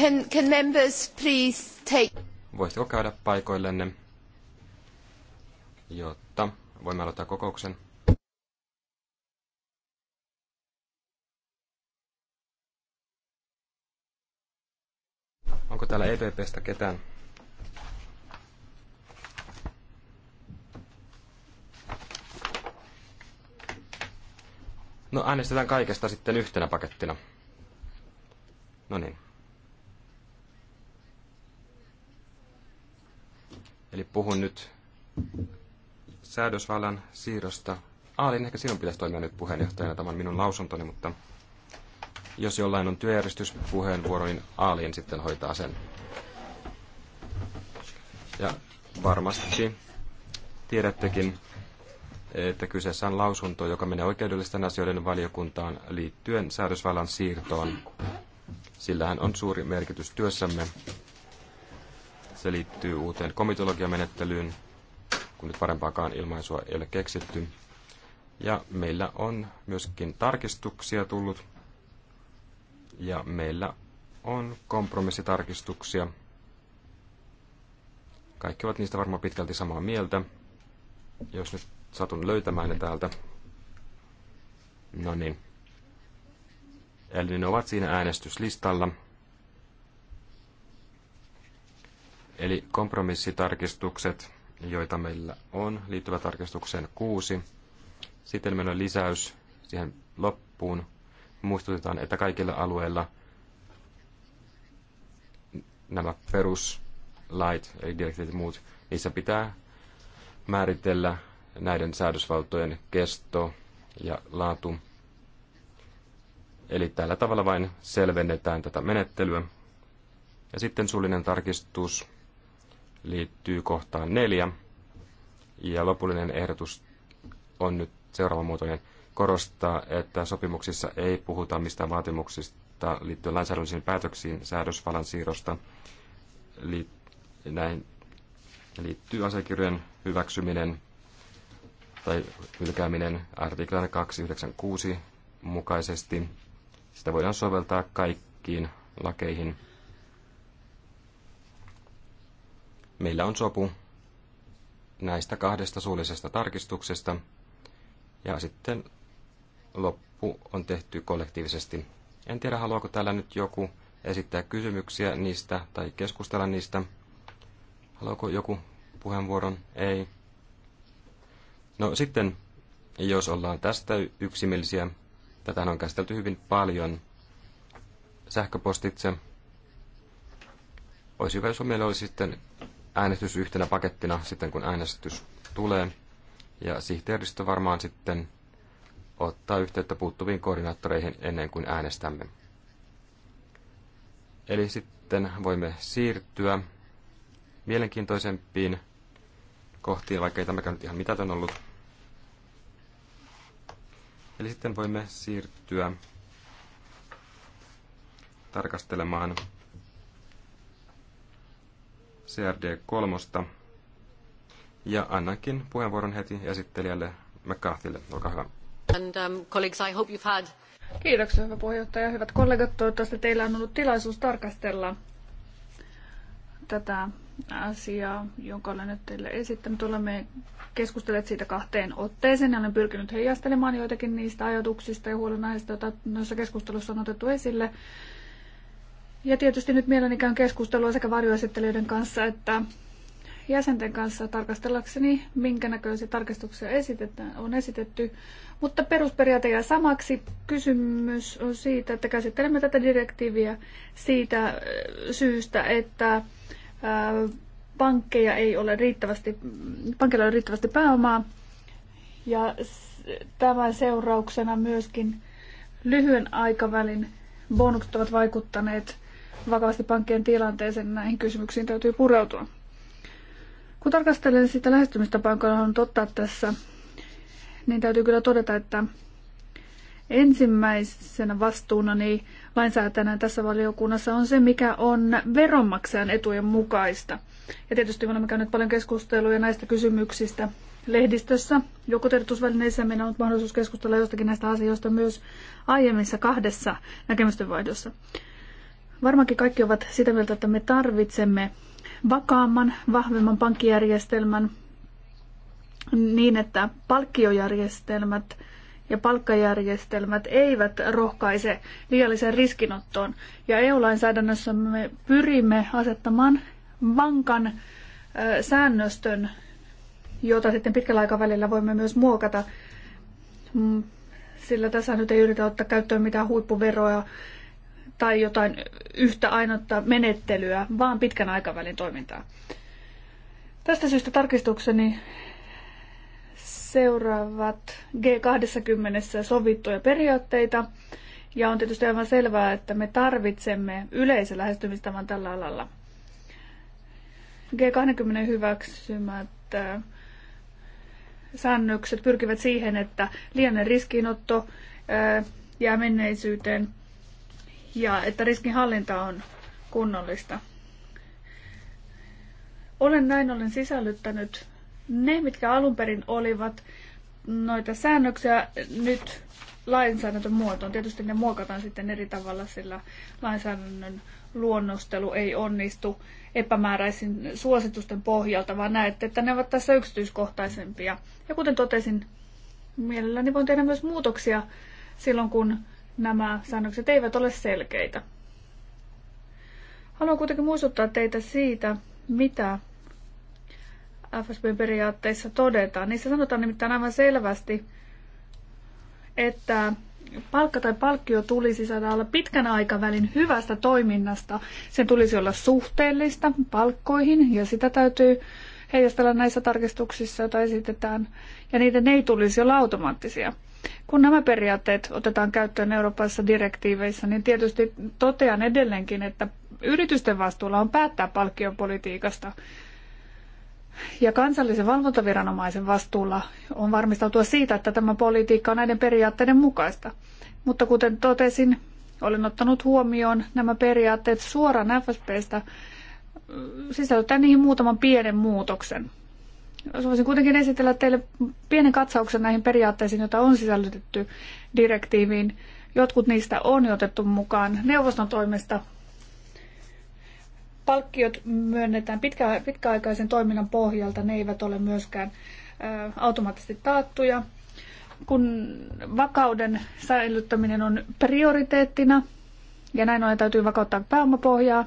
Can, can members please take... käydä paikoillenne, jotta voimme aloittaa kokouksen? Onko täällä EPPstä ketään? No äänestetään kaikesta sitten yhtenä pakettina. No niin. Eli puhun nyt säädösvallan siirrosta. Aalin, ehkä sinun pitäisi toimia nyt puheenjohtajana, tämän minun lausuntoni, mutta jos jollain on työjärjestyspuheenvuoro, niin Aalin sitten hoitaa sen. Ja varmasti tiedättekin, että kyseessä on lausunto, joka menee oikeudellisten asioiden valiokuntaan liittyen säädösvallan siirtoon. Sillähän on suuri merkitys työssämme se liittyy uuteen komitologiamenettelyyn, kun nyt parempaakaan ilmaisua ei ole keksitty. Ja meillä on myöskin tarkistuksia tullut. Ja meillä on kompromissitarkistuksia. Kaikki ovat niistä varmaan pitkälti samaa mieltä. Jos nyt satun löytämään ne täältä. No niin. Eli ne ovat siinä äänestyslistalla. Eli kompromissitarkistukset, joita meillä on, liittyvät tarkistukseen kuusi. Sitten meillä on lisäys siihen loppuun. Muistutetaan, että kaikilla alueilla nämä peruslait, eli direktiivit muut, niissä pitää määritellä näiden säädösvaltojen kesto ja laatu. Eli tällä tavalla vain selvennetään tätä menettelyä. Ja sitten suullinen tarkistus liittyy kohtaan neljä. Ja lopullinen ehdotus on nyt seuraava muotoinen korostaa, että sopimuksissa ei puhuta mistään vaatimuksista liittyen lainsäädännöllisiin päätöksiin säädösvalan siirrosta. Liit- näin liittyy asiakirjojen hyväksyminen tai hylkääminen artiklan 296 mukaisesti. Sitä voidaan soveltaa kaikkiin lakeihin Meillä on sopu näistä kahdesta suullisesta tarkistuksesta ja sitten loppu on tehty kollektiivisesti. En tiedä, haluaako täällä nyt joku esittää kysymyksiä niistä tai keskustella niistä. Haluaako joku puheenvuoron? Ei. No sitten, jos ollaan tästä yksimielisiä, tätä on käsitelty hyvin paljon sähköpostitse. Olisi hyvä, jos meillä olisi sitten äänestys yhtenä pakettina sitten, kun äänestys tulee. Ja sihteeristö varmaan sitten ottaa yhteyttä puuttuviin koordinaattoreihin ennen kuin äänestämme. Eli sitten voimme siirtyä mielenkiintoisempiin kohtiin, vaikka ei tämäkään nyt ihan mitätön ollut. Eli sitten voimme siirtyä tarkastelemaan CRD3. Ja annankin puheenvuoron heti esittelijälle McCarthylle. Olkaa hyvä. And, um, colleagues, I hope you've had... Kiitoksia, hyvä puheenjohtaja. Hyvät kollegat, toivottavasti teillä on ollut tilaisuus tarkastella tätä asiaa, jonka olen nyt teille esittänyt. Olemme keskustelleet siitä kahteen otteeseen ja olen pyrkinyt heijastelemaan joitakin niistä ajatuksista ja huolenaiheista, joita noissa keskustelussa on otettu esille. Ja tietysti nyt mielelläni käyn keskustelua sekä varjoesittelijöiden kanssa että jäsenten kanssa tarkastellakseni, minkä näköisiä tarkastuksia esitetään, on esitetty. Mutta perusperiaate ja samaksi. Kysymys on siitä, että käsittelemme tätä direktiiviä siitä äh, syystä, että äh, pankkeja ei ole riittävästi, pankkeilla ei ole riittävästi pääomaa. Ja tämän seurauksena myöskin lyhyen aikavälin bonukset ovat vaikuttaneet vakavasti pankkien tilanteeseen, niin näihin kysymyksiin täytyy pureutua. Kun tarkastelen sitä lähestymistapaa, joka on totta tässä, niin täytyy kyllä todeta, että ensimmäisenä vastuuna niin lainsäätäjänä tässä valiokunnassa on se, mikä on veronmaksajan etujen mukaista. Ja tietysti me olemme käyneet paljon keskusteluja näistä kysymyksistä lehdistössä. Joku tiedotusvälineissä meillä on ollut mahdollisuus keskustella jostakin näistä asioista myös aiemmissa kahdessa näkemysten vaihdossa. Varmaankin kaikki ovat sitä mieltä, että me tarvitsemme vakaamman, vahvemman pankkijärjestelmän niin, että palkkiojärjestelmät ja palkkajärjestelmät eivät rohkaise liialliseen riskinottoon. Ja EU-lainsäädännössä me pyrimme asettamaan vankan säännöstön, jota sitten pitkällä aikavälillä voimme myös muokata. Mm, sillä tässä nyt ei yritä ottaa käyttöön mitään huippuveroja tai jotain yhtä ainoutta menettelyä, vaan pitkän aikavälin toimintaa. Tästä syystä tarkistukseni seuraavat G20 sovittuja periaatteita. Ja on tietysti aivan selvää, että me tarvitsemme yleisen lähestymistavan tällä alalla. G20 hyväksymät äh, säännökset pyrkivät siihen, että liian riskinotto äh, jää menneisyyteen – ja että riskinhallinta on kunnollista. Olen näin ollen sisällyttänyt ne, mitkä alun perin olivat noita säännöksiä nyt lainsäädännön muotoon. Tietysti ne muokataan sitten eri tavalla, sillä lainsäädännön luonnostelu ei onnistu epämääräisin suositusten pohjalta, vaan näette, että ne ovat tässä yksityiskohtaisempia. Ja kuten totesin, mielelläni voin tehdä myös muutoksia silloin, kun nämä säännökset eivät ole selkeitä. Haluan kuitenkin muistuttaa teitä siitä, mitä FSB-periaatteissa todetaan. Niissä sanotaan nimittäin aivan selvästi, että palkka tai palkkio tulisi saada olla pitkän aikavälin hyvästä toiminnasta. Sen tulisi olla suhteellista palkkoihin ja sitä täytyy heijastella näissä tarkistuksissa, joita esitetään. Ja niiden ei tulisi olla automaattisia. Kun nämä periaatteet otetaan käyttöön Euroopassa direktiiveissä, niin tietysti totean edelleenkin, että yritysten vastuulla on päättää palkkiopolitiikasta. Ja kansallisen valvontaviranomaisen vastuulla on varmistautua siitä, että tämä politiikka on näiden periaatteiden mukaista. Mutta kuten totesin, olen ottanut huomioon nämä periaatteet suoraan FSPstä sisältäen niihin muutaman pienen muutoksen. Voisin kuitenkin esitellä teille pienen katsauksen näihin periaatteisiin, joita on sisällytetty direktiiviin. Jotkut niistä on otettu mukaan neuvoston toimesta. Palkkiot myönnetään pitkä, pitkäaikaisen toiminnan pohjalta, ne eivät ole myöskään ö, automaattisesti taattuja. Kun vakauden säilyttäminen on prioriteettina, ja näin ollen täytyy vakauttaa pääomapohjaa,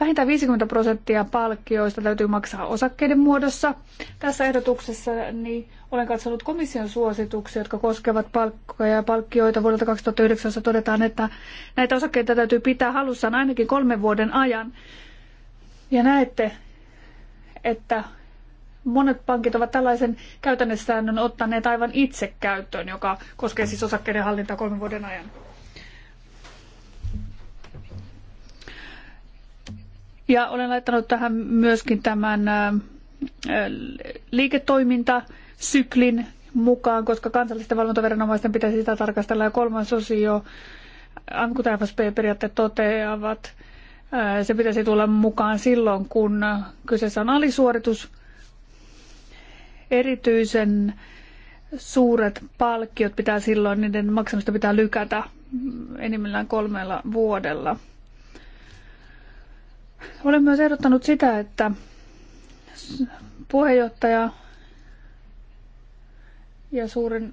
Vähintään 50 prosenttia palkkioista täytyy maksaa osakkeiden muodossa. Tässä ehdotuksessa niin olen katsonut komission suosituksia, jotka koskevat palkkoja ja palkkioita vuodelta 2009, todetaan, että näitä osakkeita täytyy pitää halussaan ainakin kolmen vuoden ajan. Ja näette, että monet pankit ovat tällaisen käytännössäännön ottaneet aivan itse käyttöön, joka koskee siis osakkeiden hallintaa kolmen vuoden ajan. Ja olen laittanut tähän myöskin tämän liiketoimintasyklin mukaan, koska kansallisten valvontaviranomaisten pitäisi sitä tarkastella. Ja kolmas osio, kun FSP-periaatteet toteavat, se pitäisi tulla mukaan silloin, kun kyseessä on alisuoritus. Erityisen suuret palkkiot pitää silloin, niiden maksamista pitää lykätä enimmillään kolmella vuodella. Olen myös ehdottanut sitä, että puheenjohtaja ja suurin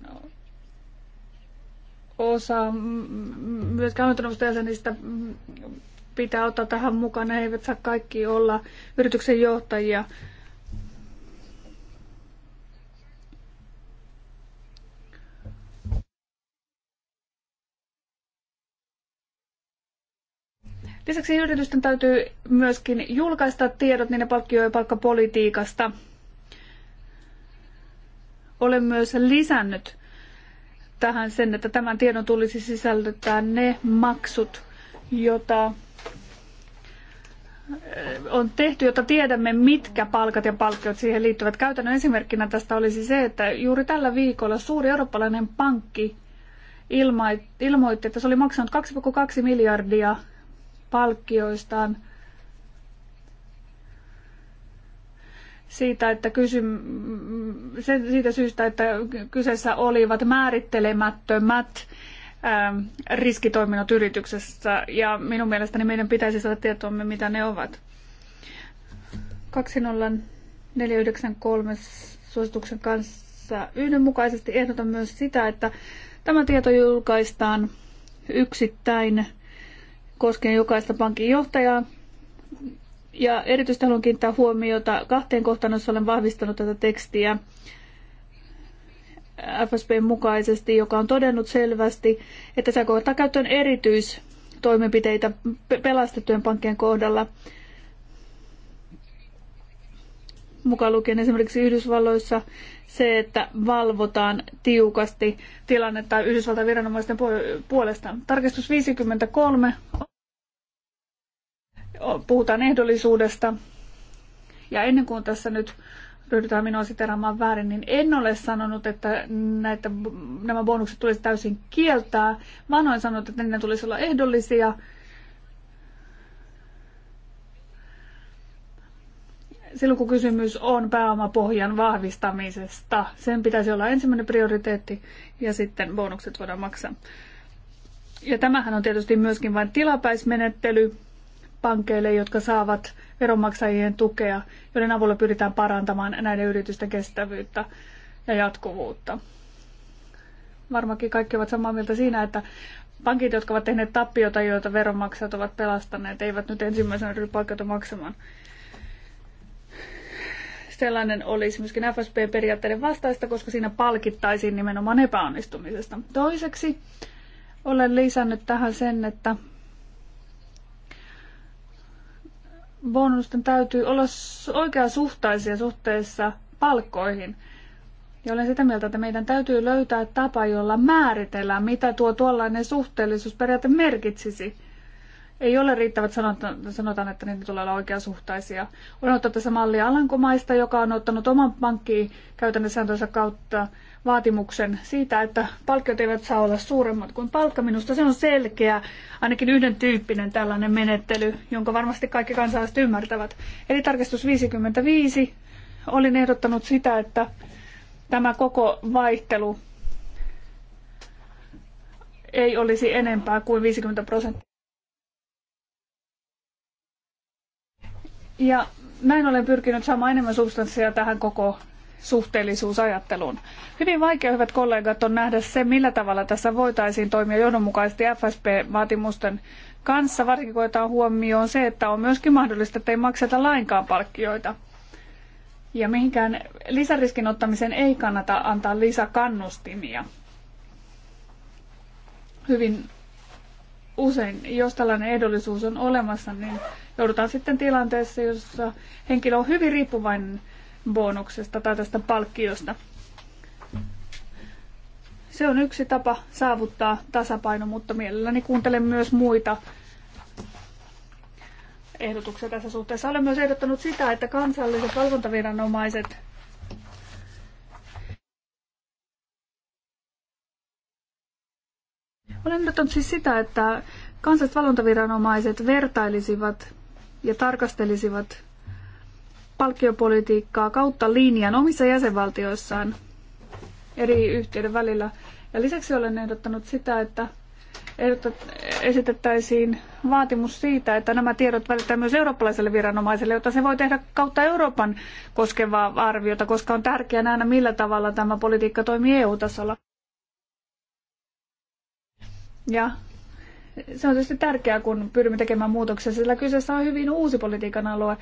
osa myös käymäntöneuvosta jäsenistä pitää ottaa tähän mukaan. He eivät saa kaikki olla yrityksen johtajia, Lisäksi yritysten täytyy myöskin julkaista tiedot niiden palkkio- ja palkkapolitiikasta. Olen myös lisännyt tähän sen, että tämän tiedon tulisi sisällyttää ne maksut, joita eh, on tehty, jotta tiedämme, mitkä palkat ja palkkiot siihen liittyvät. Käytännön esimerkkinä tästä olisi se, että juuri tällä viikolla suuri eurooppalainen pankki ilmoitti, että se oli maksanut 2,2 miljardia palkkioistaan, siitä, että kysy, siitä syystä, että kyseessä olivat määrittelemättömät ähm, riskitoiminnot yrityksessä ja minun mielestäni meidän pitäisi saada tietoamme, mitä ne ovat. 20493 suosituksen kanssa yhdenmukaisesti ehdotan myös sitä, että tämä tieto julkaistaan yksittäin koskien jokaista pankin johtajaa. Ja erityisesti haluan kiinnittää huomiota kahteen kohtaan, jossa olen vahvistanut tätä tekstiä FSBn mukaisesti, joka on todennut selvästi, että se ottaa käyttöön erityistoimenpiteitä pelastettujen pankkien kohdalla. Mukaan lukien esimerkiksi Yhdysvalloissa se, että valvotaan tiukasti tilannetta Yhdysvaltain viranomaisten puolesta. Tarkistus 53 puhutaan ehdollisuudesta. Ja ennen kuin tässä nyt ryhdytään minua siteraamaan väärin, niin en ole sanonut, että näitä, nämä bonukset tulisi täysin kieltää, vaan olen sanonut, että ne tulisi olla ehdollisia. Silloin kun kysymys on pääomapohjan vahvistamisesta, sen pitäisi olla ensimmäinen prioriteetti ja sitten bonukset voidaan maksaa. Ja tämähän on tietysti myöskin vain tilapäismenettely, pankeille, jotka saavat veronmaksajien tukea, joiden avulla pyritään parantamaan näiden yritysten kestävyyttä ja jatkuvuutta. Varmaankin kaikki ovat samaa mieltä siinä, että pankit, jotka ovat tehneet tappiota, joita veronmaksajat ovat pelastaneet, eivät nyt ensimmäisenä ryhdy palkkioita maksamaan. Sellainen olisi myöskin FSP-periaatteiden vastaista, koska siinä palkittaisiin nimenomaan epäonnistumisesta. Toiseksi olen lisännyt tähän sen, että bonusten täytyy olla oikeasuhtaisia suhteessa palkkoihin. Ja olen sitä mieltä, että meidän täytyy löytää tapa, jolla määritellään, mitä tuo tuollainen suhteellisuusperiaate merkitsisi. Ei ole riittävät sanotaan, sanotaan että niitä tulee olla oikeasuhtaisia. Olen ottanut tässä mallia Alankomaista, joka on ottanut oman pankkiin käytännössä kautta vaatimuksen siitä, että palkkiot eivät saa olla suuremmat kuin palkka. Minusta se on selkeä, ainakin yhden tyyppinen tällainen menettely, jonka varmasti kaikki kansalaiset ymmärtävät. Eli tarkistus 55. Olin ehdottanut sitä, että tämä koko vaihtelu ei olisi enempää kuin 50 prosenttia. Ja näin olen pyrkinyt saamaan enemmän substanssia tähän koko suhteellisuusajatteluun. Hyvin vaikea, hyvät kollegat, on nähdä se, millä tavalla tässä voitaisiin toimia johdonmukaisesti FSP-vaatimusten kanssa, varsinkin kun otetaan huomioon se, että on myöskin mahdollista, että ei makseta lainkaan palkkioita. Ja mihinkään lisäriskin ottamiseen ei kannata antaa lisäkannustimia. Hyvin usein, jos tällainen ehdollisuus on olemassa, niin joudutaan sitten tilanteessa, jossa henkilö on hyvin riippuvainen bonuksesta tai tästä palkkiosta. Se on yksi tapa saavuttaa tasapaino, mutta mielelläni kuuntelen myös muita ehdotuksia tässä suhteessa. Olen myös ehdottanut sitä, että kansalliset valvontaviranomaiset Olen ehdottanut siis sitä, että kansalliset valvontaviranomaiset vertailisivat ja tarkastelisivat palkkiopolitiikkaa kautta linjan omissa jäsenvaltioissaan eri yhtiöiden välillä. Ja lisäksi olen ehdottanut sitä, että esitettäisiin vaatimus siitä, että nämä tiedot välitetään myös eurooppalaiselle viranomaiselle, jotta se voi tehdä kautta Euroopan koskevaa arviota, koska on tärkeää nähdä, millä tavalla tämä politiikka toimii EU-tasolla. Ja se on tietysti tärkeää, kun pyrimme tekemään muutoksia, sillä kyseessä on hyvin uusi politiikan alue,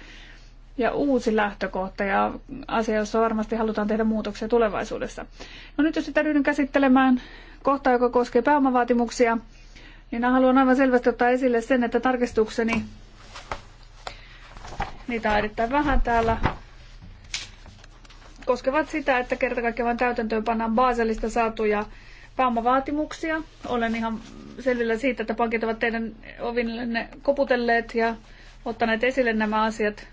ja uusi lähtökohta ja asia, jossa varmasti halutaan tehdä muutoksia tulevaisuudessa. No nyt jos sitä ryhdyn käsittelemään kohtaa, joka koskee pääomavaatimuksia, niin haluan aivan selvästi ottaa esille sen, että tarkistukseni, niitä on erittäin vähän täällä, koskevat sitä, että kerta kaikkiaan vain täytäntöön pannaan Baselista saatuja pääomavaatimuksia. Olen ihan selvillä siitä, että pankit ovat teidän ovinne koputelleet ja ottaneet esille nämä asiat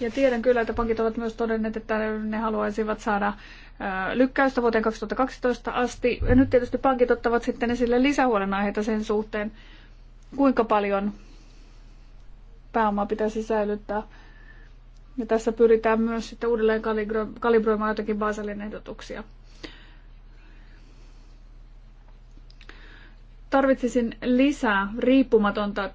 Ja tiedän kyllä, että pankit ovat myös todenneet, että ne haluaisivat saada lykkäystä vuoteen 2012 asti. Ja nyt tietysti pankit ottavat sitten esille lisähuolenaiheita sen suhteen, kuinka paljon pääomaa pitäisi säilyttää. Ja tässä pyritään myös sitten uudelleen kalibroimaan jotakin Baselin ehdotuksia. tarvitsisin lisää riippumatonta,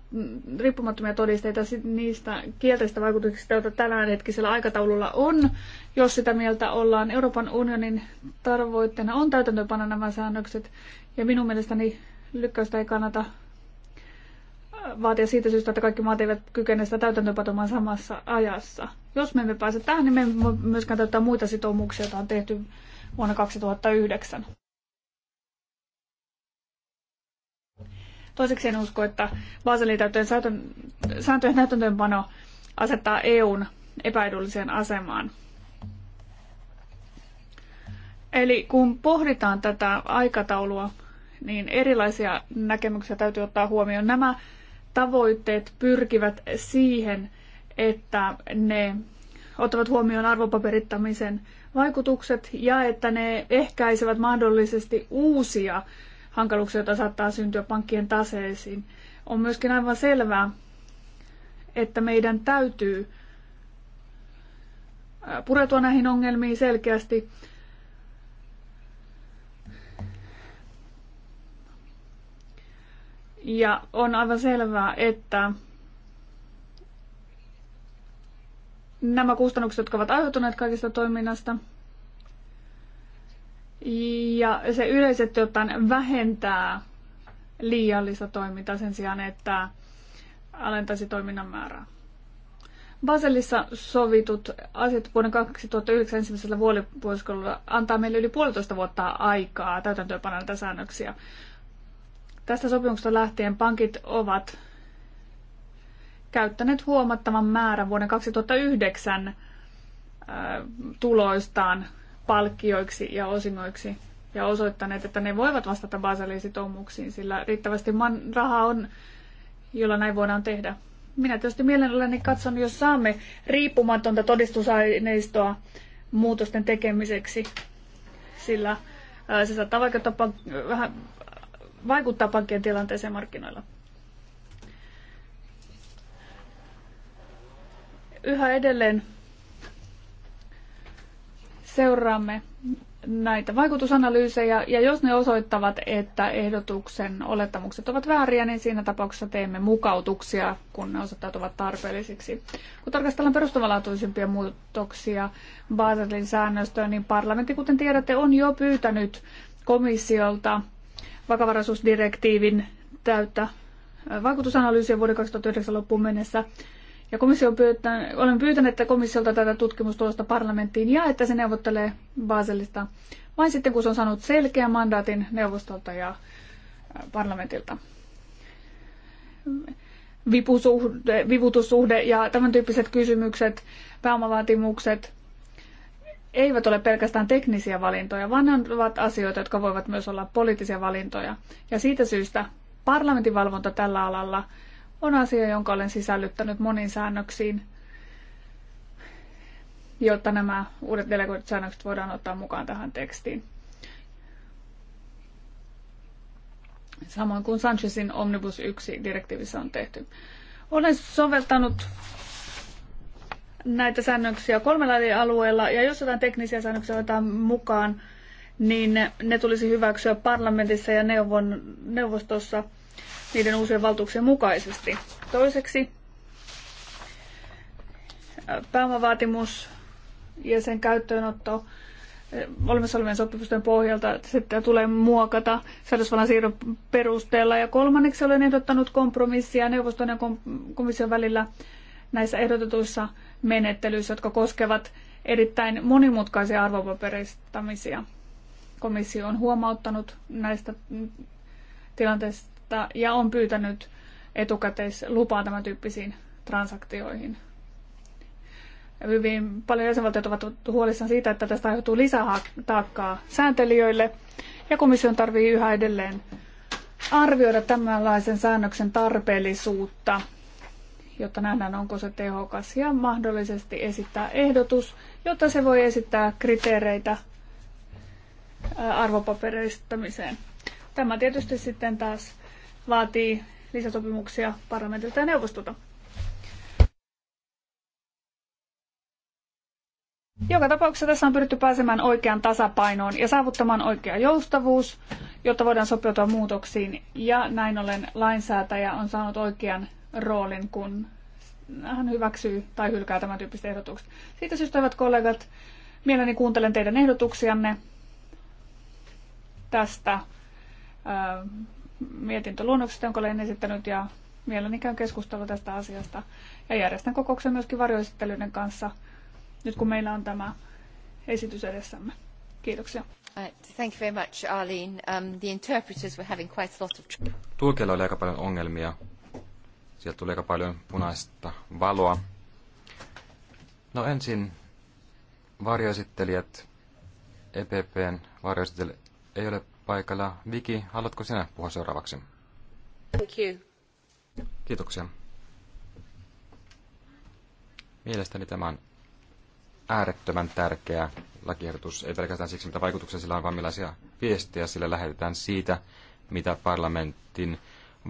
riippumattomia todisteita niistä kielteistä vaikutuksista, joita tällä hetkisellä aikataululla on. Jos sitä mieltä ollaan, Euroopan unionin tarvoitteena on täytäntöönpana nämä säännökset, ja minun mielestäni lykkäystä ei kannata äh, vaatia siitä syystä, että kaikki maat eivät kykene sitä täytäntöönpatomaan samassa ajassa. Jos me emme pääse tähän, niin me emme myöskään täyttää muita sitoumuksia, joita on tehty vuonna 2009. Toiseksi en usko, että Baselin täytöjen sääntöjen täytäntöönpano asettaa EUn epäedulliseen asemaan. Eli kun pohditaan tätä aikataulua, niin erilaisia näkemyksiä täytyy ottaa huomioon. Nämä tavoitteet pyrkivät siihen, että ne ottavat huomioon arvopaperittamisen vaikutukset ja että ne ehkäisevät mahdollisesti uusia hankaluuksia, joita saattaa syntyä pankkien taseisiin. On myöskin aivan selvää, että meidän täytyy pureutua näihin ongelmiin selkeästi. Ja on aivan selvää, että nämä kustannukset, jotka ovat aiheutuneet kaikista toiminnasta, ja se yleisesti ottaen vähentää liiallista toimintaa sen sijaan, että alentaisi toiminnan määrää. Baselissa sovitut asiat vuoden 2009 ensimmäisellä vuolipuoliskolla antaa meille yli puolitoista vuotta aikaa täytäntöönpanna näitä säännöksiä. Tästä sopimuksesta lähtien pankit ovat käyttäneet huomattavan määrän vuoden 2009 tuloistaan palkkioiksi ja osingoiksi ja osoittaneet, että ne voivat vastata Baselin sitoumuksiin, sillä riittävästi rahaa on, jolla näin voidaan tehdä. Minä tietysti mielelläni katson, jos saamme riippumatonta todistusaineistoa muutosten tekemiseksi, sillä se saattaa vaikuttaa, vähän vaikuttaa pankkien tilanteeseen markkinoilla. Yhä edelleen seuraamme näitä vaikutusanalyysejä ja jos ne osoittavat, että ehdotuksen olettamukset ovat vääriä, niin siinä tapauksessa teemme mukautuksia, kun ne osoittautuvat tarpeellisiksi. Kun tarkastellaan perustavanlaatuisimpia muutoksia Baselin säännöstöön, niin parlamentti, kuten tiedätte, on jo pyytänyt komissiolta vakavaraisuusdirektiivin täyttä vaikutusanalyysiä vuoden 2009 loppuun mennessä ja komissio on pyytänyt, olen pyytänyt, että komissiolta tätä tutkimustulosta parlamenttiin ja että se neuvottelee Baselista vain sitten, kun se on saanut selkeän mandaatin neuvostolta ja parlamentilta. Vipusuhde, vivutussuhde ja tämän tyyppiset kysymykset, pääomavaatimukset eivät ole pelkästään teknisiä valintoja, vaan ne ovat asioita, jotka voivat myös olla poliittisia valintoja. Ja siitä syystä parlamentin valvonta tällä alalla – on asia, jonka olen sisällyttänyt moniin säännöksiin, jotta nämä uudet delegoidut säännökset voidaan ottaa mukaan tähän tekstiin. Samoin kuin Sanchezin Omnibus 1-direktiivissä on tehty. Olen soveltanut näitä säännöksiä kolmella eri alueella, ja jos jotain teknisiä säännöksiä otetaan mukaan, niin ne tulisi hyväksyä parlamentissa ja neuvon, neuvostossa – niiden uusien valtuuksien mukaisesti. Toiseksi pääomavaatimus ja sen käyttöönotto olemassa olevien sopimusten pohjalta sitten tulee muokata säädösvallan siirron perusteella. Ja kolmanneksi olen ehdottanut kompromissia neuvoston ja komission välillä näissä ehdotetuissa menettelyissä, jotka koskevat erittäin monimutkaisia arvopaperistamisia. Komissio on huomauttanut näistä tilanteista että, ja on pyytänyt lupaa tämän tyyppisiin transaktioihin. Hyvin paljon jäsenvaltiot ovat huolissaan siitä, että tästä aiheutuu lisätaakkaa sääntelijöille ja komission tarvii yhä edelleen arvioida tämänlaisen säännöksen tarpeellisuutta, jotta nähdään, onko se tehokas ja mahdollisesti esittää ehdotus, jotta se voi esittää kriteereitä arvopaperistamiseen. Tämä tietysti sitten taas vaatii lisäsopimuksia parlamentilta ja neuvostolta. Joka tapauksessa tässä on pyritty pääsemään oikeaan tasapainoon ja saavuttamaan oikea joustavuus, jotta voidaan sopeutua muutoksiin. Ja näin ollen lainsäätäjä on saanut oikean roolin, kun hän hyväksyy tai hylkää tämän tyyppiset ehdotukset. Siitä syystä, hyvät kollegat, mielelläni kuuntelen teidän ehdotuksianne tästä mietintöluonnoksesta, jonka olen esittänyt ja mielelläni käyn keskustelua tästä asiasta. Ja järjestän kokouksen myöskin varjoesittelyiden kanssa, nyt kun meillä on tämä esitys edessämme. Kiitoksia. Uh, thank you very much, Arlene. Um, the interpreters were having quite a lot of Tulkeilla oli aika paljon ongelmia. Sieltä tuli aika paljon punaista valoa. No ensin varjoesittelijät, EPPn varjoesittelijät ei ole paikalla. Viki, haluatko sinä puhua seuraavaksi? Thank you. Kiitoksia. Mielestäni tämä on äärettömän tärkeä lakiehdotus, ei pelkästään siksi, mitä vaikutuksia sillä on, vaan millaisia viestejä sillä lähetetään siitä, mitä parlamentin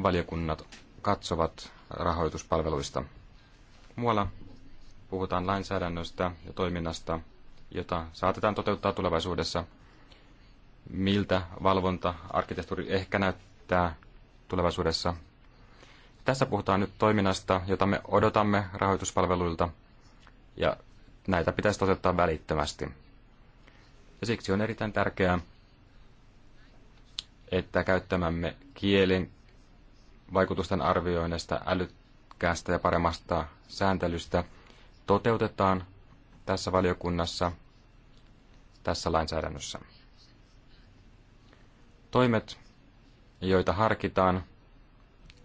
valiokunnat katsovat rahoituspalveluista. Muualla puhutaan lainsäädännöstä ja toiminnasta, jota saatetaan toteuttaa tulevaisuudessa, miltä valvonta-arkkitehtuuri ehkä näyttää tulevaisuudessa. Tässä puhutaan nyt toiminnasta, jota me odotamme rahoituspalveluilta, ja näitä pitäisi toteuttaa välittömästi. Ja siksi on erittäin tärkeää, että käyttämämme kielin vaikutusten arvioinnista, älykkäästä ja paremmasta sääntelystä toteutetaan tässä valiokunnassa, tässä lainsäädännössä. Toimet, joita harkitaan,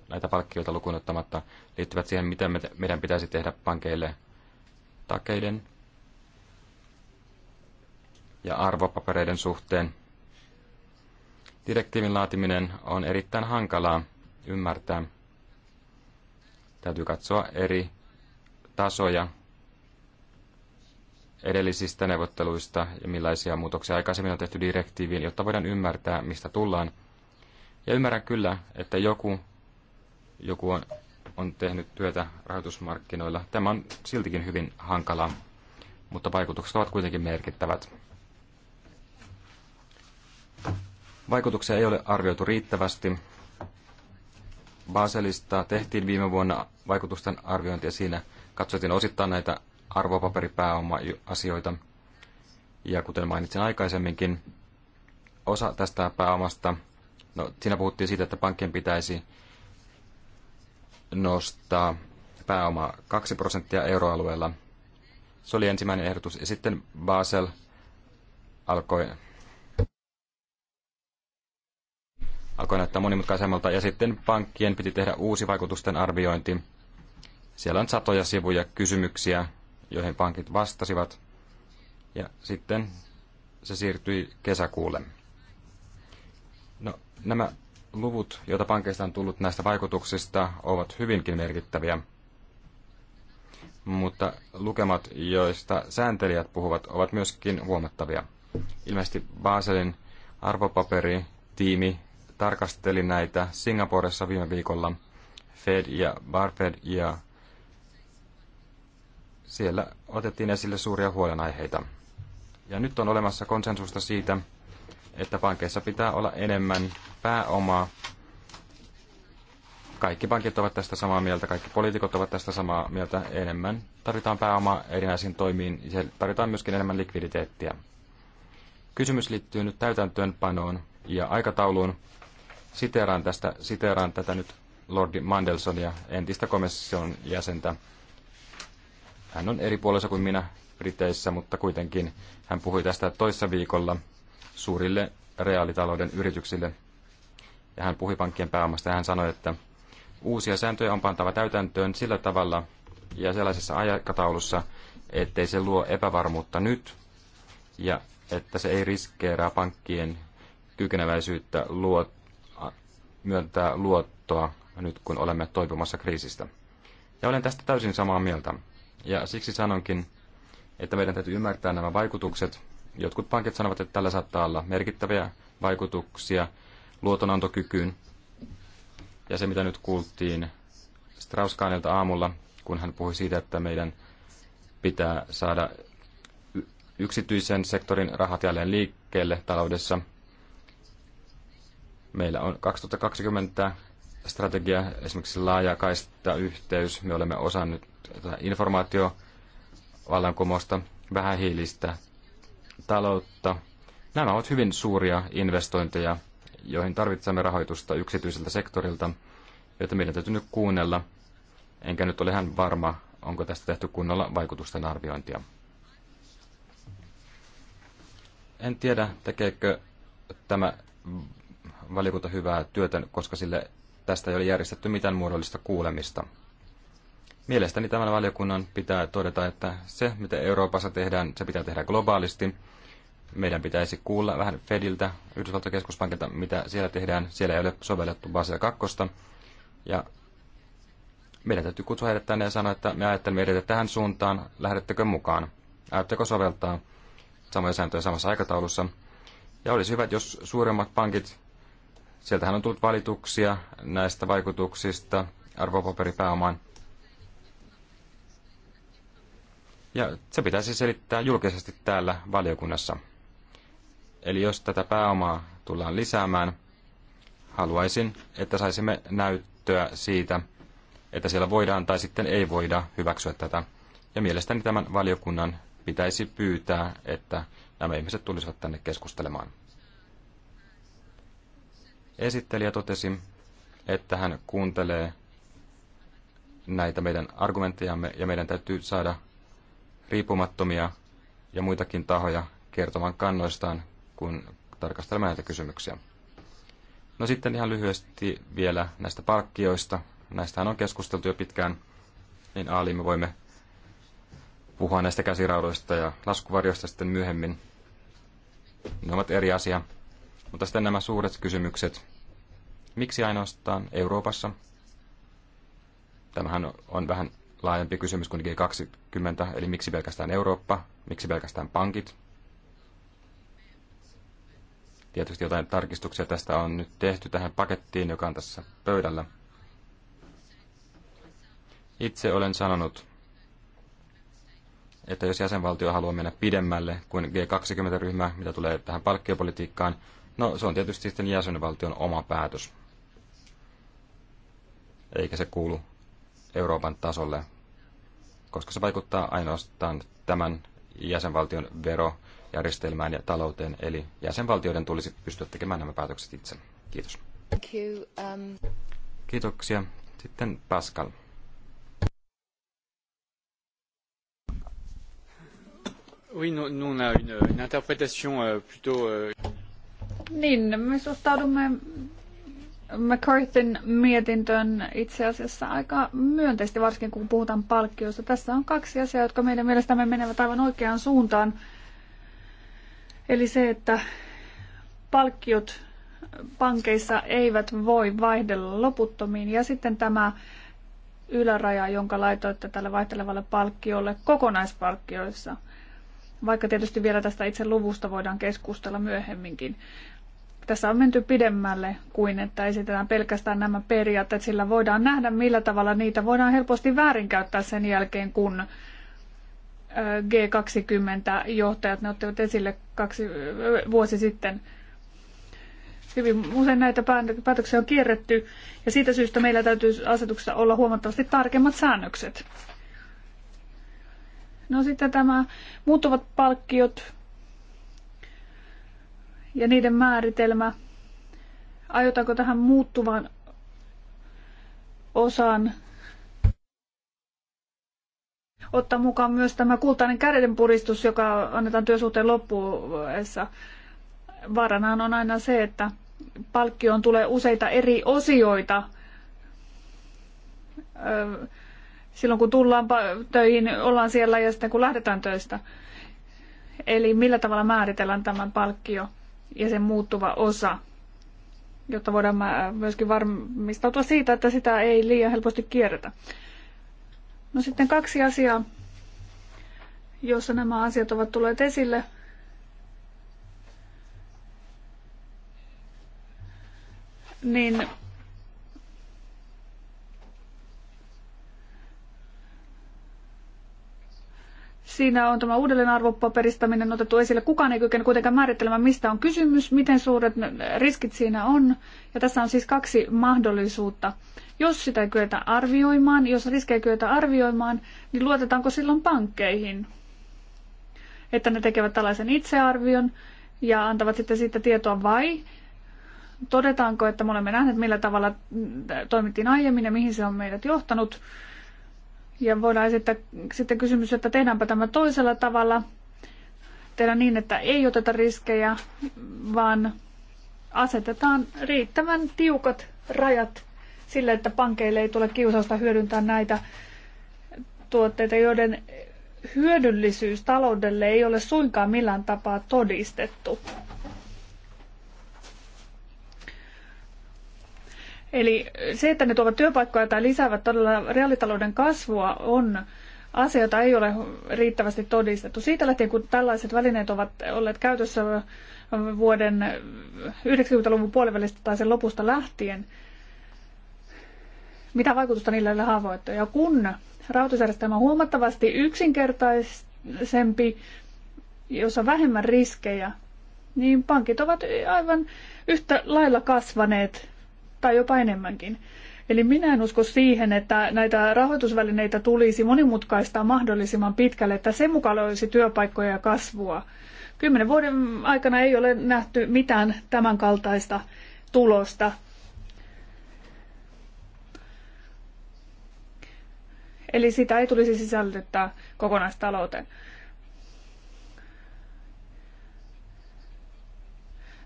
näitä palkkioita lukuun ottamatta, liittyvät siihen, mitä meidän pitäisi tehdä pankeille takeiden ja arvopapereiden suhteen. Direktiivin laatiminen on erittäin hankalaa ymmärtää. Täytyy katsoa eri tasoja edellisistä neuvotteluista ja millaisia muutoksia aikaisemmin on tehty direktiiviin, jotta voidaan ymmärtää, mistä tullaan. Ja ymmärrän kyllä, että joku, joku on, on tehnyt työtä rahoitusmarkkinoilla. Tämä on siltikin hyvin hankalaa, mutta vaikutukset ovat kuitenkin merkittävät. Vaikutuksia ei ole arvioitu riittävästi. Baselista tehtiin viime vuonna vaikutusten arviointia siinä. Katsottiin osittain näitä arvopaperipääoma-asioita. Ja kuten mainitsin aikaisemminkin, osa tästä pääomasta, no siinä puhuttiin siitä, että pankkien pitäisi nostaa pääoma 2 prosenttia euroalueella. Se oli ensimmäinen ehdotus. Ja sitten Basel alkoi, alkoi näyttää monimutkaisemmalta. Ja sitten pankkien piti tehdä uusi vaikutusten arviointi. Siellä on satoja sivuja kysymyksiä, joihin pankit vastasivat, ja sitten se siirtyi kesäkuulle. No, nämä luvut, joita pankeista on tullut näistä vaikutuksista, ovat hyvinkin merkittäviä, mutta lukemat, joista sääntelijät puhuvat, ovat myöskin huomattavia. Ilmeisesti Baselin arvopaperitiimi tarkasteli näitä Singaporessa viime viikolla. Fed ja Barfed ja siellä otettiin esille suuria huolenaiheita. Ja nyt on olemassa konsensusta siitä, että pankeissa pitää olla enemmän pääomaa. Kaikki pankit ovat tästä samaa mieltä, kaikki poliitikot ovat tästä samaa mieltä enemmän. Tarvitaan pääomaa erinäisiin toimiin ja tarvitaan myöskin enemmän likviditeettiä. Kysymys liittyy nyt täytäntöönpanoon ja aikatauluun. Siteeraan, tästä, siteeraan tätä nyt Lordi Mandelsonia, entistä komission jäsentä, hän on eri puolessa kuin minä Briteissä, mutta kuitenkin hän puhui tästä toissa viikolla suurille reaalitalouden yrityksille. Ja hän puhui pankkien pääomasta ja hän sanoi, että uusia sääntöjä on pantava täytäntöön sillä tavalla ja sellaisessa aikataulussa, ettei se luo epävarmuutta nyt ja että se ei riskeeraa pankkien kykeneväisyyttä luot, myöntää luottoa nyt kun olemme toipumassa kriisistä. Ja olen tästä täysin samaa mieltä. Ja siksi sanonkin, että meidän täytyy ymmärtää nämä vaikutukset. Jotkut pankit sanovat, että tällä saattaa olla merkittäviä vaikutuksia luotonantokykyyn. Ja se, mitä nyt kuultiin Strauss-Kahnilta aamulla, kun hän puhui siitä, että meidän pitää saada yksityisen sektorin rahat jälleen liikkeelle taloudessa. Meillä on 2020 strategia, esimerkiksi laajakaista yhteys. Me olemme osa nyt vallankumosta vähähiilistä taloutta. Nämä ovat hyvin suuria investointeja, joihin tarvitsemme rahoitusta yksityiseltä sektorilta, joita meidän täytyy nyt kuunnella. Enkä nyt ole ihan varma, onko tästä tehty kunnolla vaikutusten arviointia. En tiedä, tekeekö tämä valiokunta hyvää työtä, koska sille tästä ei ole järjestetty mitään muodollista kuulemista. Mielestäni tämän valiokunnan pitää todeta, että se, mitä Euroopassa tehdään, se pitää tehdä globaalisti. Meidän pitäisi kuulla vähän Fediltä, Yhdysvaltojen keskuspankilta, mitä siellä tehdään. Siellä ei ole sovellettu Basel 2. Ja meidän täytyy kutsua heidät tänne ja sanoa, että me ajattelemme edetä tähän suuntaan, lähdettekö mukaan? Ajatteko soveltaa samoja sääntöjä samassa aikataulussa? Ja olisi hyvä, jos suuremmat pankit, sieltähän on tullut valituksia näistä vaikutuksista arvopaperipääomaan, Ja se pitäisi siis selittää julkisesti täällä valiokunnassa. Eli jos tätä pääomaa tullaan lisäämään, haluaisin, että saisimme näyttöä siitä, että siellä voidaan tai sitten ei voida hyväksyä tätä. Ja mielestäni tämän valiokunnan pitäisi pyytää, että nämä ihmiset tulisivat tänne keskustelemaan. Esittelijä totesi, että hän kuuntelee näitä meidän argumenttejamme ja meidän täytyy saada riippumattomia ja muitakin tahoja kertomaan kannoistaan, kun tarkastelemme näitä kysymyksiä. No sitten ihan lyhyesti vielä näistä palkkioista. Näistähän on keskusteltu jo pitkään, niin aaliin me voimme puhua näistä käsiraudoista ja laskuvarjoista sitten myöhemmin. Ne ovat eri asia. Mutta sitten nämä suuret kysymykset. Miksi ainoastaan Euroopassa? Tämähän on vähän laajempi kysymys kuin G20, eli miksi pelkästään Eurooppa, miksi pelkästään pankit. Tietysti jotain tarkistuksia tästä on nyt tehty tähän pakettiin, joka on tässä pöydällä. Itse olen sanonut, että jos jäsenvaltio haluaa mennä pidemmälle kuin G20-ryhmä, mitä tulee tähän palkkiopolitiikkaan, no se on tietysti sitten jäsenvaltion oma päätös. Eikä se kuulu Euroopan tasolle, koska se vaikuttaa ainoastaan tämän jäsenvaltion verojärjestelmään ja talouteen, eli jäsenvaltioiden tulisi pystyä tekemään nämä päätökset itse. Kiitos. Thank you, um... Kiitoksia. Sitten Pascal. Oui, nous, nous on a une, une interprétation euh, plutôt. Euh... Niin, me suhtaudumme McCarthyn mietintöön itse asiassa aika myönteisesti, varsinkin kun puhutaan palkkiosta. Tässä on kaksi asiaa, jotka meidän mielestämme menevät aivan oikeaan suuntaan. Eli se, että palkkiot pankeissa eivät voi vaihdella loputtomiin. Ja sitten tämä yläraja, jonka laitoitte tälle vaihtelevalle palkkiolle kokonaispalkkioissa. Vaikka tietysti vielä tästä itse luvusta voidaan keskustella myöhemminkin. Tässä on menty pidemmälle kuin, että esitetään pelkästään nämä periaatteet, sillä voidaan nähdä, millä tavalla niitä voidaan helposti väärinkäyttää sen jälkeen, kun G20-johtajat ne ottivat esille kaksi vuosi sitten. Hyvin usein näitä päätöksiä on kierretty ja siitä syystä meillä täytyy asetuksessa olla huomattavasti tarkemmat säännökset. No sitten tämä muuttuvat palkkiot, ja niiden määritelmä. Aiotaanko tähän muuttuvan osan ottaa mukaan myös tämä kultainen puristus, joka annetaan työsuhteen loppuessa. varanaan on aina se, että palkkioon tulee useita eri osioita. Silloin kun tullaan töihin, ollaan siellä ja sitten kun lähdetään töistä. Eli millä tavalla määritellään tämän palkkio? ja sen muuttuva osa, jotta voidaan myöskin varmistautua siitä, että sitä ei liian helposti kierretä. No sitten kaksi asiaa, joissa nämä asiat ovat tulleet esille. Niin Siinä on tämä uudelleen arvopaperistaminen otettu esille. Kukaan ei kykene kuitenkaan määrittelemään, mistä on kysymys, miten suuret riskit siinä on. Ja tässä on siis kaksi mahdollisuutta. Jos sitä ei kyetä arvioimaan, jos riskejä ei kyetä arvioimaan, niin luotetaanko silloin pankkeihin? Että ne tekevät tällaisen itsearvion ja antavat sitten siitä tietoa vai todetaanko, että me olemme nähneet, millä tavalla mm, toimittiin aiemmin ja mihin se on meidät johtanut – ja voidaan esittää sitten kysymys, että tehdäänpä tämä toisella tavalla. Tehdään niin, että ei oteta riskejä, vaan asetetaan riittävän tiukat rajat sille, että pankeille ei tule kiusausta hyödyntää näitä tuotteita, joiden hyödyllisyys taloudelle ei ole suinkaan millään tapaa todistettu. Eli se, että ne tuovat työpaikkoja tai lisäävät todella reaalitalouden kasvua, on asia, jota ei ole riittävästi todistettu. Siitä lähtien, kun tällaiset välineet ovat olleet käytössä vuoden 90-luvun puolivälistä tai sen lopusta lähtien, mitä vaikutusta niillä ei ole havaittu. Ja kun rahoitusjärjestelmä on huomattavasti yksinkertaisempi, jossa on vähemmän riskejä, niin pankit ovat aivan yhtä lailla kasvaneet tai jopa enemmänkin. Eli minä en usko siihen, että näitä rahoitusvälineitä tulisi monimutkaistaa mahdollisimman pitkälle, että sen mukaan olisi työpaikkoja ja kasvua. Kymmenen vuoden aikana ei ole nähty mitään tämän kaltaista tulosta. Eli sitä ei tulisi sisällyttää kokonaistalouteen.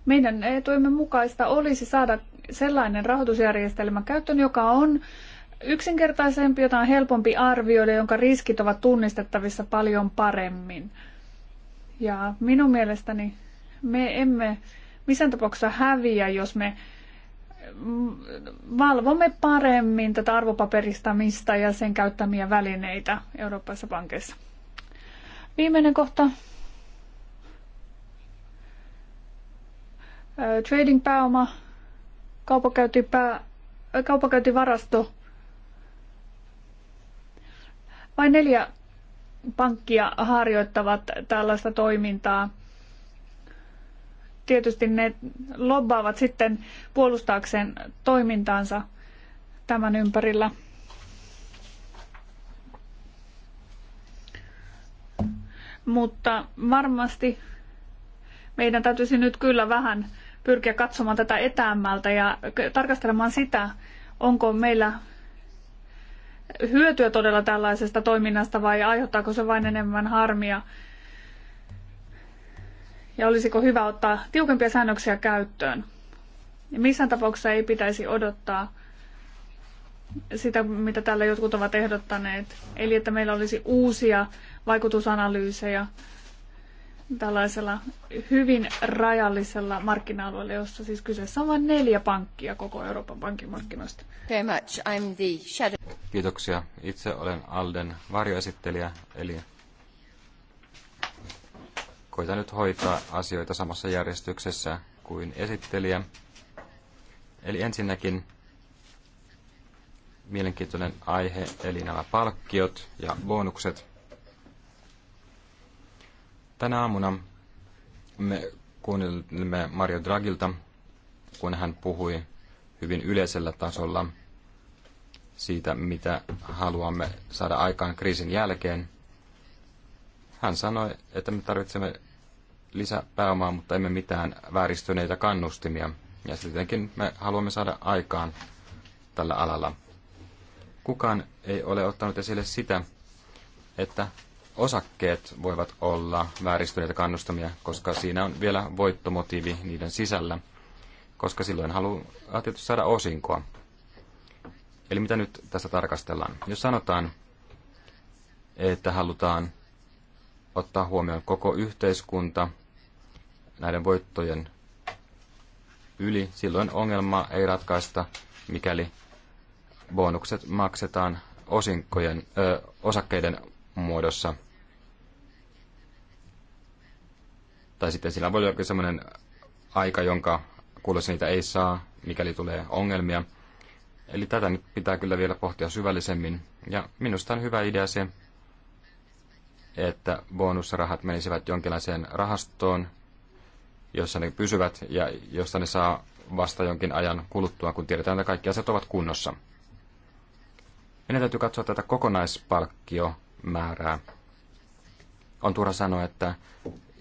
Meidän etuimme mukaista olisi saada sellainen rahoitusjärjestelmä käyttöön, joka on yksinkertaisempi, jota on helpompi arvioida, jonka riskit ovat tunnistettavissa paljon paremmin. Ja minun mielestäni me emme missään tapauksessa häviä, jos me mm, valvomme paremmin tätä arvopaperistamista ja sen käyttämiä välineitä Euroopassa pankeissa. Viimeinen kohta. Trading-pääoma kaupankäyntipää, kaupankäyntivarasto. Vain neljä pankkia harjoittavat tällaista toimintaa. Tietysti ne lobbaavat sitten puolustaakseen toimintaansa tämän ympärillä. Mutta varmasti meidän täytyisi nyt kyllä vähän pyrkiä katsomaan tätä etäämmältä ja tarkastelemaan sitä, onko meillä hyötyä todella tällaisesta toiminnasta vai aiheuttaako se vain enemmän harmia. Ja olisiko hyvä ottaa tiukempia säännöksiä käyttöön. Ja missään tapauksessa ei pitäisi odottaa sitä, mitä täällä jotkut ovat ehdottaneet. Eli että meillä olisi uusia vaikutusanalyysejä tällaisella hyvin rajallisella markkina-alueella, jossa siis kyseessä on vain neljä pankkia koko Euroopan pankkimarkkinoista. Very much. I'm the shadow. Kiitoksia. Itse olen Alden varjoesittelijä, eli koitan nyt hoitaa asioita samassa järjestyksessä kuin esittelijä. Eli ensinnäkin mielenkiintoinen aihe, eli nämä palkkiot ja bonukset – Tänä aamuna me kuunnelimme Mario Dragilta, kun hän puhui hyvin yleisellä tasolla siitä, mitä haluamme saada aikaan kriisin jälkeen. Hän sanoi, että me tarvitsemme lisäpääomaa, mutta emme mitään vääristyneitä kannustimia. Ja sittenkin me haluamme saada aikaan tällä alalla. Kukaan ei ole ottanut esille sitä, että osakkeet voivat olla vääristyneitä kannustamia, koska siinä on vielä voittomotiivi niiden sisällä, koska silloin haluaa tietysti saada osinkoa. Eli mitä nyt tässä tarkastellaan? Jos sanotaan, että halutaan ottaa huomioon koko yhteiskunta näiden voittojen yli, silloin ongelma ei ratkaista, mikäli bonukset maksetaan osinkojen, ö, osakkeiden muodossa. tai sitten sillä voi olla jokin semmoinen aika, jonka kuulossa niitä ei saa, mikäli tulee ongelmia. Eli tätä nyt pitää kyllä vielä pohtia syvällisemmin. Ja minusta on hyvä idea se, että bonusrahat menisivät jonkinlaiseen rahastoon, jossa ne pysyvät ja josta ne saa vasta jonkin ajan kuluttua, kun tiedetään, että kaikki asiat ovat kunnossa. Meidän täytyy katsoa tätä kokonaispalkkiomäärää. On turha sanoa, että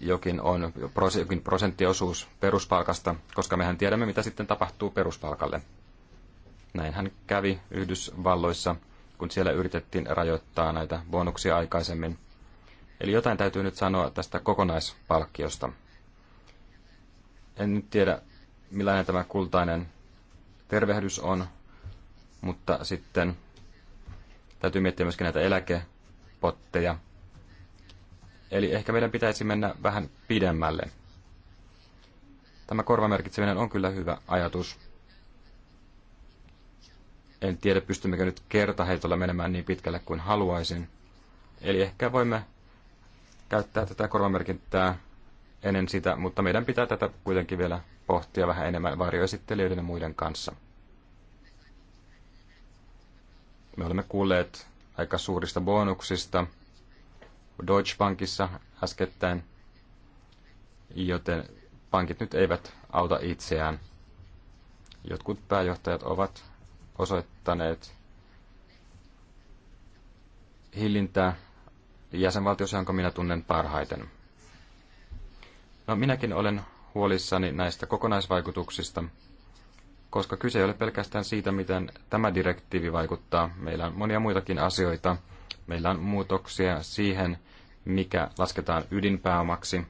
jokin on jokin prosenttiosuus peruspalkasta, koska mehän tiedämme, mitä sitten tapahtuu peruspalkalle. Näinhän kävi Yhdysvalloissa, kun siellä yritettiin rajoittaa näitä bonuksia aikaisemmin. Eli jotain täytyy nyt sanoa tästä kokonaispalkkiosta. En nyt tiedä, millainen tämä kultainen tervehdys on, mutta sitten täytyy miettiä myöskin näitä eläkepotteja – Eli ehkä meidän pitäisi mennä vähän pidemmälle. Tämä korvamerkitseminen on kyllä hyvä ajatus. En tiedä, pystymmekö nyt kertaheitolla menemään niin pitkälle kuin haluaisin. Eli ehkä voimme käyttää tätä korvamerkintää ennen sitä, mutta meidän pitää tätä kuitenkin vielä pohtia vähän enemmän varjoesittelijöiden ja muiden kanssa. Me olemme kuulleet aika suurista bonuksista – Deutsche Bankissa äskettäin, joten pankit nyt eivät auta itseään. Jotkut pääjohtajat ovat osoittaneet hillintää jäsenvaltiossa, jonka minä tunnen parhaiten. No, minäkin olen huolissani näistä kokonaisvaikutuksista, koska kyse ei ole pelkästään siitä, miten tämä direktiivi vaikuttaa. Meillä on monia muitakin asioita, Meillä on muutoksia siihen, mikä lasketaan ydinpääomaksi.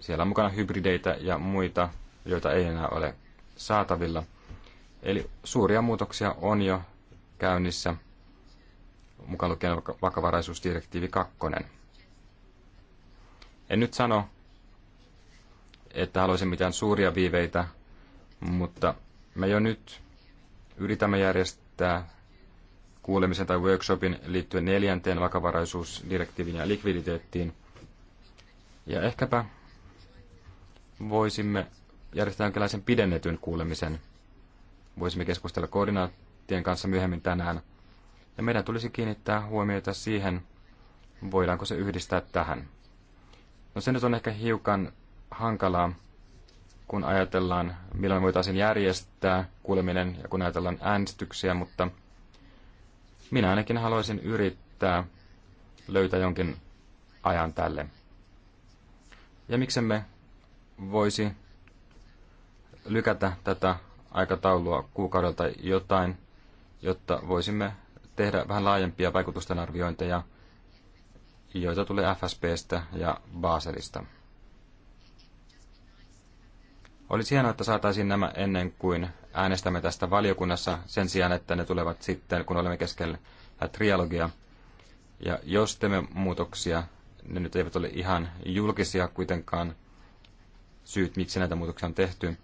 Siellä on mukana hybrideitä ja muita, joita ei enää ole saatavilla. Eli suuria muutoksia on jo käynnissä, mukaan lukien vakavaraisuusdirektiivi 2. En nyt sano, että haluaisin mitään suuria viiveitä, mutta me jo nyt yritämme järjestää kuulemisen tai workshopin liittyen neljänteen vakavaraisuusdirektiivin ja likviditeettiin. Ja ehkäpä voisimme järjestää jonkinlaisen pidennetyn kuulemisen. Voisimme keskustella koordinaattien kanssa myöhemmin tänään. Ja meidän tulisi kiinnittää huomiota siihen, voidaanko se yhdistää tähän. No se nyt on ehkä hiukan hankalaa, kun ajatellaan, milloin voitaisiin järjestää kuuleminen ja kun ajatellaan äänestyksiä, mutta minä ainakin haluaisin yrittää löytää jonkin ajan tälle. Ja miksemme voisi lykätä tätä aikataulua kuukaudelta jotain, jotta voisimme tehdä vähän laajempia vaikutusten arviointeja, joita tulee FSPstä ja Baselista. Olisi hienoa, että saataisiin nämä ennen kuin äänestämme tästä valiokunnassa sen sijaan, että ne tulevat sitten, kun olemme keskellä trialogia. Ja jos teemme muutoksia, ne nyt eivät ole ihan julkisia kuitenkaan syyt, miksi näitä muutoksia on tehty.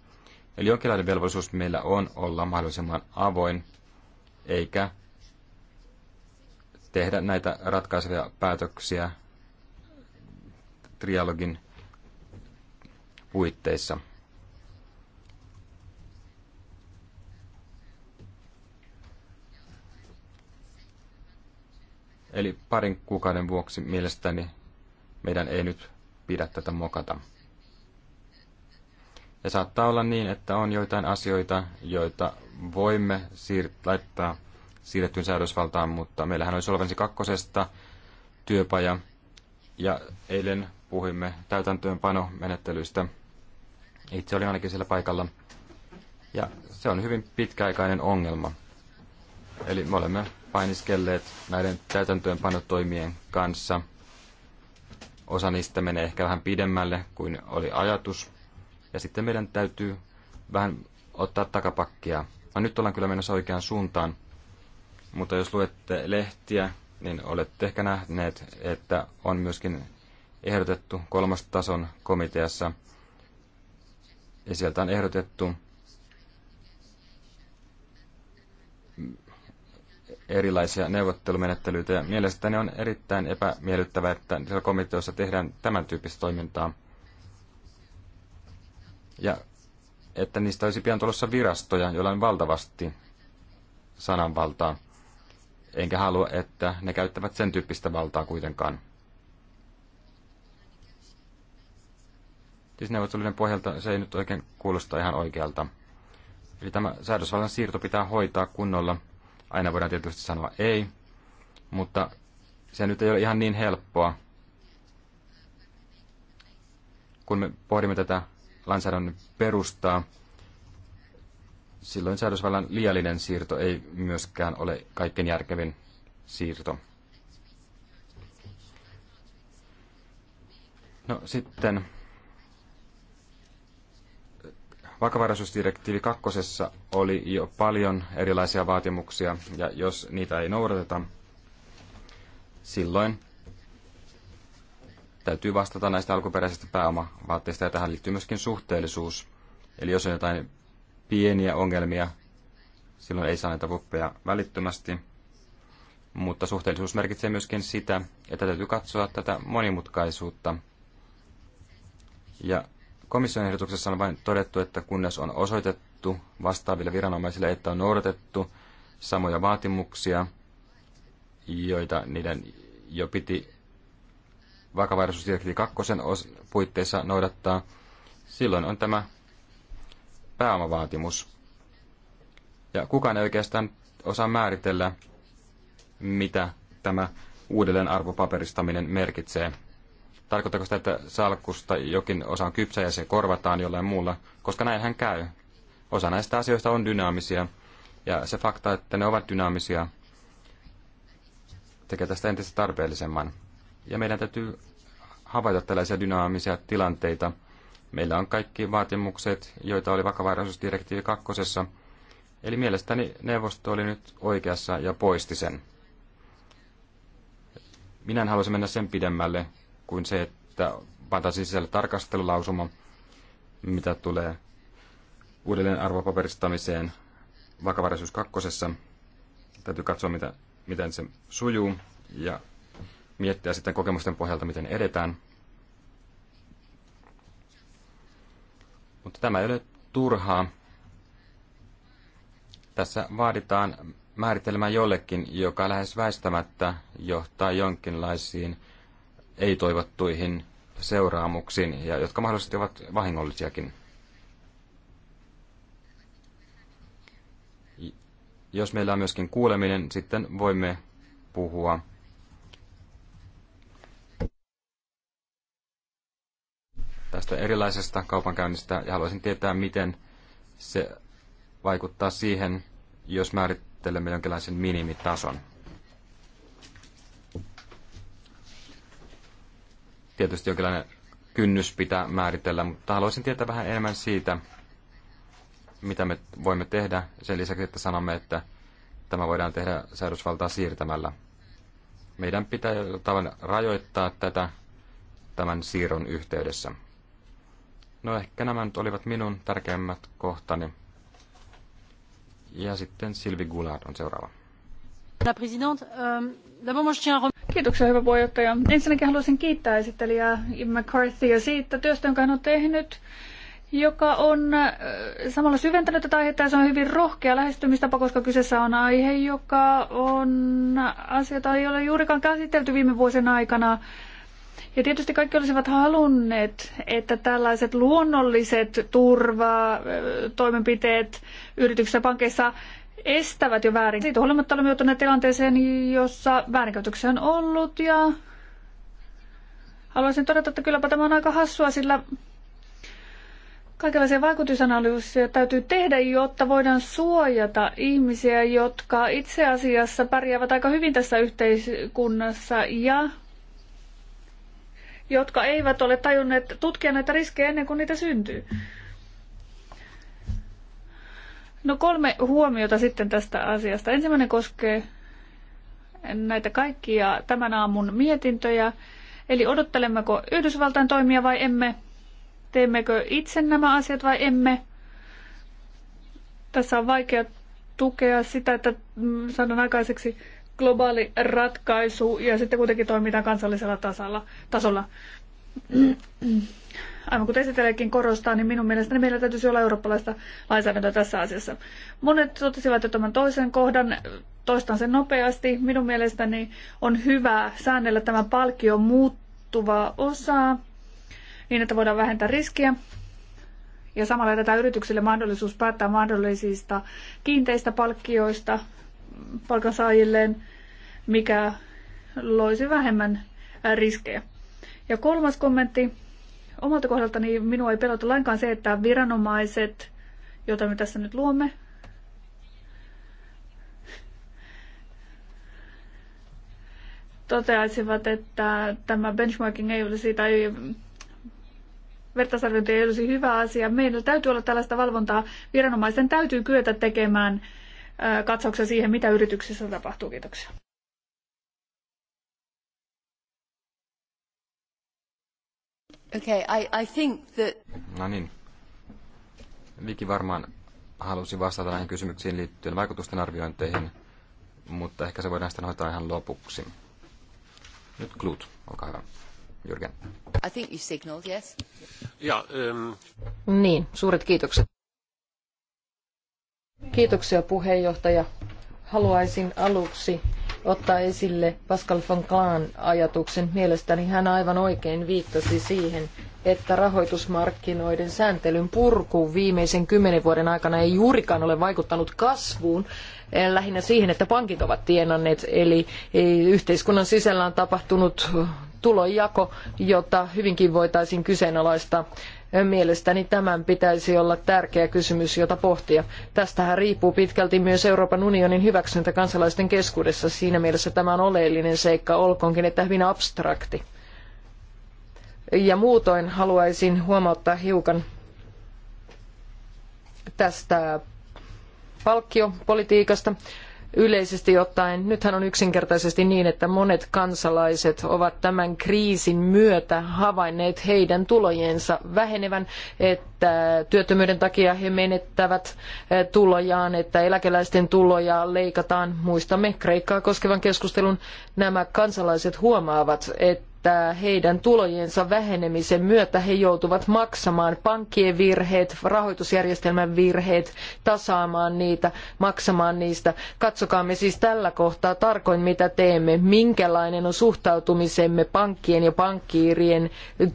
Eli jonkinlainen velvollisuus meillä on olla mahdollisimman avoin, eikä tehdä näitä ratkaisevia päätöksiä trialogin puitteissa. Eli parin kuukauden vuoksi mielestäni meidän ei nyt pidä tätä mokata. Ja saattaa olla niin, että on joitain asioita, joita voimme siir- laittaa siirrettyyn säädösvaltaan, mutta meillähän olisi olevansi kakkosesta työpaja, ja eilen puhuimme täytäntöönpanomenettelystä. Itse oli ainakin siellä paikalla. Ja se on hyvin pitkäaikainen ongelma. Eli me olemme painiskelleet näiden täytäntöönpanotoimien kanssa. Osa niistä menee ehkä vähän pidemmälle kuin oli ajatus. Ja sitten meidän täytyy vähän ottaa takapakkia. No nyt ollaan kyllä menossa oikeaan suuntaan, mutta jos luette lehtiä, niin olette ehkä nähneet, että on myöskin ehdotettu kolmas tason komiteassa. Ja sieltä on ehdotettu, erilaisia neuvottelumenettelyitä ja mielestäni on erittäin epämiellyttävää, että siellä komiteossa tehdään tämän tyyppistä toimintaa. Ja että niistä olisi pian tulossa virastoja, joilla on valtavasti sananvaltaa. Enkä halua, että ne käyttävät sen tyyppistä valtaa kuitenkaan. Siis neuvottelujen pohjalta se ei nyt oikein kuulosta ihan oikealta. Eli tämä säädösvallan siirto pitää hoitaa kunnolla – Aina voidaan tietysti sanoa ei, mutta se nyt ei ole ihan niin helppoa. Kun me pohdimme tätä lainsäädännön perustaa, silloin säädösvallan liiallinen siirto ei myöskään ole kaikkein järkevin siirto. No sitten vakavaraisuusdirektiivi kakkosessa oli jo paljon erilaisia vaatimuksia, ja jos niitä ei noudateta, silloin täytyy vastata näistä alkuperäisistä pääomavaatteista, ja tähän liittyy myöskin suhteellisuus. Eli jos on jotain pieniä ongelmia, silloin ei saa näitä vuppeja välittömästi, mutta suhteellisuus merkitsee myöskin sitä, että täytyy katsoa tätä monimutkaisuutta. Ja Komission ehdotuksessa on vain todettu, että kunnes on osoitettu vastaaville viranomaisille, että on noudatettu samoja vaatimuksia, joita niiden jo piti vakavaraisuusdirektiivi kakkosen puitteissa noudattaa, silloin on tämä pääomavaatimus. Ja kukaan ei oikeastaan osaa määritellä, mitä tämä uudelleen arvopaperistaminen merkitsee. Tarkoittako sitä, että salkusta jokin osa on kypsä ja se korvataan jollain muulla? Koska näinhän käy. Osa näistä asioista on dynaamisia. Ja se fakta, että ne ovat dynaamisia, tekee tästä entistä tarpeellisemman. Ja meidän täytyy havaita tällaisia dynaamisia tilanteita. Meillä on kaikki vaatimukset, joita oli vakavaraisuusdirektiivi kakkosessa. Eli mielestäni neuvosto oli nyt oikeassa ja poisti sen. Minä en haluaisin mennä sen pidemmälle kuin se, että pantaan sisälle tarkastelulausuma, mitä tulee uudelleen arvopaperistamiseen vakavaraisuus kakkosessa. Täytyy katsoa, mitä, miten se sujuu ja miettiä sitten kokemusten pohjalta, miten edetään. Mutta tämä ei ole turhaa. Tässä vaaditaan määritelmä jollekin, joka lähes väistämättä johtaa jonkinlaisiin ei-toivottuihin seuraamuksiin, ja jotka mahdollisesti ovat vahingollisiakin. Jos meillä on myöskin kuuleminen, sitten voimme puhua tästä erilaisesta kaupankäynnistä, ja haluaisin tietää, miten se vaikuttaa siihen, jos määrittelemme jonkinlaisen minimitason. tietysti jonkinlainen kynnys pitää määritellä, mutta haluaisin tietää vähän enemmän siitä, mitä me voimme tehdä sen lisäksi, että sanomme, että tämä voidaan tehdä säädösvaltaa siirtämällä. Meidän pitää tavan rajoittaa tätä tämän siirron yhteydessä. No ehkä nämä nyt olivat minun tärkeimmät kohtani. Ja sitten Silvi Goulard on seuraava. La présidente, euh, Kiitoksia, hyvä puheenjohtaja. Ensinnäkin haluaisin kiittää esittelijää McCarthyä siitä työstä, jonka hän on tehnyt joka on äh, samalla syventänyt tätä aihetta ja se on hyvin rohkea lähestymistapa, koska kyseessä on aihe, joka on asioita ei ole juurikaan käsitelty viime vuosien aikana. Ja tietysti kaikki olisivat halunneet, että tällaiset luonnolliset turvatoimenpiteet yrityksissä ja pankeissa estävät jo väärin. Siitä huolimatta olemme joutuneet tilanteeseen, jossa väärinkäytöksiä on ollut ja haluaisin todeta, että kylläpä tämä on aika hassua, sillä kaikenlaisia vaikutusanalyysiä täytyy tehdä, jotta voidaan suojata ihmisiä, jotka itse asiassa pärjäävät aika hyvin tässä yhteiskunnassa ja jotka eivät ole tajunneet tutkia näitä riskejä ennen kuin niitä syntyy. No kolme huomiota sitten tästä asiasta. Ensimmäinen koskee näitä kaikkia tämän aamun mietintöjä. Eli odottelemmeko Yhdysvaltain toimia vai emme? Teemmekö itse nämä asiat vai emme? Tässä on vaikea tukea sitä, että mm, sanon aikaiseksi globaali ratkaisu ja sitten kuitenkin toimitaan kansallisella tasalla, tasolla aivan kuten esitelläkin korostaa, niin minun mielestäni meillä täytyisi olla eurooppalaista lainsäädäntöä tässä asiassa. Monet totesivat jo tämän toisen kohdan, toistan sen nopeasti. Minun mielestäni on hyvä säännellä tämän palkio muuttuvaa osaa niin, että voidaan vähentää riskiä. Ja samalla tätä yrityksille mahdollisuus päättää mahdollisista kiinteistä palkkioista palkansaajilleen, mikä loisi vähemmän riskejä. Ja kolmas kommentti omalta kohdaltani minua ei pelota lainkaan se, että viranomaiset, joita me tässä nyt luomme, toteaisivat, että tämä benchmarking ei olisi tai vertaisarviointi ei olisi hyvä asia. Meillä täytyy olla tällaista valvontaa. Viranomaisten täytyy kyetä tekemään katsauksia siihen, mitä yrityksissä tapahtuu. Kiitoksia. Okay, I, I think that... No niin. Viki varmaan halusi vastata näihin kysymyksiin liittyen vaikutusten arviointeihin, mutta ehkä se voidaan sitten hoitaa ihan lopuksi. Nyt Klut, olkaa hyvä. Jürgen. I think you signaled, yes. Ja, um... Niin, suuret kiitokset. Kiitoksia puheenjohtaja. Haluaisin aluksi ottaa esille Pascal von Klaan ajatuksen. Mielestäni hän aivan oikein viittasi siihen, että rahoitusmarkkinoiden sääntelyn purku viimeisen kymmenen vuoden aikana ei juurikaan ole vaikuttanut kasvuun, eh, lähinnä siihen, että pankit ovat tienanneet, eli eh, yhteiskunnan sisällä on tapahtunut tulonjako, jota hyvinkin voitaisiin kyseenalaistaa. Mielestäni tämän pitäisi olla tärkeä kysymys, jota pohtia. Tästähän riippuu pitkälti myös Euroopan unionin hyväksyntä kansalaisten keskuudessa. Siinä mielessä tämä on oleellinen seikka, olkoonkin että hyvin abstrakti. Ja muutoin haluaisin huomauttaa hiukan tästä palkkiopolitiikasta yleisesti ottaen. Nythän on yksinkertaisesti niin, että monet kansalaiset ovat tämän kriisin myötä havainneet heidän tulojensa vähenevän, että työttömyyden takia he menettävät eh, tulojaan, että eläkeläisten tuloja leikataan. Muistamme Kreikkaa koskevan keskustelun. Nämä kansalaiset huomaavat, että että heidän tulojensa vähenemisen myötä he joutuvat maksamaan pankkien virheet, rahoitusjärjestelmän virheet, tasaamaan niitä, maksamaan niistä. Katsokaamme siis tällä kohtaa tarkoin, mitä teemme, minkälainen on suhtautumisemme pankkien ja pankkiirien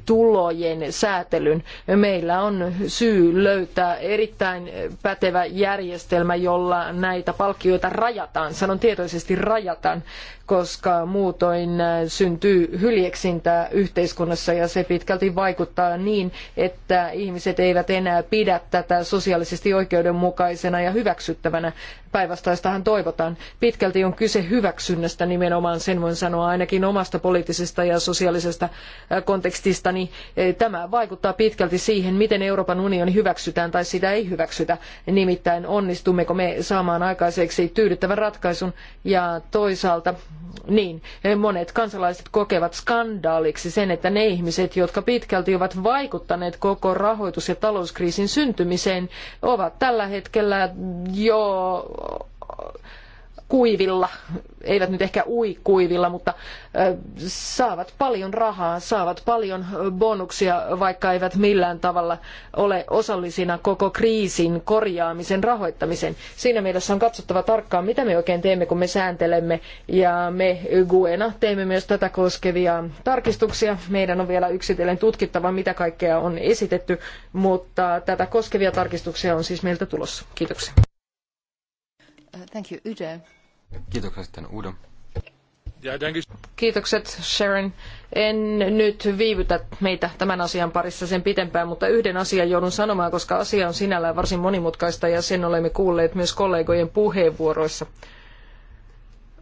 tulojen säätelyn. Meillä on syy löytää erittäin pätevä järjestelmä, jolla näitä palkkioita rajataan, sanon tietoisesti rajataan, koska muutoin syntyy hyljeksi hyväksyntää yhteiskunnassa ja se pitkälti vaikuttaa niin, että ihmiset eivät enää pidä tätä sosiaalisesti oikeudenmukaisena ja hyväksyttävänä päinvastaistahan toivotaan. Pitkälti on kyse hyväksynnästä nimenomaan, sen voin sanoa ainakin omasta poliittisesta ja sosiaalisesta kontekstistani. E, tämä vaikuttaa pitkälti siihen, miten Euroopan unioni hyväksytään tai sitä ei hyväksytä. Nimittäin onnistummeko me saamaan aikaiseksi tyydyttävän ratkaisun ja toisaalta niin, e, monet kansalaiset kokevat skandaaliksi sen, että ne ihmiset, jotka pitkälti ovat vaikuttaneet koko rahoitus- ja talouskriisin syntymiseen, ovat tällä hetkellä jo kuivilla, eivät nyt ehkä ui kuivilla, mutta saavat paljon rahaa, saavat paljon bonuksia, vaikka eivät millään tavalla ole osallisina koko kriisin korjaamisen rahoittamisen. Siinä mielessä on katsottava tarkkaan, mitä me oikein teemme, kun me sääntelemme, ja me Guena teemme myös tätä koskevia tarkistuksia. Meidän on vielä yksitellen tutkittava, mitä kaikkea on esitetty, mutta tätä koskevia tarkistuksia on siis meiltä tulossa. Kiitoksia. Thank Udo. Kiitokset Sharon. En nyt viivytä meitä tämän asian parissa sen pitempään, mutta yhden asian joudun sanomaan, koska asia on sinällään varsin monimutkaista ja sen olemme kuulleet myös kollegojen puheenvuoroissa.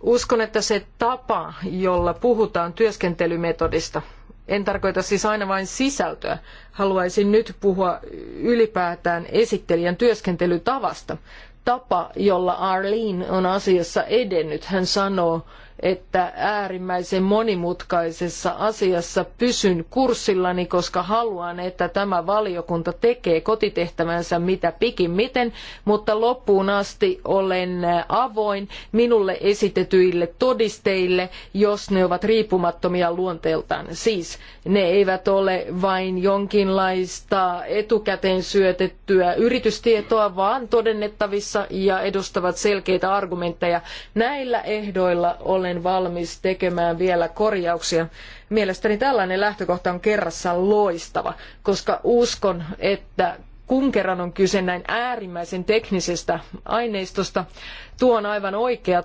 Uskon, että se tapa, jolla puhutaan työskentelymetodista, en tarkoita siis aina vain sisältöä. Haluaisin nyt puhua ylipäätään esittelijän työskentelytavasta tapa, jolla Arlene on asiassa edennyt. Hän sanoo, että äärimmäisen monimutkaisessa asiassa pysyn kurssillani, koska haluan, että tämä valiokunta tekee kotitehtävänsä mitä pikimmiten, mutta loppuun asti olen avoin minulle esitetyille todisteille, jos ne ovat riippumattomia luonteeltaan. Siis ne eivät ole vain jonkinlaista etukäteen syötettyä yritystietoa, vaan todennettavissa ja edustavat selkeitä argumentteja. Näillä ehdoilla olen olen valmis tekemään vielä korjauksia. Mielestäni tällainen lähtökohta on kerrassaan loistava, koska uskon, että kun kerran on kyse näin äärimmäisen teknisestä aineistosta, tuo on aivan oikea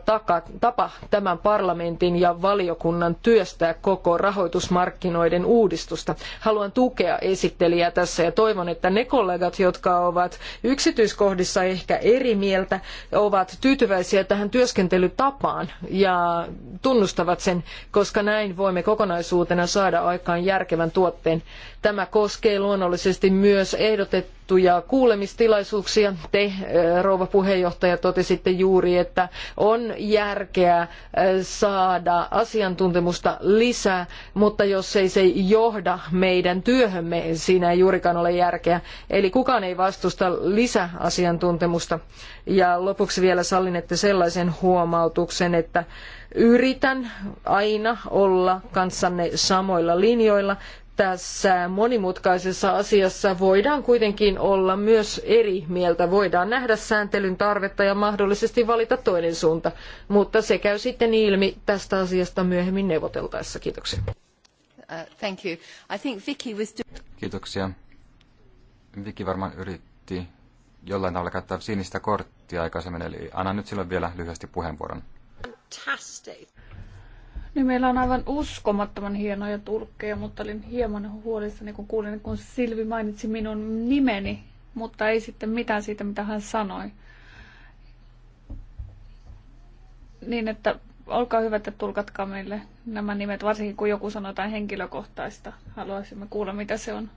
tapa tämän parlamentin ja valiokunnan työstää koko rahoitusmarkkinoiden uudistusta. Haluan tukea esittelijää tässä ja toivon, että ne kollegat, jotka ovat yksityiskohdissa ehkä eri mieltä, ovat tyytyväisiä tähän työskentelytapaan ja tunnustavat sen, koska näin voimme kokonaisuutena saada aikaan järkevän tuotteen. Tämä koskee luonnollisesti myös ehdotettua sovittuja kuulemistilaisuuksia. Te, eh, rouva puheenjohtaja, totesitte juuri, että on järkeä eh, saada asiantuntemusta lisää, mutta jos ei se johda meidän työhömme, siinä ei juurikaan ole järkeä. Eli kukaan ei vastusta lisäasiantuntemusta. Ja lopuksi vielä sallin, että sellaisen huomautuksen, että yritän aina olla kanssanne samoilla linjoilla, tässä monimutkaisessa asiassa voidaan kuitenkin olla myös eri mieltä. Voidaan nähdä sääntelyn tarvetta ja mahdollisesti valita toinen suunta, mutta se käy sitten ilmi tästä asiasta myöhemmin neuvoteltaessa. Kiitoksia. Uh, Vicky Kiitoksia. Vicky varmaan yritti jollain tavalla käyttää sinistä korttia aikaisemmin, eli annan nyt silloin vielä lyhyesti puheenvuoron. Fantastic. Niin meillä on aivan uskomattoman hienoja tulkkeja, mutta olin hieman huolissani, kun kuulin, kun Silvi mainitsi minun nimeni, mutta ei sitten mitään siitä, mitä hän sanoi. Niin, että olkaa hyvä, että tulkatkaa meille nämä nimet, varsinkin kun joku sanoo jotain henkilökohtaista. Haluaisimme kuulla, mitä se on.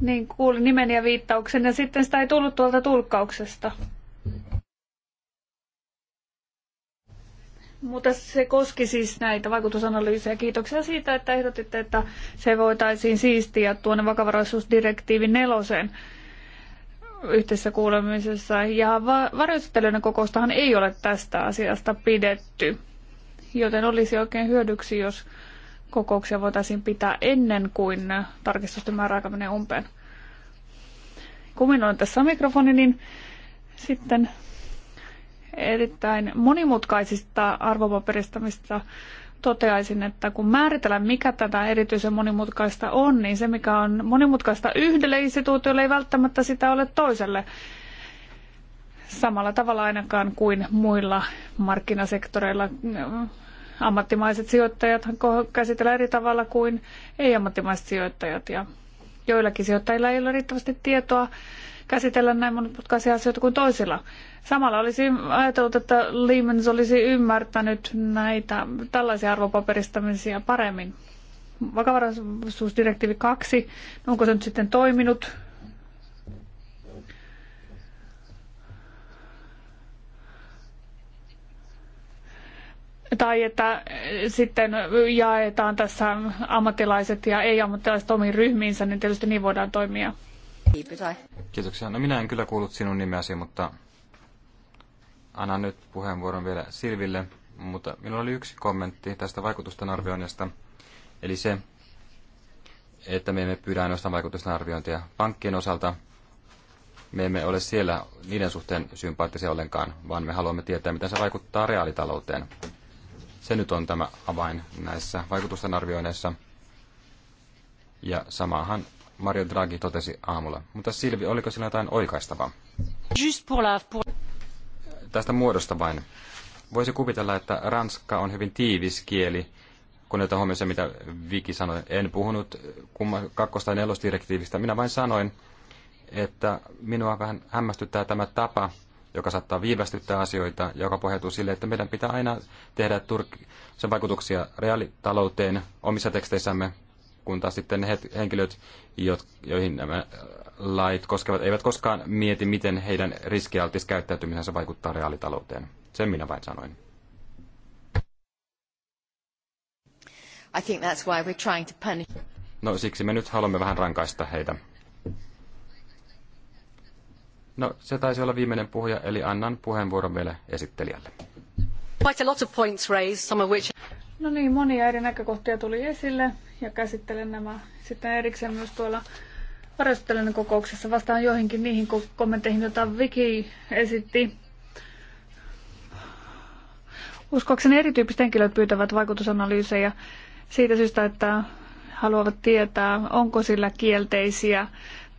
Niin, kuulin nimen ja viittauksen ja sitten sitä ei tullut tuolta tulkkauksesta. Mutta se koski siis näitä vaikutusanalyysejä. Kiitoksia siitä, että ehdotitte, että se voitaisiin siistiä tuonne vakavaraisuusdirektiivin neloseen yhteisessä kuulemisessa. Ja varjoittelijoiden kokoustahan ei ole tästä asiasta pidetty, joten olisi oikein hyödyksi, jos kokouksia voitaisiin pitää ennen kuin tarkistusten määräaika menee umpeen. Kun minulla on tässä mikrofoni, niin sitten erittäin monimutkaisista arvopaperistamista toteaisin, että kun määritellään, mikä tätä erityisen monimutkaista on, niin se, mikä on monimutkaista yhdelle instituutiolle, ei välttämättä sitä ole toiselle samalla tavalla ainakaan kuin muilla markkinasektoreilla. Ammattimaiset sijoittajat käsitellään eri tavalla kuin ei-ammattimaiset sijoittajat ja joillakin sijoittajilla ei ole riittävästi tietoa käsitellä näin monimutkaisia asioita kuin toisilla. Samalla olisi ajatellut, että Lehman's olisi ymmärtänyt näitä tällaisia arvopaperistamisia paremmin. Vakavaraisuusdirektiivi 2, onko se nyt sitten toiminut? tai että sitten jaetaan tässä ammattilaiset ja ei-ammattilaiset omiin ryhmiinsä, niin tietysti niin voidaan toimia. Kiitoksia. No minä en kyllä kuullut sinun nimeäsi, mutta annan nyt puheenvuoron vielä Silville. Mutta minulla oli yksi kommentti tästä vaikutusten arvioinnista. Eli se, että me emme pyydä ainoastaan vaikutusten arviointia pankkien osalta. Me emme ole siellä niiden suhteen sympaattisia ollenkaan, vaan me haluamme tietää, miten se vaikuttaa reaalitalouteen. Se nyt on tämä avain näissä vaikutusten arvioinneissa. Ja samahan Mario Draghi totesi aamulla. Mutta Silvi, oliko sinä jotain oikaistavaa? Just pour la, pour... Tästä muodosta vain. Voisi kuvitella, että ranska on hyvin tiivis kieli, kun näitä huomioon se, mitä Viki sanoi. En puhunut kumma, kakkosta tai nelosdirektiivistä. Minä vain sanoin, että minua vähän hämmästyttää tämä tapa, joka saattaa viivästyttää asioita, joka pohjautuu sille, että meidän pitää aina tehdä Turk- sen vaikutuksia reaalitalouteen omissa teksteissämme, kun taas sitten ne henkilöt, joihin nämä äh, lait koskevat, eivät koskaan mieti, miten heidän riskialtis käyttäytymisensä vaikuttaa reaalitalouteen. Sen minä vain sanoin. I think that's why we're trying to punish. No siksi me nyt haluamme vähän rankaista heitä. No se taisi olla viimeinen puhuja, eli annan puheenvuoron vielä esittelijälle. Quite a lot of points raised, some of which... No niin, monia eri näkökohtia tuli esille ja käsittelen nämä sitten erikseen myös tuolla varastelun kokouksessa. Vastaan joihinkin niihin kommentteihin, joita Viki esitti. Uskoakseni erityyppiset henkilöt pyytävät vaikutusanalyysejä siitä syystä, että haluavat tietää, onko sillä kielteisiä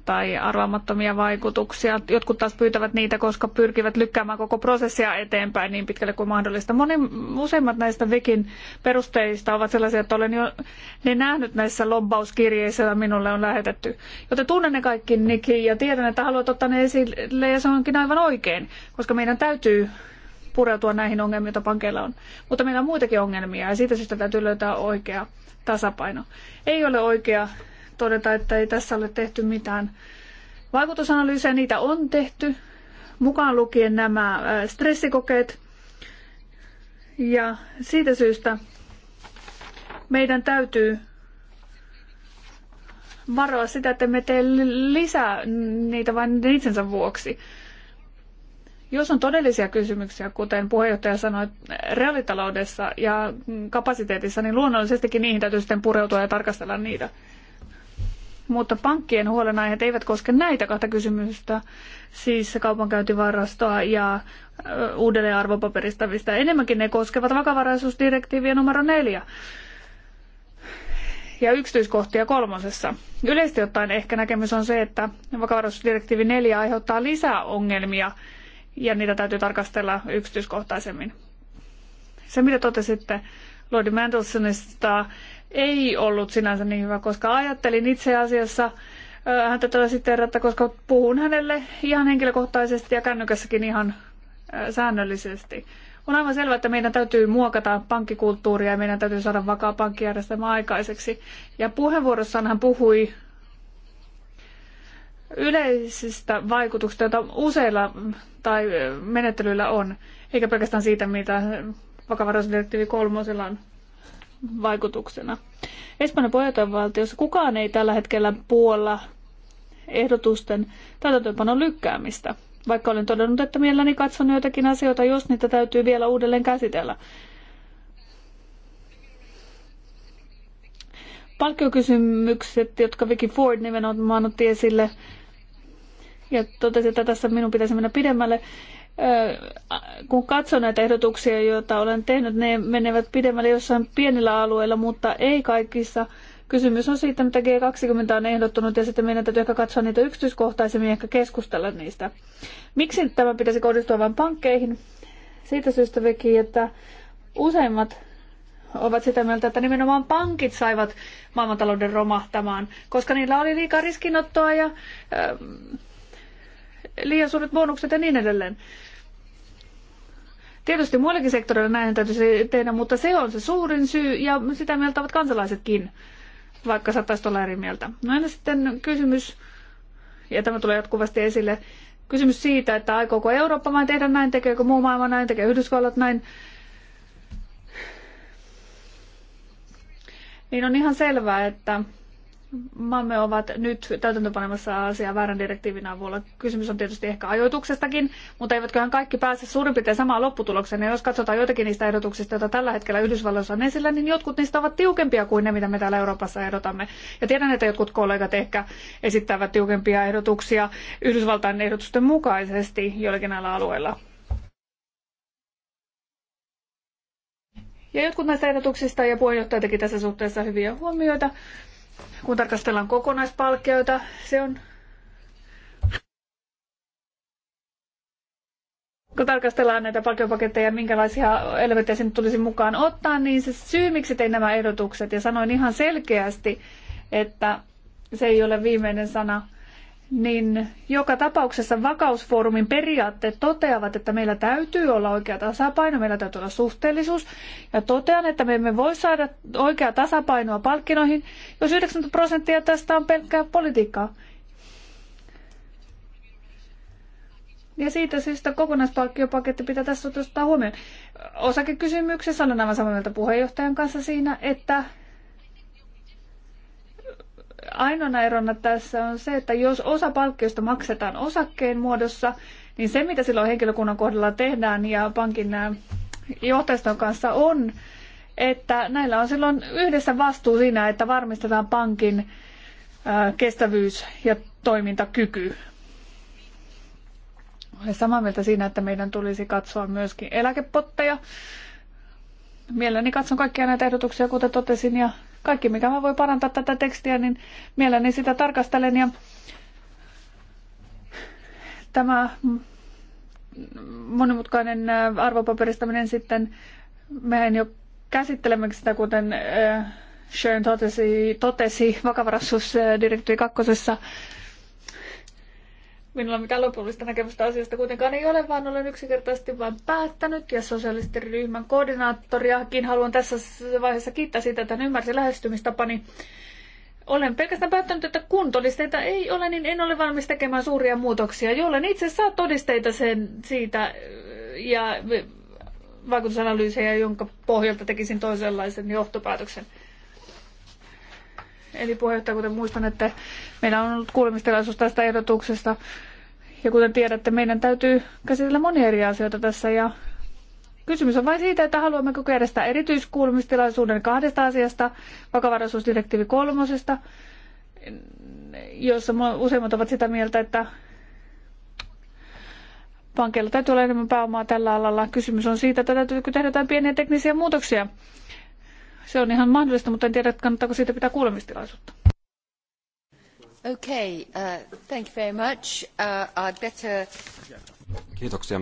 tai arvaamattomia vaikutuksia. Jotkut taas pyytävät niitä, koska pyrkivät lykkäämään koko prosessia eteenpäin niin pitkälle kuin mahdollista. Moni, useimmat näistä Vikin perusteista ovat sellaisia, että olen jo ne nähnyt näissä lobbauskirjeissä, joita minulle on lähetetty. Joten tunnen ne kaikki Niki ja tiedän, että haluat ottaa ne esille ja se onkin aivan oikein, koska meidän täytyy pureutua näihin ongelmiin, joita pankeilla on. Mutta meillä on muitakin ongelmia ja siitä syystä täytyy löytää oikea tasapaino. Ei ole oikea todeta, että ei tässä ole tehty mitään vaikutusanalyysejä. Niitä on tehty, mukaan lukien nämä äh, stressikokeet. Ja siitä syystä meidän täytyy varoa sitä, että me tee lisää niitä vain itsensä vuoksi. Jos on todellisia kysymyksiä, kuten puheenjohtaja sanoi, reaalitaloudessa ja kapasiteetissa, niin luonnollisestikin niihin täytyy sitten pureutua ja tarkastella niitä. Mutta pankkien huolenaiheet eivät koske näitä kahta kysymystä, siis kaupankäyntivarastoa ja uudelleen arvopaperistavista. Enemmänkin ne koskevat vakavaraisuusdirektiiviä numero neljä ja yksityiskohtia kolmosessa. Yleisesti ottaen ehkä näkemys on se, että vakavaraisuusdirektiivi 4 aiheuttaa lisää ongelmia ja niitä täytyy tarkastella yksityiskohtaisemmin. Se, mitä totesitte Lordi Mandelsonista ei ollut sinänsä niin hyvä, koska ajattelin itse asiassa äh, häntä sitten, että koska puhun hänelle ihan henkilökohtaisesti ja kännykässäkin ihan äh, säännöllisesti. On aivan selvää, että meidän täytyy muokata pankkikulttuuria ja meidän täytyy saada vakaa pankkijärjestelmä aikaiseksi. Ja puheenvuorossaan hän puhui yleisistä vaikutuksista, joita useilla tai äh, menettelyillä on, eikä pelkästään siitä, mitä vakavaraisuusdirektiivi kolmosella on vaikutuksena. Espanjan puheenjohtajavaltiossa kukaan ei tällä hetkellä puolla ehdotusten täytäntöönpanon lykkäämistä, vaikka olen todennut, että mielelläni katson joitakin asioita, jos niitä täytyy vielä uudelleen käsitellä. Palkkiokysymykset, jotka Vicky Ford nimenomaan otti esille, ja totesi, että tässä minun pitäisi mennä pidemmälle kun katson näitä ehdotuksia, joita olen tehnyt, ne menevät pidemmälle jossain pienillä alueilla, mutta ei kaikissa. Kysymys on siitä, mitä G20 on ehdottanut, ja sitten meidän täytyy ehkä katsoa niitä yksityiskohtaisemmin, ehkä keskustella niistä. Miksi tämä pitäisi kohdistua vain pankkeihin? Siitä syystä veki, että useimmat ovat sitä mieltä, että nimenomaan pankit saivat maailmantalouden romahtamaan, koska niillä oli liikaa riskinottoa ja liian suuret bonukset ja niin edelleen. Tietysti muillakin sektoreilla näin täytyisi tehdä, mutta se on se suurin syy ja sitä mieltä ovat kansalaisetkin, vaikka saattaisi olla eri mieltä. No aina sitten kysymys, ja tämä tulee jatkuvasti esille, kysymys siitä, että aikooko Eurooppa vain tehdä näin, tekeekö muu maailma näin, tekee Yhdysvallat näin. Niin on ihan selvää, että maamme ovat nyt täytäntöönpanemassa asiaa väärän direktiivin avulla. Kysymys on tietysti ehkä ajoituksestakin, mutta eivätköhän kaikki pääse suurin piirtein samaan lopputulokseen. Ja jos katsotaan joitakin niistä ehdotuksista, joita tällä hetkellä Yhdysvalloissa on esillä, niin jotkut niistä ovat tiukempia kuin ne, mitä me täällä Euroopassa ehdotamme. Ja tiedän, että jotkut kollegat ehkä esittävät tiukempia ehdotuksia Yhdysvaltain ehdotusten mukaisesti joillakin näillä alueilla. Ja jotkut näistä ehdotuksista ja puheenjohtaja teki tässä suhteessa hyviä huomioita. Kun tarkastellaan kokonaispalkkioita, se on kun tarkastellaan näitä palkkiopaketteja, minkälaisia elementtejä sinne tulisi mukaan ottaa, niin se syy, miksi tein nämä ehdotukset, ja sanoin ihan selkeästi, että se ei ole viimeinen sana, niin joka tapauksessa vakausfoorumin periaatteet toteavat, että meillä täytyy olla oikea tasapaino, meillä täytyy olla suhteellisuus. Ja totean, että me emme voi saada oikeaa tasapainoa palkkinoihin, jos 90 prosenttia tästä on pelkkää politiikkaa. Ja siitä syystä kokonaispalkkiopaketti pitää tässä ottaa huomioon. Osakekysymyksessä olen aivan samaa mieltä puheenjohtajan kanssa siinä, että Ainoana erona tässä on se, että jos osa palkkiosta maksetaan osakkeen muodossa, niin se mitä silloin henkilökunnan kohdalla tehdään ja pankin johtajaston kanssa on, että näillä on silloin yhdessä vastuu siinä, että varmistetaan pankin kestävyys ja toimintakyky. Olen samaa mieltä siinä, että meidän tulisi katsoa myöskin eläkepotteja. Mielelläni katson kaikkia näitä ehdotuksia, kuten totesin, ja kaikki, mikä mä voi parantaa tätä tekstiä, niin mielelläni sitä tarkastelen. Ja tämä monimutkainen äh, arvopaperistaminen sitten, mehän jo käsittelemme sitä, kuten äh, Sharon totesi, totesi vakavaraisuusdirektiivi kakkosessa, Minulla mitään lopullista näkemystä asiasta kuitenkaan ei ole, vaan olen yksinkertaisesti vain päättänyt ja ryhmän koordinaattoriakin haluan tässä vaiheessa kiittää siitä, että hän ymmärsi lähestymistapani. Olen pelkästään päättänyt, että kun todisteita ei ole, niin en ole valmis tekemään suuria muutoksia, jolloin itse saa todisteita sen siitä ja vaikutusanalyysejä, jonka pohjalta tekisin toisenlaisen johtopäätöksen. Eli puheenjohtaja, kuten muistan, että meillä on ollut kuulemistilaisuus tästä ehdotuksesta. Ja kuten tiedätte, meidän täytyy käsitellä monia eri asioita tässä. Ja kysymys on vain siitä, että haluammeko järjestää erityiskuulemistilaisuuden kahdesta asiasta, vakavaraisuusdirektiivi kolmosesta, jossa useimmat ovat sitä mieltä, että pankeilla täytyy olla enemmän pääomaa tällä alalla. Kysymys on siitä, että täytyykö tehdä jotain pieniä teknisiä muutoksia se on ihan mahdollista, mutta en tiedä, kannattaako siitä pitää kuulemistilaisuutta. Okay, uh, thank you very much. Uh, I'd better... Kiitoksia.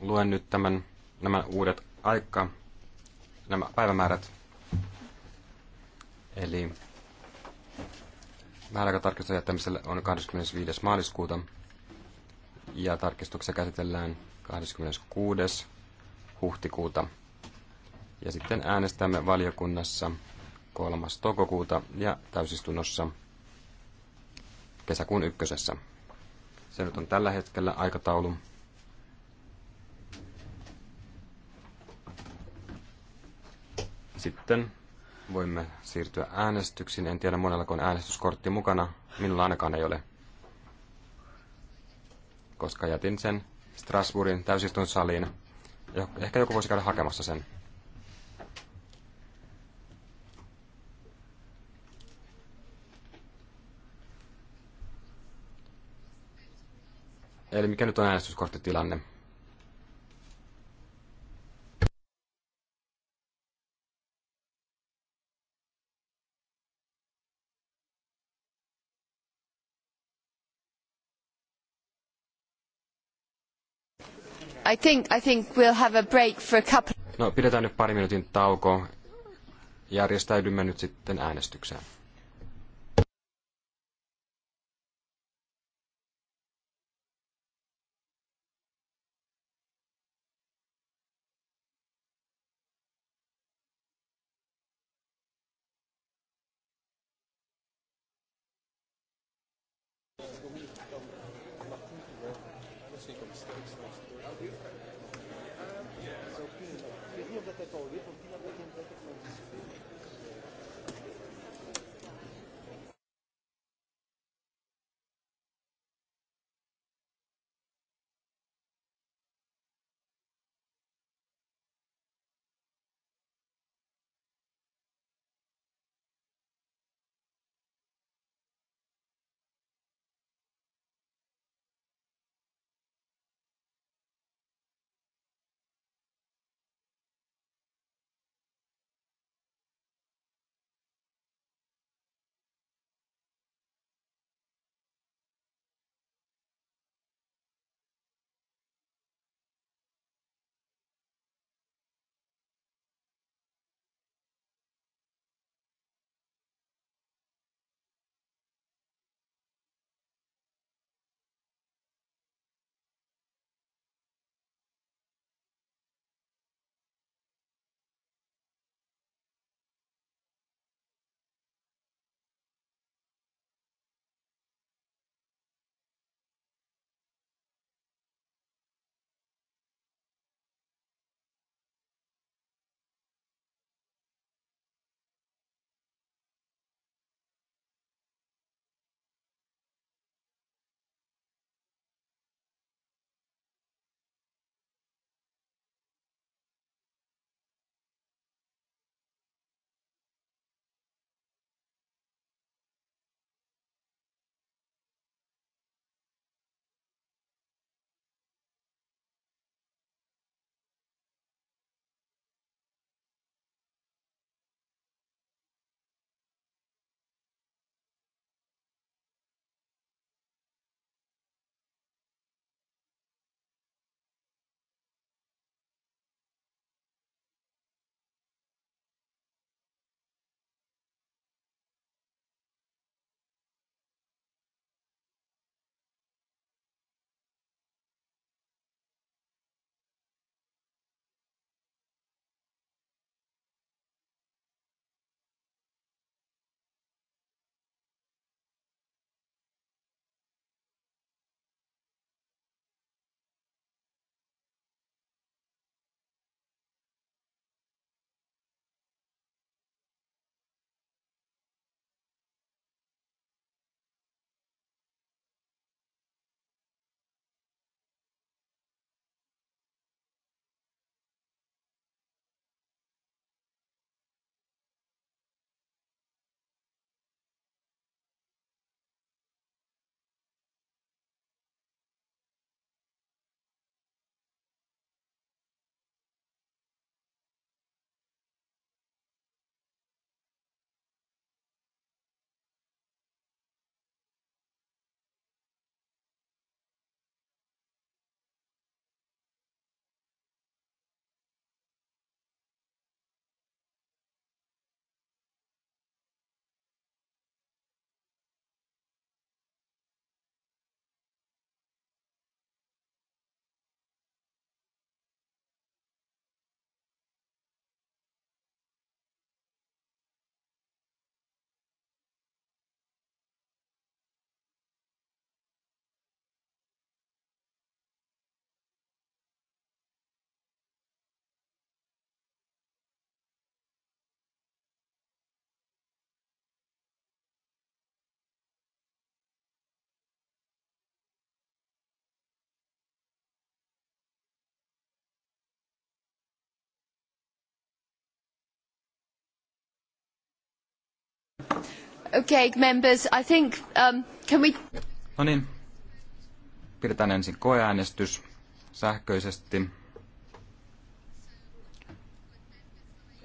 Luen nyt tämän, nämä uudet aika, nämä päivämäärät. Eli määräaikatarkistuksen jättämiselle on 25. maaliskuuta ja tarkistuksia käsitellään 26. huhtikuuta. Ja sitten äänestämme valiokunnassa 3. toukokuuta ja täysistunnossa kesäkuun ykkösessä. Se nyt on tällä hetkellä aikataulu. Sitten voimme siirtyä äänestyksiin. En tiedä monellako on äänestyskortti mukana. Minulla ainakaan ei ole, koska jätin sen Strasbourgin saliin. Ehkä joku voisi käydä hakemassa sen. Eli mikä nyt on äänestyskorttitilanne? I think, I think we'll have a break for a couple... No, pidetään nyt pari minuutin tauko. Järjestäydymme nyt sitten äänestykseen. Okay, members, I think, um, can we... No niin, pidetään ensin koeäänestys sähköisesti.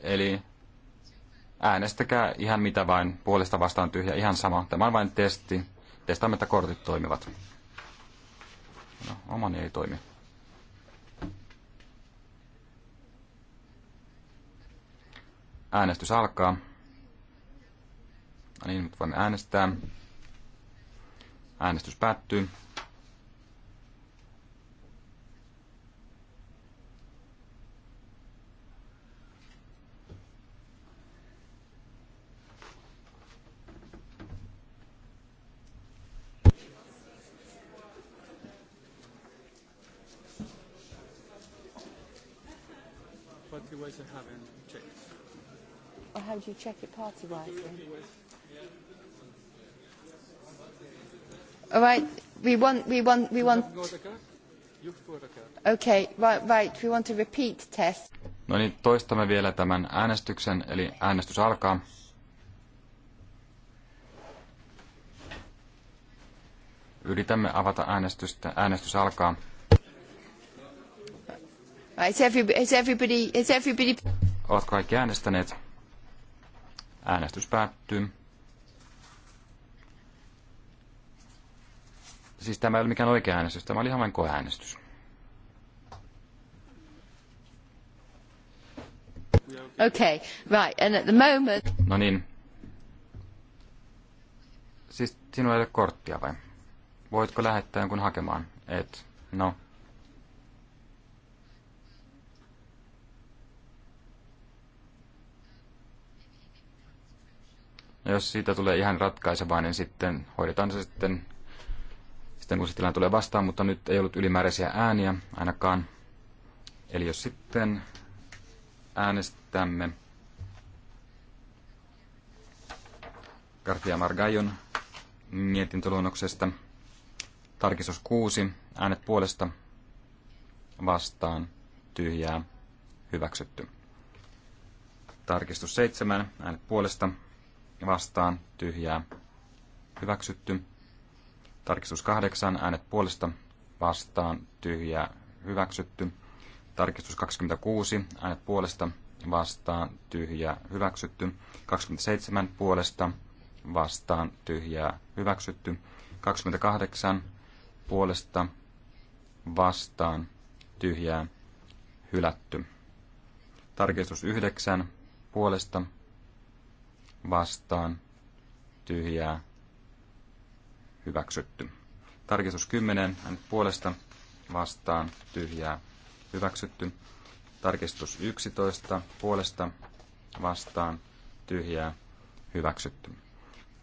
Eli äänestäkää ihan mitä vain, puolesta vastaan tyhjä, ihan sama. Tämä on vain testi. Testaamme, että kortit toimivat. No, omani ei toimi. Äänestys alkaa. No niin, nyt voimme äänestää. Äänestys päättyy. Party-wise, I haven't checked. Or how do you check it party-wise? All right, we want, we want, we want... Okay, right, right, we want to repeat test. No niin, toistamme vielä tämän äänestyksen, eli äänestys alkaa. Yritämme avata äänestystä. Äänestys alkaa. Is everybody, is everybody, is everybody... Ovatko kaikki äänestäneet? Äänestys päättyy. Siis tämä ei ole mikään oikea äänestys, tämä oli ihan vain koeäänestys. Okay, right, and at the moment... No niin. Siis sinulla ei ole korttia vai? Voitko lähettää jonkun hakemaan? Et, no. Ja jos siitä tulee ihan ratkaisevaa, niin sitten hoidetaan se sitten sitten kun se tilanne tulee vastaan, mutta nyt ei ollut ylimääräisiä ääniä ainakaan. Eli jos sitten äänestämme García Margallon mietintöluonnoksesta, tarkistus 6, äänet puolesta vastaan tyhjää hyväksytty. Tarkistus 7, äänet puolesta vastaan tyhjää hyväksytty Tarkistus 8, äänet puolesta, vastaan, tyhjää, hyväksytty. Tarkistus 26, äänet puolesta, vastaan, tyhjää, hyväksytty. 27 puolesta, vastaan, tyhjää, hyväksytty. 28 puolesta, vastaan, tyhjää, hylätty. Tarkistus 9 puolesta, vastaan, tyhjää, hyväksytty. Tarkistus 10, hän puolesta vastaan tyhjää hyväksytty. Tarkistus 11, puolesta vastaan tyhjää hyväksytty.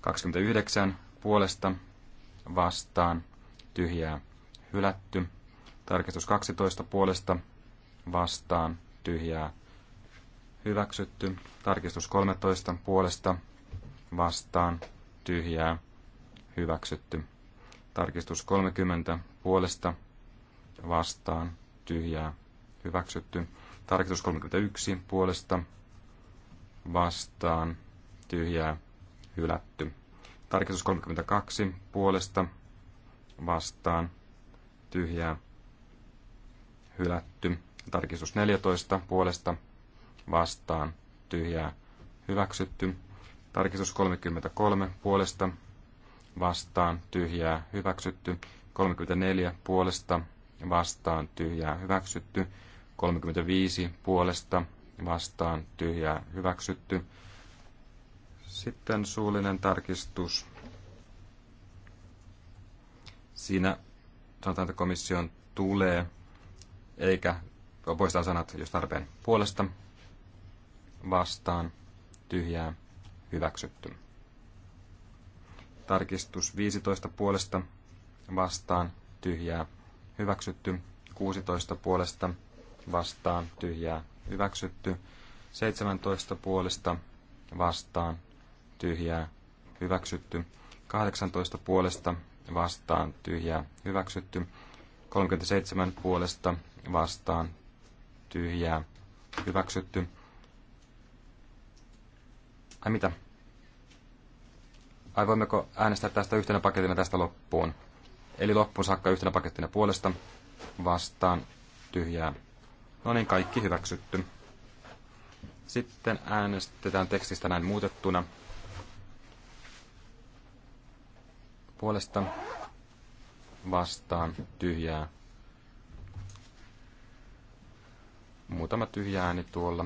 29, puolesta vastaan tyhjää hylätty. Tarkistus 12, puolesta vastaan tyhjää hyväksytty. Tarkistus 13, puolesta vastaan tyhjää hyväksytty. Tarkistus 30 puolesta vastaan tyhjää hyväksytty. Tarkistus 31 puolesta vastaan tyhjää hylätty. Tarkistus 32 puolesta vastaan tyhjää hylätty. Tarkistus 14 puolesta vastaan tyhjää hyväksytty. Tarkistus 33 puolesta vastaan tyhjää hyväksytty. 34 puolesta vastaan tyhjää hyväksytty. 35 puolesta vastaan tyhjää hyväksytty. Sitten suullinen tarkistus. Siinä sanotaan, että komission tulee, eikä poistaa sanat, jos tarpeen, puolesta, vastaan, tyhjää, hyväksytty. Tarkistus 15 puolesta vastaan tyhjää hyväksytty. 16 puolesta vastaan tyhjää hyväksytty. 17 puolesta vastaan tyhjää hyväksytty. 18 puolesta vastaan tyhjää hyväksytty. 37 puolesta vastaan tyhjää hyväksytty. Ai mitä? Ai voimmeko äänestää tästä yhtenä pakettina tästä loppuun? Eli loppuun saakka yhtenä pakettina puolesta vastaan tyhjää. No niin, kaikki hyväksytty. Sitten äänestetään tekstistä näin muutettuna. Puolesta vastaan tyhjää. Muutama tyhjä ääni tuolla.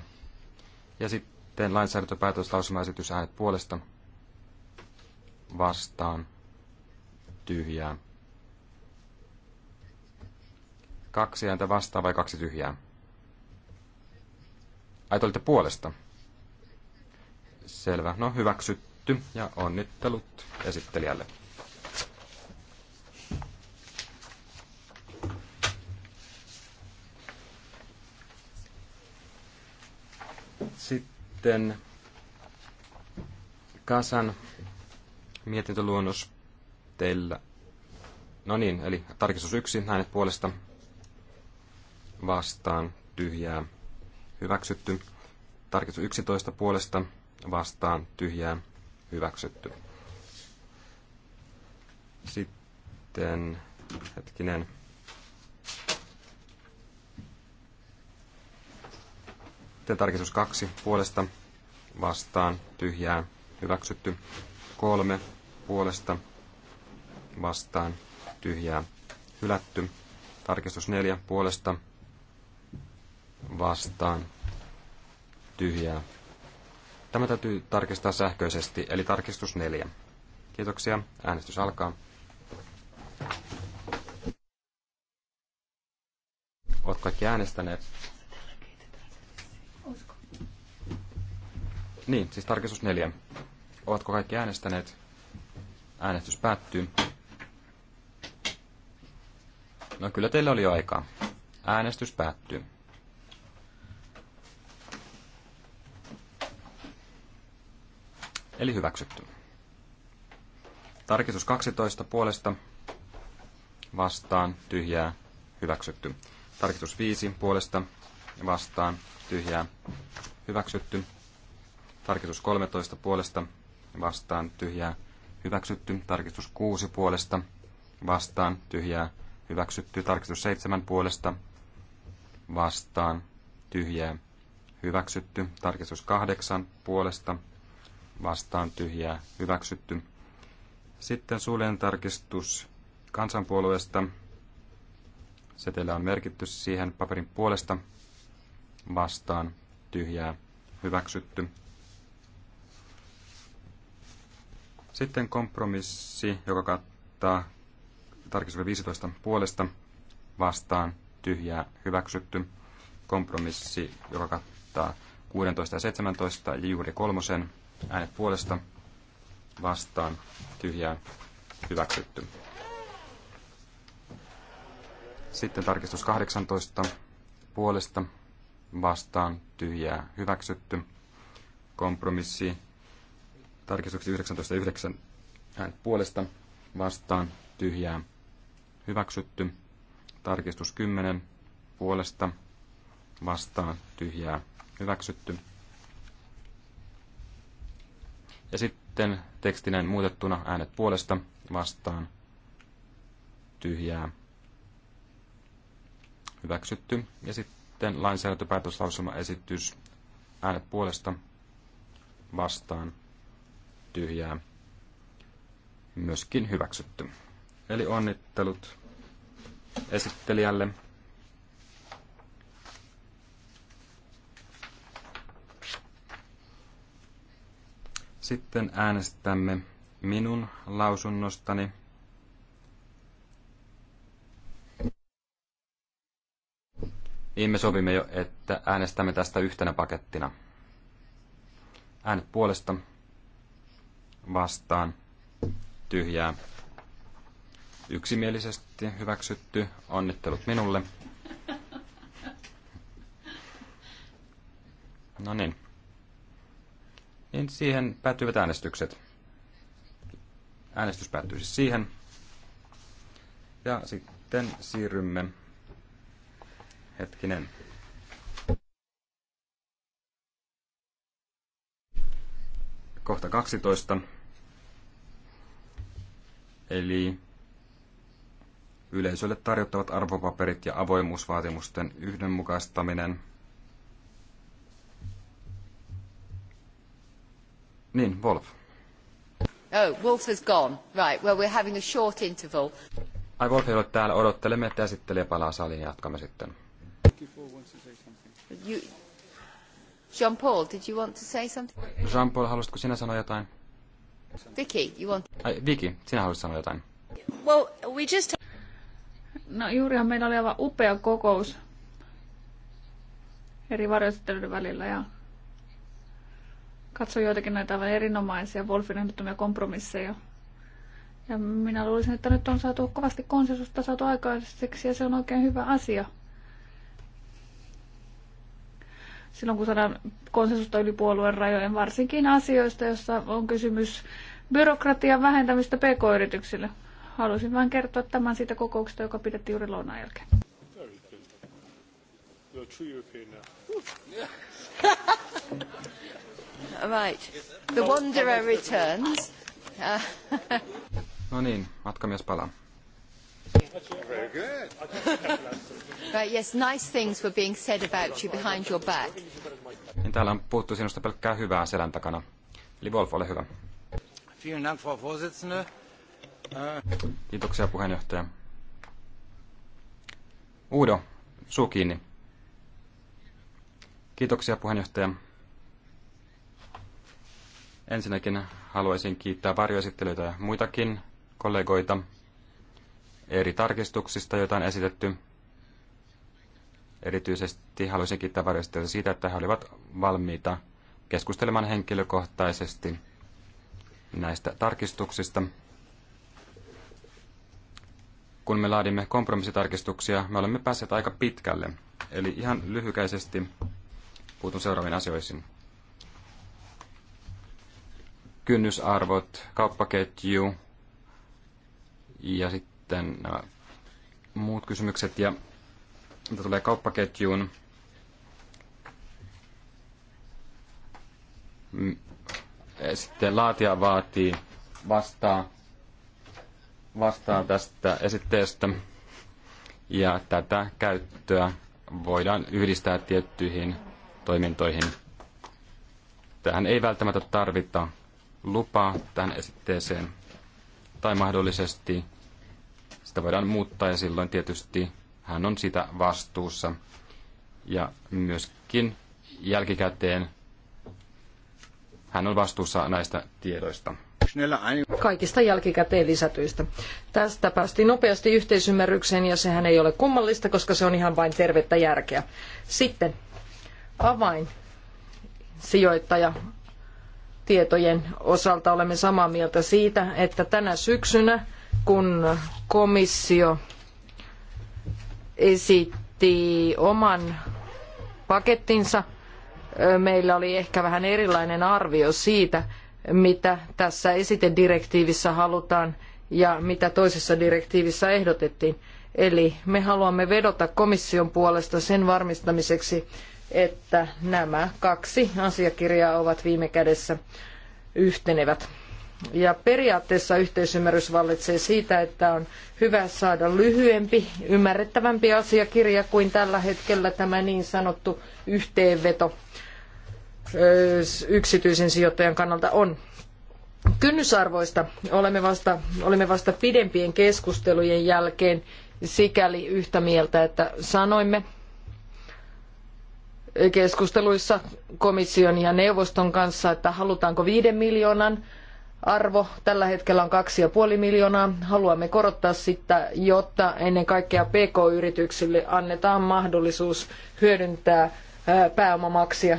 Ja sitten lainsäädäntöpäätöslausumaesitys äänet puolesta vastaan tyhjää. Kaksi ääntä vastaan vai kaksi tyhjää? Ai, olitte puolesta. Selvä. No, hyväksytty ja onnittelut esittelijälle. Sitten Kasan mietintöluonnos teillä. No niin, eli tarkistus yksi, hänet puolesta vastaan tyhjää hyväksytty. Tarkistus 11 puolesta vastaan tyhjää hyväksytty. Sitten hetkinen. Sitten tarkistus 2 puolesta vastaan tyhjää hyväksytty. 3 puolesta vastaan tyhjää hylätty. Tarkistus 4 puolesta vastaan tyhjää. Tämä täytyy tarkistaa sähköisesti, eli tarkistus 4. Kiitoksia. Äänestys alkaa. Olet kaikki äänestäneet. Niin, siis tarkistus 4. Ovatko kaikki äänestäneet? Äänestys päättyy. No kyllä teillä oli aikaa. Äänestys päättyy. Eli hyväksytty. Tarkistus 12 puolesta vastaan tyhjää hyväksytty. Tarkistus 5 puolesta vastaan tyhjää hyväksytty. Tarkistus 13 puolesta vastaan tyhjää hyväksytty, tarkistus 6 puolesta, vastaan, tyhjää, hyväksytty, tarkistus 7 puolesta, vastaan, tyhjää, hyväksytty, tarkistus 8 puolesta, vastaan, tyhjää, hyväksytty. Sitten suullinen tarkistus kansanpuolueesta. Setelä on merkitty siihen paperin puolesta, vastaan, tyhjää, hyväksytty. Sitten kompromissi, joka kattaa tarkistuksen 15 puolesta vastaan tyhjää hyväksytty. Kompromissi, joka kattaa 16 ja 17 ja juuri kolmosen äänet puolesta vastaan tyhjää hyväksytty. Sitten tarkistus 18 puolesta vastaan tyhjää hyväksytty. Kompromissi, tarkistuksi 19.9. Hän puolesta vastaan tyhjää hyväksytty. Tarkistus 10 puolesta vastaan tyhjää hyväksytty. Ja sitten tekstinen muutettuna äänet puolesta vastaan tyhjää hyväksytty. Ja sitten esitys äänet puolesta vastaan tyhjää myöskin hyväksytty. Eli onnittelut esittelijälle. Sitten äänestämme minun lausunnostani. Niin me sovimme jo, että äänestämme tästä yhtenä pakettina. Äänet puolesta vastaan tyhjää yksimielisesti hyväksytty. Onnittelut minulle. No niin. Niin siihen päättyvät äänestykset. Äänestys päättyy siis siihen. Ja sitten siirrymme. Hetkinen. Kohta 12. Eli yleisölle tarjottavat arvopaperit ja avoimuusvaatimusten yhdenmukaistaminen. Niin, Wolf. Oh, Wolf is gone. Right, well we're having a short interval. Ai Wolf ei ole täällä, odottelemme, että esittelijä palaa saliin ja jatkamme sitten. Jean-Paul, did you want to say something? Jean-Paul, haluaisitko sinä sanoa jotain? Vicky, you want... Vicky, sinä haluaisit sanoa jotain. Well, we just... No juurihan meillä oli aivan upea kokous eri varjoesittelyiden välillä ja katsoin joitakin näitä aivan erinomaisia Wolfin ehdottomia kompromisseja. Ja minä luulisin, että nyt on saatu kovasti konsensusta saatu aikaiseksi ja se on oikein hyvä asia. silloin, kun saadaan konsensusta yli puolueen rajojen, varsinkin asioista, jossa on kysymys byrokratian vähentämistä pk-yrityksille. Haluaisin vain kertoa tämän siitä kokouksesta, joka pidettiin juuri lounaan jälkeen. right. The wanderer returns. no niin, matkamies palaa. Very good. right, yes, nice things were being said about you behind your back. Niin täällä on puhuttu sinusta pelkkää hyvää selän takana. Eli Wolf, ole hyvä. Vielen Dank, Frau Vorsitzende. Äh. Kiitoksia puheenjohtaja. Uudo, suu kiinni. Kiitoksia puheenjohtaja. Ensinnäkin haluaisin kiittää varjoesittelyitä ja muitakin kollegoita eri tarkistuksista, joita on esitetty. Erityisesti haluaisin kiittää varjostajia siitä, että he olivat valmiita keskustelemaan henkilökohtaisesti näistä tarkistuksista. Kun me laadimme kompromissitarkistuksia, me olemme päässeet aika pitkälle. Eli ihan lyhykäisesti puutun seuraaviin asioihin. Kynnysarvot, kauppaketju ja sitten sitten nämä muut kysymykset ja mitä tulee kauppaketjuun, eh, sitten laatia vaatii vastaa, vastaa tästä esitteestä ja tätä käyttöä voidaan yhdistää tiettyihin toimintoihin. Tähän ei välttämättä tarvita lupaa tähän esitteeseen tai mahdollisesti sitä voidaan muuttaa ja silloin tietysti hän on sitä vastuussa. Ja myöskin jälkikäteen hän on vastuussa näistä tiedoista. Kaikista jälkikäteen lisätyistä. Tästä päästiin nopeasti yhteisymmärrykseen ja sehän ei ole kummallista, koska se on ihan vain tervettä järkeä. Sitten avain sijoittaja tietojen osalta olemme samaa mieltä siitä, että tänä syksynä kun komissio esitti oman pakettinsa, meillä oli ehkä vähän erilainen arvio siitä, mitä tässä esitedirektiivissä halutaan ja mitä toisessa direktiivissä ehdotettiin. Eli me haluamme vedota komission puolesta sen varmistamiseksi, että nämä kaksi asiakirjaa ovat viime kädessä yhtenevät. Ja periaatteessa yhteisymmärrys vallitsee siitä, että on hyvä saada lyhyempi, ymmärrettävämpi asiakirja kuin tällä hetkellä tämä niin sanottu yhteenveto yksityisen sijoittajan kannalta on. Kynnysarvoista olemme vasta, olimme vasta pidempien keskustelujen jälkeen sikäli yhtä mieltä, että sanoimme keskusteluissa komission ja neuvoston kanssa, että halutaanko viiden miljoonan arvo tällä hetkellä on 2,5 miljoonaa. Haluamme korottaa sitä, jotta ennen kaikkea PK-yrityksille annetaan mahdollisuus hyödyntää pääomamaksia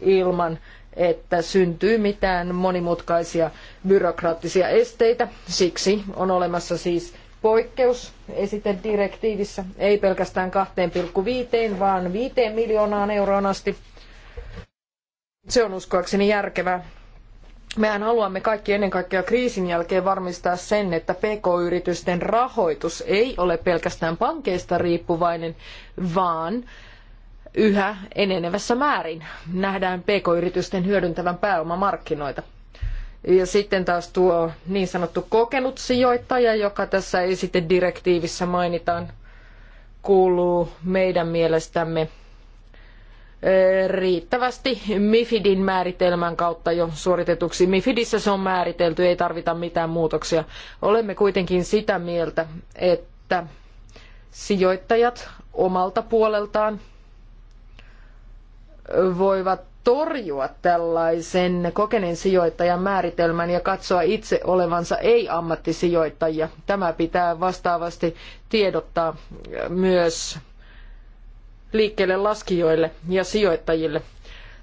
ilman, että syntyy mitään monimutkaisia byrokraattisia esteitä. Siksi on olemassa siis poikkeus esitedirektiivissä, ei pelkästään 2,5, vaan 5 miljoonaan euroon asti. Se on uskoakseni järkevää mehän haluamme kaikki ennen kaikkea kriisin jälkeen varmistaa sen, että PK-yritysten rahoitus ei ole pelkästään pankeista riippuvainen, vaan yhä enenevässä määrin nähdään PK-yritysten hyödyntävän pääomamarkkinoita. Ja sitten taas tuo niin sanottu kokenut sijoittaja, joka tässä esitedirektiivissä mainitaan, kuuluu meidän mielestämme riittävästi MIFIDin määritelmän kautta jo suoritetuksi. MIFIDissä se on määritelty, ei tarvita mitään muutoksia. Olemme kuitenkin sitä mieltä, että sijoittajat omalta puoleltaan voivat torjua tällaisen kokeneen sijoittajan määritelmän ja katsoa itse olevansa ei-ammattisijoittajia. Tämä pitää vastaavasti tiedottaa myös liikkeelle laskijoille ja sijoittajille.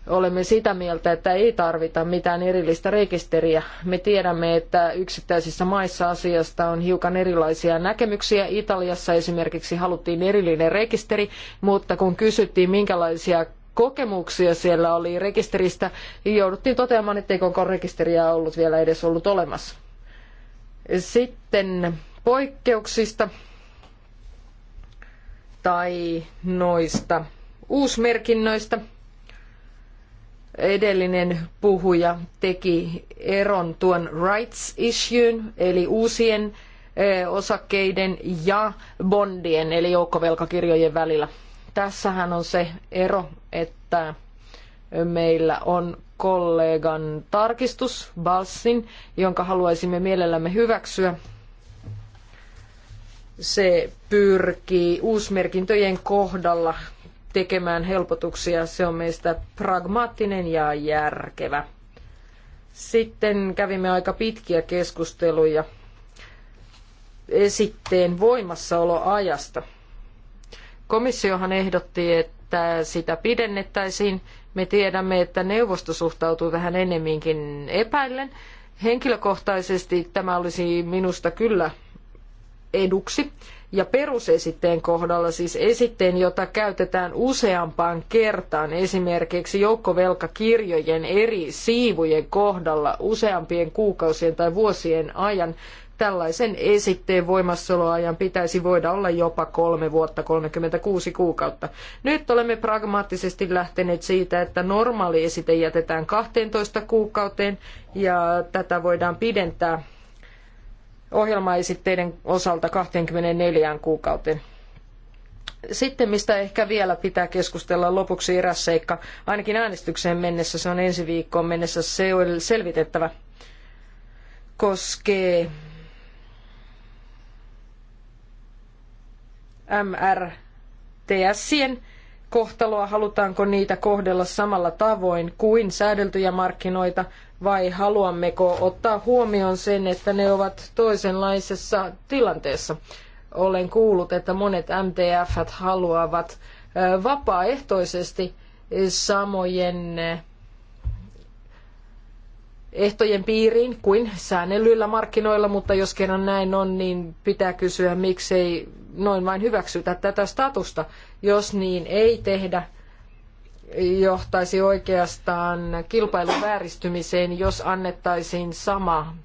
Olemme sitä mieltä, että ei tarvita mitään erillistä rekisteriä. Me tiedämme, että yksittäisissä maissa asiasta on hiukan erilaisia näkemyksiä. Italiassa esimerkiksi haluttiin erillinen rekisteri, mutta kun kysyttiin, minkälaisia kokemuksia siellä oli rekisteristä, jouduttiin toteamaan, ettei koko rekisteriä ollut vielä edes ollut olemassa. Sitten poikkeuksista tai noista uusmerkinnöistä. Edellinen puhuja teki eron tuon rights issuen eli uusien osakkeiden ja bondien, eli joukkovelkakirjojen välillä. Tässähän on se ero, että meillä on kollegan tarkistus, Balsin, jonka haluaisimme mielellämme hyväksyä, se pyrkii uusmerkintöjen kohdalla tekemään helpotuksia. Se on meistä pragmaattinen ja järkevä. Sitten kävimme aika pitkiä keskusteluja esitteen voimassaoloajasta. Komissiohan ehdotti, että sitä pidennettäisiin. Me tiedämme, että neuvosto suhtautuu tähän enemminkin epäillen. Henkilökohtaisesti tämä olisi minusta kyllä eduksi. Ja perusesitteen kohdalla, siis esitteen, jota käytetään useampaan kertaan, esimerkiksi joukkovelkakirjojen eri siivujen kohdalla useampien kuukausien tai vuosien ajan, tällaisen esitteen voimassaoloajan pitäisi voida olla jopa kolme vuotta 36 kuukautta. Nyt olemme pragmaattisesti lähteneet siitä, että normaali esite jätetään 12 kuukauteen ja tätä voidaan pidentää ohjelmaesitteiden osalta 24 kuukauteen. Sitten mistä ehkä vielä pitää keskustella lopuksi eräs seikka, ainakin äänestykseen mennessä, se on ensi viikkoon mennessä selvitettävä, koskee MRTSien kohtaloa, halutaanko niitä kohdella samalla tavoin kuin säädeltyjä markkinoita vai haluammeko ottaa huomioon sen, että ne ovat toisenlaisessa tilanteessa. Olen kuullut, että monet MTF haluavat vapaaehtoisesti samojen ehtojen piiriin kuin säännellyillä markkinoilla, mutta jos kerran näin on, niin pitää kysyä, miksei noin vain hyväksytä tätä statusta. Jos niin ei tehdä, johtaisi oikeastaan kilpailun vääristymiseen, jos annettaisiin sama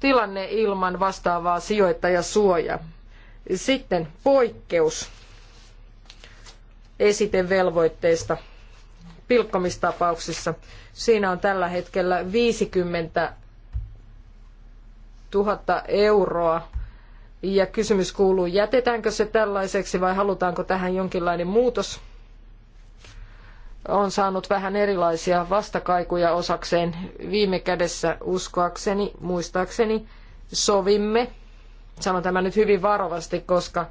tilanne ilman vastaavaa sijoittajasuojaa. Sitten poikkeus esitevelvoitteesta pilkkomistapauksissa. Siinä on tällä hetkellä 50 000 euroa ja kysymys kuuluu, jätetäänkö se tällaiseksi vai halutaanko tähän jonkinlainen muutos? On saanut vähän erilaisia vastakaikuja osakseen. Viime kädessä uskoakseni, muistaakseni, sovimme. Sanon tämän nyt hyvin varovasti, koska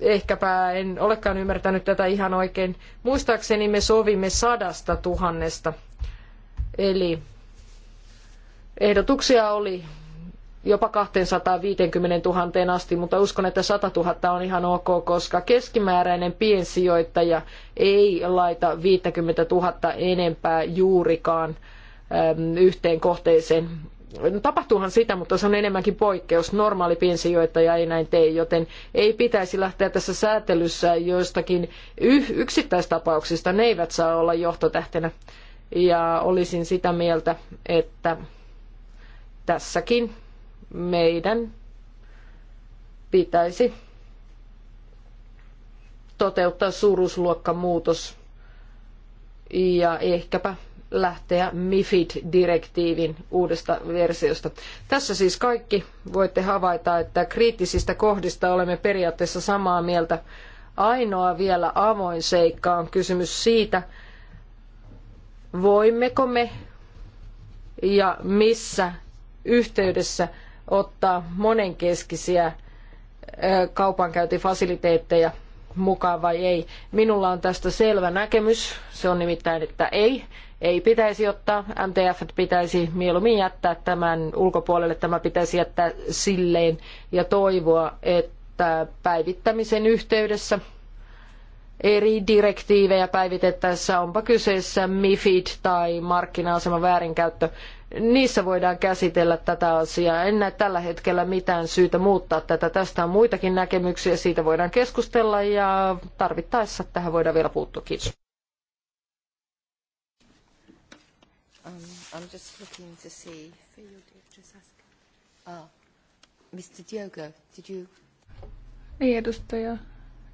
ehkäpä en olekaan ymmärtänyt tätä ihan oikein. Muistaakseni me sovimme sadasta tuhannesta. Eli ehdotuksia oli jopa 250 000 asti, mutta uskon, että 100 000 on ihan ok, koska keskimääräinen piensijoittaja ei laita 50 000 enempää juurikaan yhteen kohteeseen. Tapahtuuhan sitä, mutta se on enemmänkin poikkeus. Normaali piensijoittaja ei näin tee, joten ei pitäisi lähteä tässä säätelyssä joistakin yksittäistapauksista. Ne eivät saa olla johtotähtenä. Ja olisin sitä mieltä, että tässäkin meidän pitäisi toteuttaa suuruusluokkamuutos ja ehkäpä lähteä MIFID-direktiivin uudesta versiosta. Tässä siis kaikki. Voitte havaita, että kriittisistä kohdista olemme periaatteessa samaa mieltä. Ainoa vielä avoin seikka on kysymys siitä, voimmeko me ja missä yhteydessä – ottaa monenkeskisiä kaupankäyntifasiliteetteja mukaan vai ei. Minulla on tästä selvä näkemys. Se on nimittäin, että ei. Ei pitäisi ottaa. MTF pitäisi mieluummin jättää tämän ulkopuolelle. Tämä pitäisi jättää silleen ja toivoa, että päivittämisen yhteydessä eri direktiivejä päivitettäessä, onpa kyseessä MIFID tai markkina-aseman väärinkäyttö, niissä voidaan käsitellä tätä asiaa. En näe tällä hetkellä mitään syytä muuttaa tätä. Tästä on muitakin näkemyksiä, siitä voidaan keskustella ja tarvittaessa tähän voidaan vielä puuttua. Kiitos. Um, oh. Ah, Mr. Diogo, did you... Niin, edustaja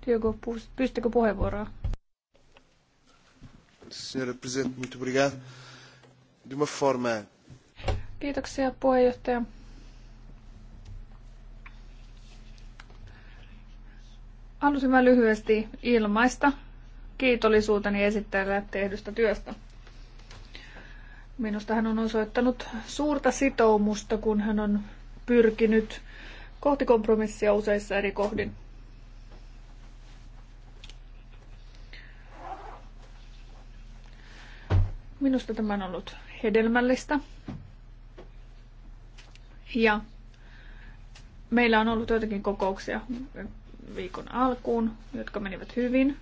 Diogo, pystytkö puheenvuoroa? Senhora Presidente, muito obrigado. De uma forma Kiitoksia puheenjohtaja. Halusin vain lyhyesti ilmaista kiitollisuuteni esittäjälle tehdystä työstä. Minusta hän on osoittanut suurta sitoumusta, kun hän on pyrkinyt kohti kompromissia useissa eri kohdin. Minusta tämä on ollut hedelmällistä ja meillä on ollut joitakin kokouksia viikon alkuun, jotka menivät hyvin.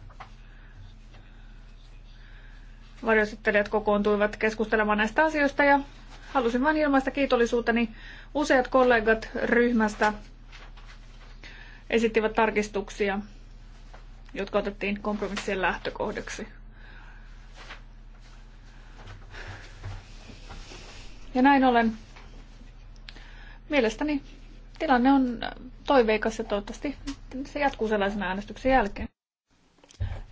Varjosittelijat kokoontuivat keskustelemaan näistä asioista ja halusin vain ilmaista kiitollisuuteni. Useat kollegat ryhmästä esittivät tarkistuksia, jotka otettiin kompromissien lähtökohdaksi. Ja näin ollen Mielestäni tilanne on toiveikas ja toivottavasti se jatkuu sellaisena äänestyksen jälkeen.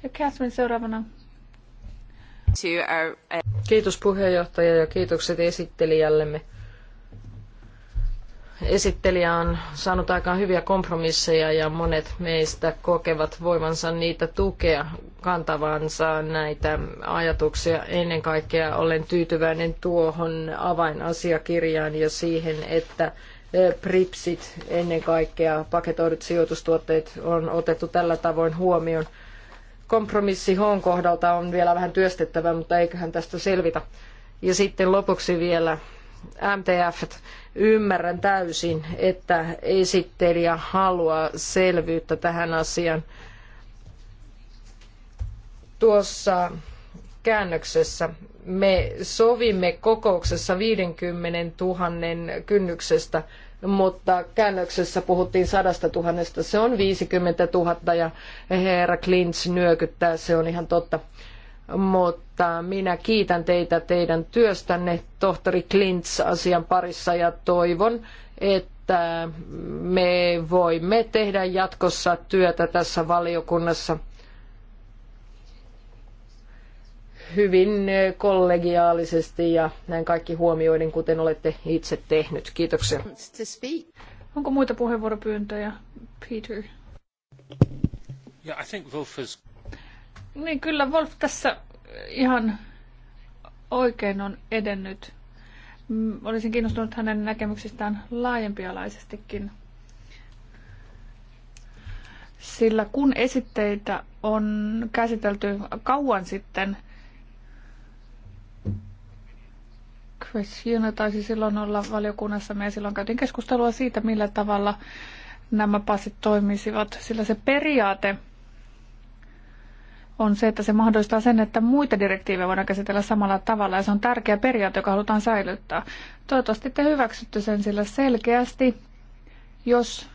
Ja Catherine seuraavana. Uh, Kiitos puheenjohtaja ja kiitokset esittelijällemme esittelijä on saanut aikaan hyviä kompromisseja ja monet meistä kokevat voivansa niitä tukea kantavansa näitä ajatuksia. Ennen kaikkea olen tyytyväinen tuohon avainasiakirjaan ja siihen, että PRIPSit, eh, ennen kaikkea paketoidut sijoitustuotteet, on otettu tällä tavoin huomioon. Kompromissi Hon kohdalta on vielä vähän työstettävä, mutta eiköhän tästä selvitä. Ja sitten lopuksi vielä MTF. Ymmärrän täysin, että esittelijä haluaa selvyyttä tähän asiaan. Tuossa käännöksessä me sovimme kokouksessa 50 000 kynnyksestä, mutta käännöksessä puhuttiin sadasta tuhannesta. Se on 50 000 ja herra Klintz nyökyttää, se on ihan totta mutta minä kiitän teitä teidän työstänne, tohtori Klints, asian parissa ja toivon, että me voimme tehdä jatkossa työtä tässä valiokunnassa hyvin kollegiaalisesti ja näin kaikki huomioiden, kuten olette itse tehnyt. Kiitoksia. Onko muita puheenvuoropyyntöjä, Peter? Yeah, I think Wolf has... Niin kyllä Wolf tässä ihan oikein on edennyt. Mm, olisin kiinnostunut hänen näkemyksistään laajempialaisestikin. Sillä kun esitteitä on käsitelty kauan sitten, Chris Hune taisi silloin olla valiokunnassa me silloin käytiin keskustelua siitä, millä tavalla nämä passit toimisivat, sillä se periaate, on se, että se mahdollistaa sen, että muita direktiivejä voidaan käsitellä samalla tavalla ja se on tärkeä periaate, joka halutaan säilyttää. Toivottavasti te hyväksytte sen, sillä selkeästi, jos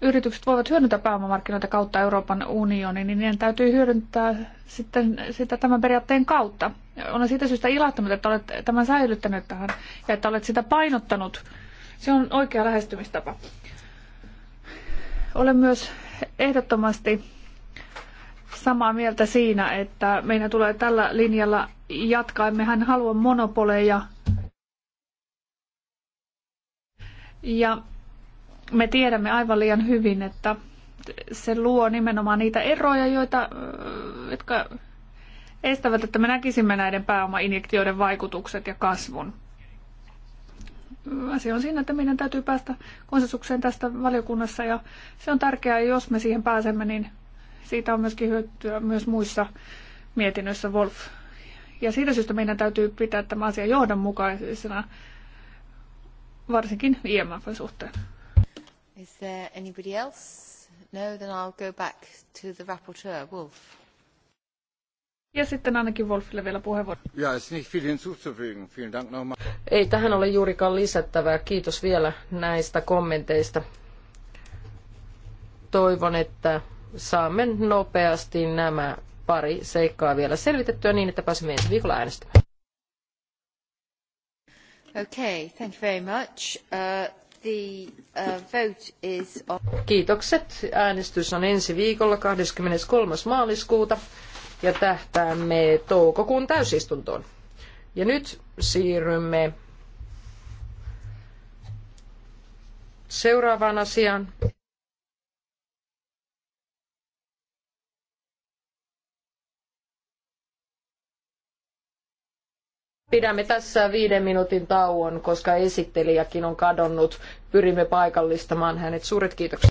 yritykset voivat hyödyntää pääomamarkkinoita kautta Euroopan unionin, niin niiden täytyy hyödyntää sitten sitä tämän periaatteen kautta. On siitä syystä ilahtunut, että olet tämän säilyttänyt tähän ja että olet sitä painottanut. Se on oikea lähestymistapa. Olen myös ehdottomasti samaa mieltä siinä, että meidän tulee tällä linjalla jatkaa. Emmehän halua monopoleja. Ja me tiedämme aivan liian hyvin, että se luo nimenomaan niitä eroja, joita, äh, jotka estävät, että me näkisimme näiden pääomainjektioiden vaikutukset ja kasvun. Asia on siinä, että meidän täytyy päästä konsensukseen tästä valiokunnassa ja se on tärkeää, jos me siihen pääsemme, niin siitä on myöskin hyötyä myös muissa mietinnöissä Wolf. Ja siitä syystä meidän täytyy pitää tämä asia johdonmukaisena, varsinkin IMFn suhteen. Is there anybody else? No, then I'll go back to the rapporteur, Wolf. Ja sitten ainakin Wolfille vielä puheenvuoro. Ja, es nicht viel hinzuzufügen. Vielen Dank nochmal. Ei tähän ole juurikaan lisättävää. Kiitos vielä näistä kommenteista. Toivon, että saamme nopeasti nämä pari seikkaa vielä selvitettyä niin, että pääsemme ensi viikolla äänestämään. Okay, thank you very much. Uh, the uh, vote is on... Kiitokset. Äänestys on ensi viikolla 23. maaliskuuta ja tähtäämme toukokuun täysistuntoon. Ja nyt siirrymme seuraavaan asiaan. Pidämme tässä viiden minuutin tauon, koska esittelijäkin on kadonnut. Pyrimme paikallistamaan hänet. Suuret kiitokset.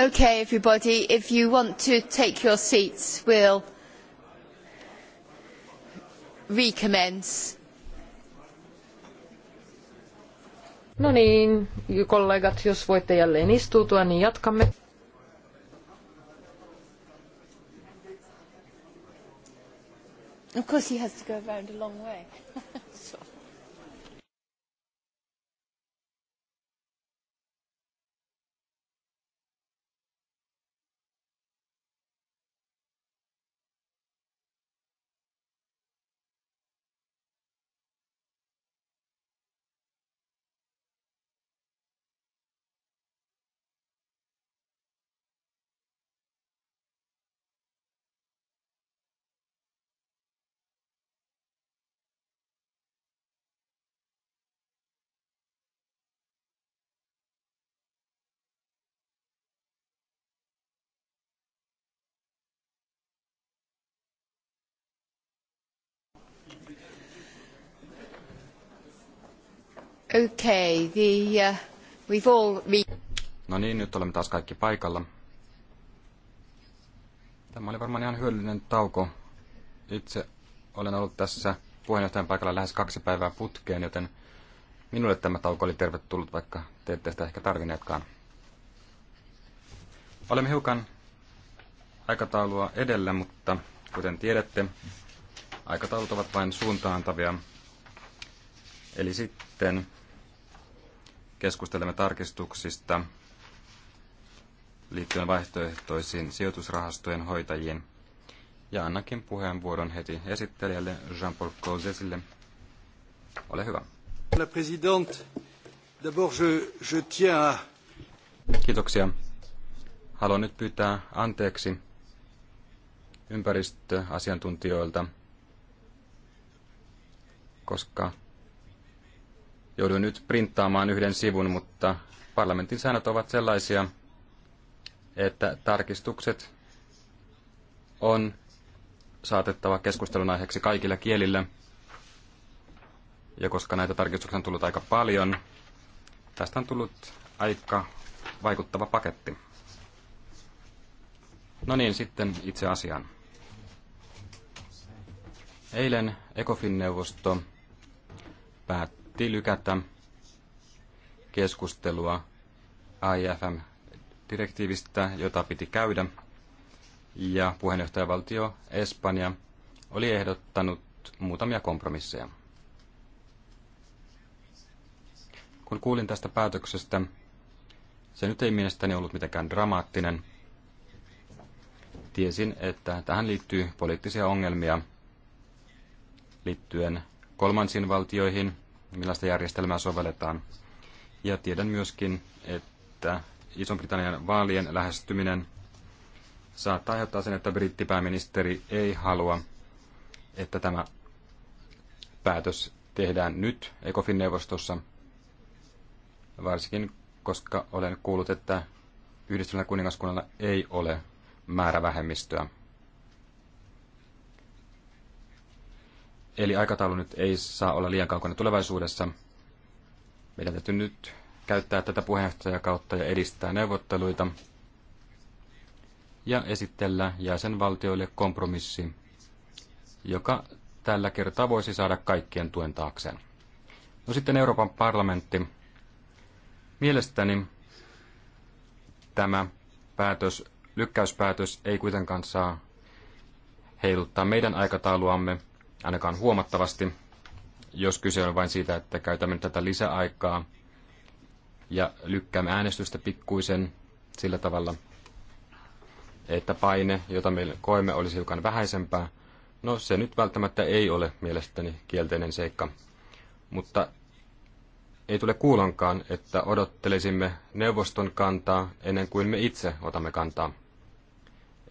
Okay, everybody, if you want to take your seats, we'll recommence. No niin, kollegat, jos voitte jälleen istuutua, niin jatkamme. Of course he has to go around a long way. Okay, the, uh, we've all... No niin, nyt olemme taas kaikki paikalla. Tämä oli varmaan ihan hyödyllinen tauko. Itse olen ollut tässä puheenjohtajan paikalla lähes kaksi päivää putkeen, joten minulle tämä tauko oli tervetullut, vaikka te ette sitä ehkä tarvinneetkaan. Olemme hiukan aikataulua edellä, mutta kuten tiedätte, aikataulut ovat vain suuntaantavia. Eli sitten keskustelemme tarkistuksista liittyen vaihtoehtoisiin sijoitusrahastojen hoitajiin. Ja annakin puheenvuoron heti esittelijälle Jean-Paul Cosesille. Ole hyvä. La présidente, d'abord je, je tiens Kiitoksia. Haluan nyt pyytää anteeksi ympäristöasiantuntijoilta, koska Jouduin nyt printtaamaan yhden sivun, mutta parlamentin säännöt ovat sellaisia, että tarkistukset on saatettava keskustelun aiheeksi kaikilla kielillä. Ja koska näitä tarkistuksia on tullut aika paljon, tästä on tullut aika vaikuttava paketti. No niin, sitten itse asiaan. Eilen ECOFIN-neuvosto päätti päätettiin lykätä keskustelua IFM-direktiivistä, jota piti käydä. Ja puheenjohtajavaltio Espanja oli ehdottanut muutamia kompromisseja. Kun kuulin tästä päätöksestä, se nyt ei mielestäni ollut mitenkään dramaattinen. Tiesin, että tähän liittyy poliittisia ongelmia liittyen kolmansiin valtioihin, millaista järjestelmää sovelletaan. Ja tiedän myöskin, että Iso-Britannian vaalien lähestyminen saattaa aiheuttaa sen, että brittipääministeri ei halua, että tämä päätös tehdään nyt ECOFIN-neuvostossa, varsinkin koska olen kuullut, että yhdistyneellä kuningaskunnalla ei ole määrävähemmistöä Eli aikataulu nyt ei saa olla liian kaukana tulevaisuudessa. Meidän täytyy nyt käyttää tätä puheenjohtajakautta ja edistää neuvotteluita ja esitellä jäsenvaltioille kompromissi, joka tällä kertaa voisi saada kaikkien tuen taakseen. No sitten Euroopan parlamentti. Mielestäni tämä päätös, lykkäyspäätös ei kuitenkaan saa heiluttaa meidän aikatauluamme – ainakaan huomattavasti, jos kyse on vain siitä, että käytämme tätä lisäaikaa ja lykkäämme äänestystä pikkuisen sillä tavalla, että paine, jota me koemme, olisi hiukan vähäisempää. No se nyt välttämättä ei ole mielestäni kielteinen seikka, mutta ei tule kuulonkaan, että odottelisimme neuvoston kantaa ennen kuin me itse otamme kantaa.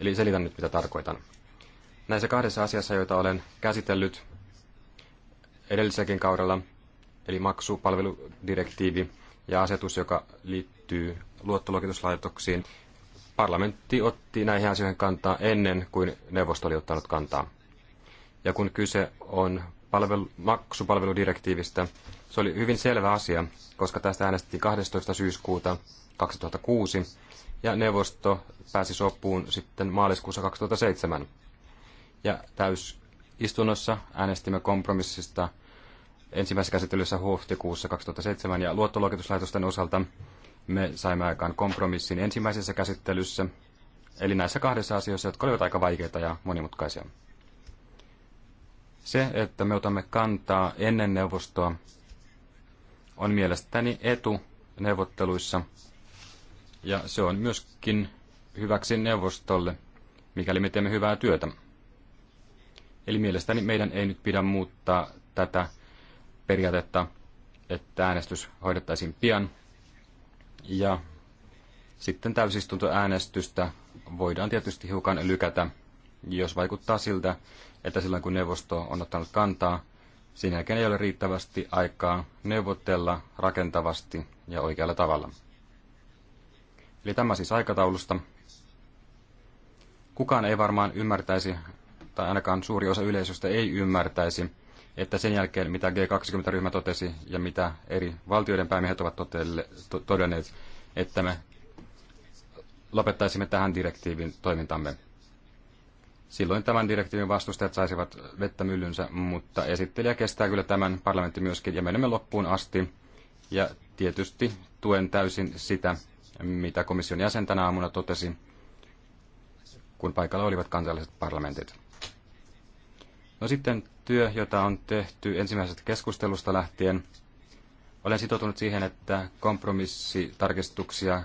Eli selitän nyt, mitä tarkoitan. Näissä kahdessa asiassa, joita olen käsitellyt edelliselläkin kaudella, eli maksupalveludirektiivi ja asetus, joka liittyy luottoluokituslaitoksiin, parlamentti otti näihin asioihin kantaa ennen kuin neuvosto oli ottanut kantaa. Ja kun kyse on palvelu, maksupalveludirektiivistä, se oli hyvin selvä asia, koska tästä äänestettiin 12. syyskuuta 2006 ja neuvosto pääsi sopuun sitten maaliskuussa 2007. Ja täysistunnossa äänestimme kompromissista ensimmäisessä käsittelyssä huhtikuussa 2007 ja luottoluokituslaitosten osalta me saimme aikaan kompromissin ensimmäisessä käsittelyssä, eli näissä kahdessa asioissa jotka olivat aika vaikeita ja monimutkaisia. Se, että me otamme kantaa ennen neuvostoa, on mielestäni etu neuvotteluissa, ja se on myöskin hyväksi neuvostolle, mikäli me teemme hyvää työtä. Eli mielestäni meidän ei nyt pidä muuttaa tätä periaatetta, että äänestys hoidettaisiin pian. Ja sitten täysistuntoäänestystä voidaan tietysti hiukan lykätä, jos vaikuttaa siltä, että silloin kun neuvosto on ottanut kantaa, sen jälkeen ei ole riittävästi aikaa neuvotella rakentavasti ja oikealla tavalla. Eli tämä siis aikataulusta. Kukaan ei varmaan ymmärtäisi tai ainakaan suuri osa yleisöstä ei ymmärtäisi, että sen jälkeen mitä G20-ryhmä totesi ja mitä eri valtioiden päämiehet ovat totelle, to, todenneet, että me lopettaisimme tähän direktiivin toimintamme. Silloin tämän direktiivin vastustajat saisivat vettä myllynsä, mutta esittelijä kestää kyllä tämän parlamentti myöskin ja menemme loppuun asti. Ja tietysti tuen täysin sitä, mitä komission jäsen tänä aamuna totesi, kun paikalla olivat kansalliset parlamentit. No sitten työ, jota on tehty ensimmäisestä keskustelusta lähtien. Olen sitoutunut siihen, että kompromissitarkistuksia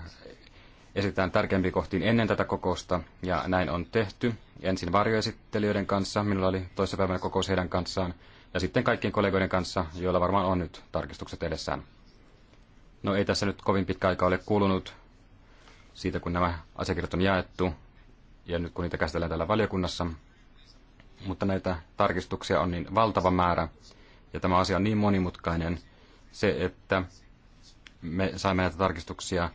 esitetään tärkeimpiin kohtiin ennen tätä kokousta, ja näin on tehty. Ensin varjoesittelijöiden kanssa, minulla oli toissapäivänä kokous heidän kanssaan, ja sitten kaikkien kollegoiden kanssa, joilla varmaan on nyt tarkistukset edessään. No ei tässä nyt kovin pitkä aika ole kulunut siitä, kun nämä asiakirjat on jaettu, ja nyt kun niitä käsitellään täällä valiokunnassa, mutta näitä tarkistuksia on niin valtava määrä ja tämä asia on niin monimutkainen, se, että me saimme näitä tarkistuksia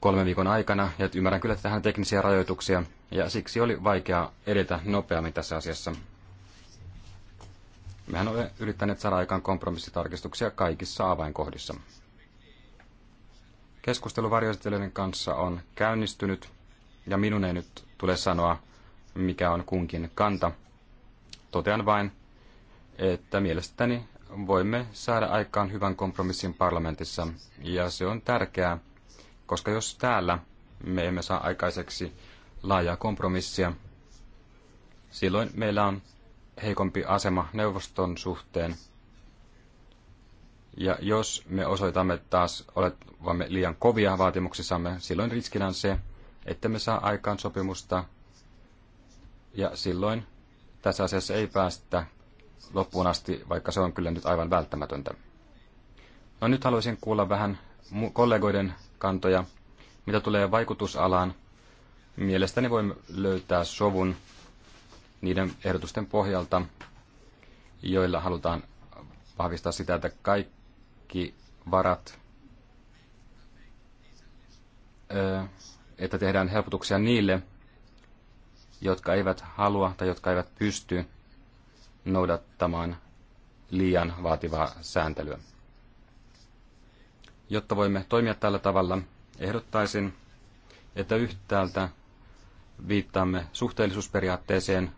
kolmen viikon aikana, ja ymmärrän kyllä tähän teknisiä rajoituksia, ja siksi oli vaikea edetä nopeammin tässä asiassa. Mehän olemme yrittäneet saada aikaan kompromissitarkistuksia kaikissa avainkohdissa. Keskustelu kanssa on käynnistynyt, ja minun ei nyt tule sanoa, mikä on kunkin kanta. Totean vain, että mielestäni voimme saada aikaan hyvän kompromissin parlamentissa, ja se on tärkeää, koska jos täällä me emme saa aikaiseksi laajaa kompromissia, silloin meillä on heikompi asema neuvoston suhteen. Ja jos me osoitamme taas olevamme liian kovia vaatimuksissamme, silloin riskinä on se, että me saa aikaan sopimusta, ja silloin tässä asiassa ei päästä loppuun asti, vaikka se on kyllä nyt aivan välttämätöntä. No nyt haluaisin kuulla vähän kollegoiden kantoja, mitä tulee vaikutusalaan. Mielestäni voimme löytää sovun niiden ehdotusten pohjalta, joilla halutaan vahvistaa sitä, että kaikki varat, että tehdään helpotuksia niille, jotka eivät halua tai jotka eivät pysty noudattamaan liian vaativaa sääntelyä. Jotta voimme toimia tällä tavalla, ehdottaisin, että yhtäältä viittaamme suhteellisuusperiaatteeseen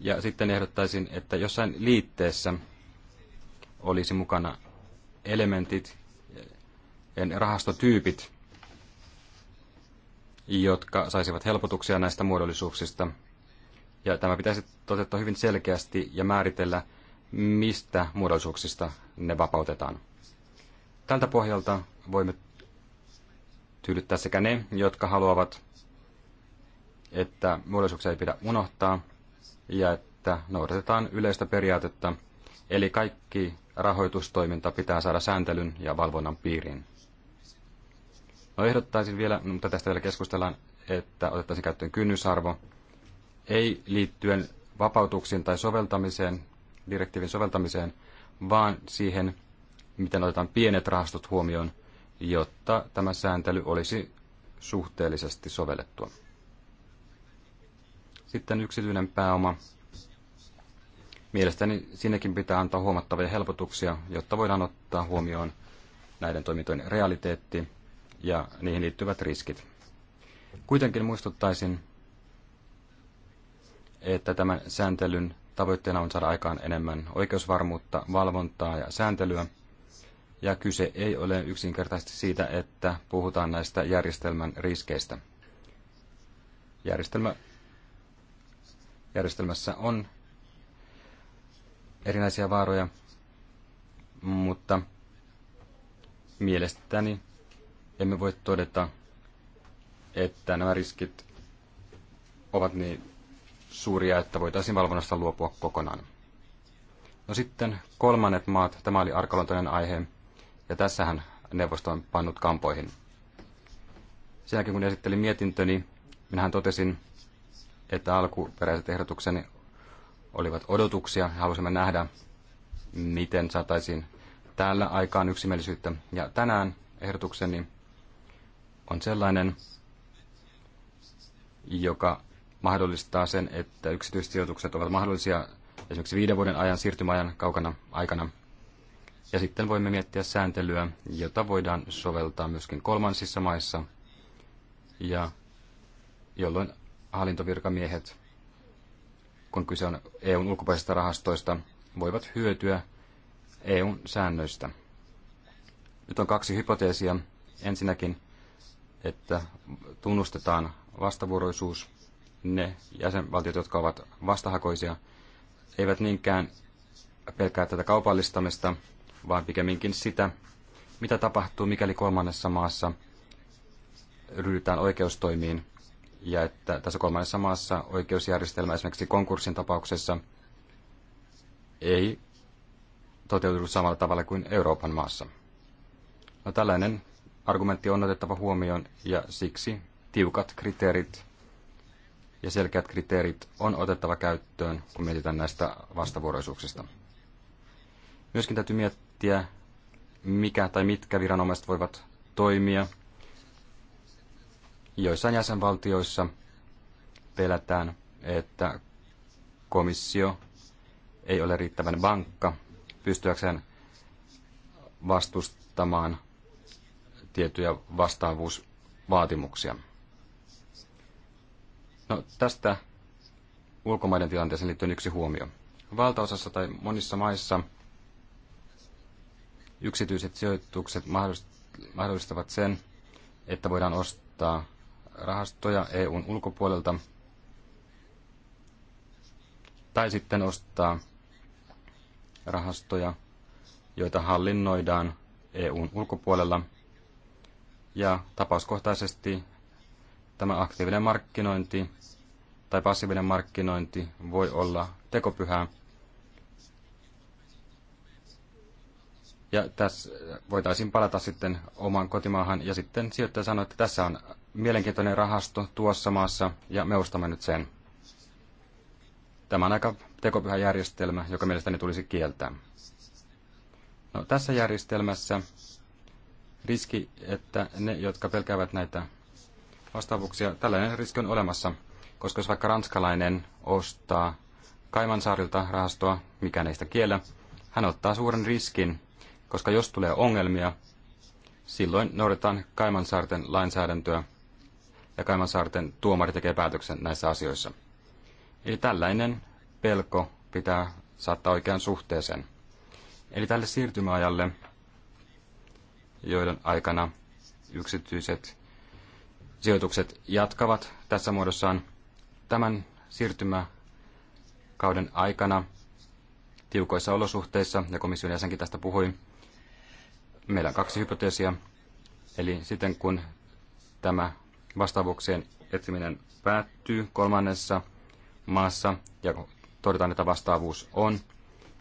ja sitten ehdottaisin, että jossain liitteessä olisi mukana elementit ja eh, rahastotyypit, jotka saisivat helpotuksia näistä muodollisuuksista. Ja tämä pitäisi toteuttaa hyvin selkeästi ja määritellä, mistä muodollisuuksista ne vapautetaan. Tältä pohjalta voimme tyydyttää sekä ne, jotka haluavat, että muodollisuuksia ei pidä unohtaa, ja että noudatetaan yleistä periaatetta, eli kaikki rahoitustoiminta pitää saada sääntelyn ja valvonnan piiriin. No ehdottaisin vielä, no, mutta tästä vielä keskustellaan, että otettaisiin käyttöön kynnysarvo, ei liittyen vapautuksiin tai soveltamiseen, direktiivin soveltamiseen, vaan siihen, miten otetaan pienet rahastot huomioon, jotta tämä sääntely olisi suhteellisesti sovellettua. Sitten yksityinen pääoma. Mielestäni sinnekin pitää antaa huomattavia helpotuksia, jotta voidaan ottaa huomioon näiden toimintojen realiteetti ja niihin liittyvät riskit. Kuitenkin muistuttaisin, että tämän sääntelyn tavoitteena on saada aikaan enemmän oikeusvarmuutta, valvontaa ja sääntelyä. Ja kyse ei ole yksinkertaisesti siitä, että puhutaan näistä järjestelmän riskeistä. Järjestelmä, järjestelmässä on erinäisiä vaaroja, mutta mielestäni emme voi todeta, että nämä riskit ovat niin suuria, että voitaisiin valvonnasta luopua kokonaan. No sitten kolmannet maat, tämä oli arkaluontoinen aihe, ja tässähän neuvosto on pannut kampoihin. Sen jälkeen kun esittelin mietintöni, minähän totesin, että alkuperäiset ehdotukseni olivat odotuksia halusimme nähdä, miten saataisiin täällä aikaan yksimielisyyttä. Ja tänään ehdotukseni on sellainen, joka mahdollistaa sen, että yksityissijoitukset ovat mahdollisia esimerkiksi viiden vuoden ajan siirtymäajan kaukana aikana. Ja sitten voimme miettiä sääntelyä, jota voidaan soveltaa myöskin kolmansissa maissa, ja jolloin hallintovirkamiehet, kun kyse on EUn ulkopuolisista rahastoista, voivat hyötyä EUn säännöistä. Nyt on kaksi hypoteesia. Ensinnäkin, että tunnustetaan vastavuoroisuus. Ne jäsenvaltiot, jotka ovat vastahakoisia, eivät niinkään pelkää tätä kaupallistamista, vaan pikemminkin sitä, mitä tapahtuu, mikäli kolmannessa maassa ryhdytään oikeustoimiin ja että tässä kolmannessa maassa oikeusjärjestelmä esimerkiksi konkurssin tapauksessa ei toteutunut samalla tavalla kuin Euroopan maassa. No, tällainen argumentti on otettava huomioon ja siksi tiukat kriteerit ja selkeät kriteerit on otettava käyttöön, kun mietitään näistä vastavuoroisuuksista. Myöskin täytyy miettiä, mikä tai mitkä viranomaiset voivat toimia. Joissain jäsenvaltioissa pelätään, että komissio ei ole riittävän vankka pystyäkseen vastustamaan tiettyjä vastaavuusvaatimuksia. No, tästä ulkomaiden tilanteeseen liittyen yksi huomio. Valtaosassa tai monissa maissa yksityiset sijoitukset mahdollistavat sen, että voidaan ostaa rahastoja EUn ulkopuolelta tai sitten ostaa rahastoja, joita hallinnoidaan EUn ulkopuolella – ja tapauskohtaisesti tämä aktiivinen markkinointi tai passiivinen markkinointi voi olla tekopyhää. Ja tässä voitaisiin palata sitten oman kotimaahan ja sitten sijoittaja sanoi, että tässä on mielenkiintoinen rahasto tuossa maassa ja me ostamme nyt sen. Tämä on aika tekopyhä järjestelmä, joka mielestäni tulisi kieltää. No, tässä järjestelmässä riski, että ne, jotka pelkäävät näitä vastaavuuksia, tällainen riski on olemassa, koska jos vaikka ranskalainen ostaa Kaimansaarilta rahastoa, mikä neistä kiellä, hän ottaa suuren riskin, koska jos tulee ongelmia, silloin noudatetaan Kaimansaarten lainsäädäntöä ja Kaimansaarten tuomari tekee päätöksen näissä asioissa. Eli tällainen pelko pitää saattaa oikean suhteeseen. Eli tälle siirtymäajalle joiden aikana yksityiset sijoitukset jatkavat tässä muodossaan. Tämän siirtymäkauden aikana tiukoissa olosuhteissa, ja komission jäsenkin tästä puhui, meillä on kaksi hypoteesia. Eli sitten kun tämä vastaavuuksien etsiminen päättyy kolmannessa maassa ja todetaan, että vastaavuus on,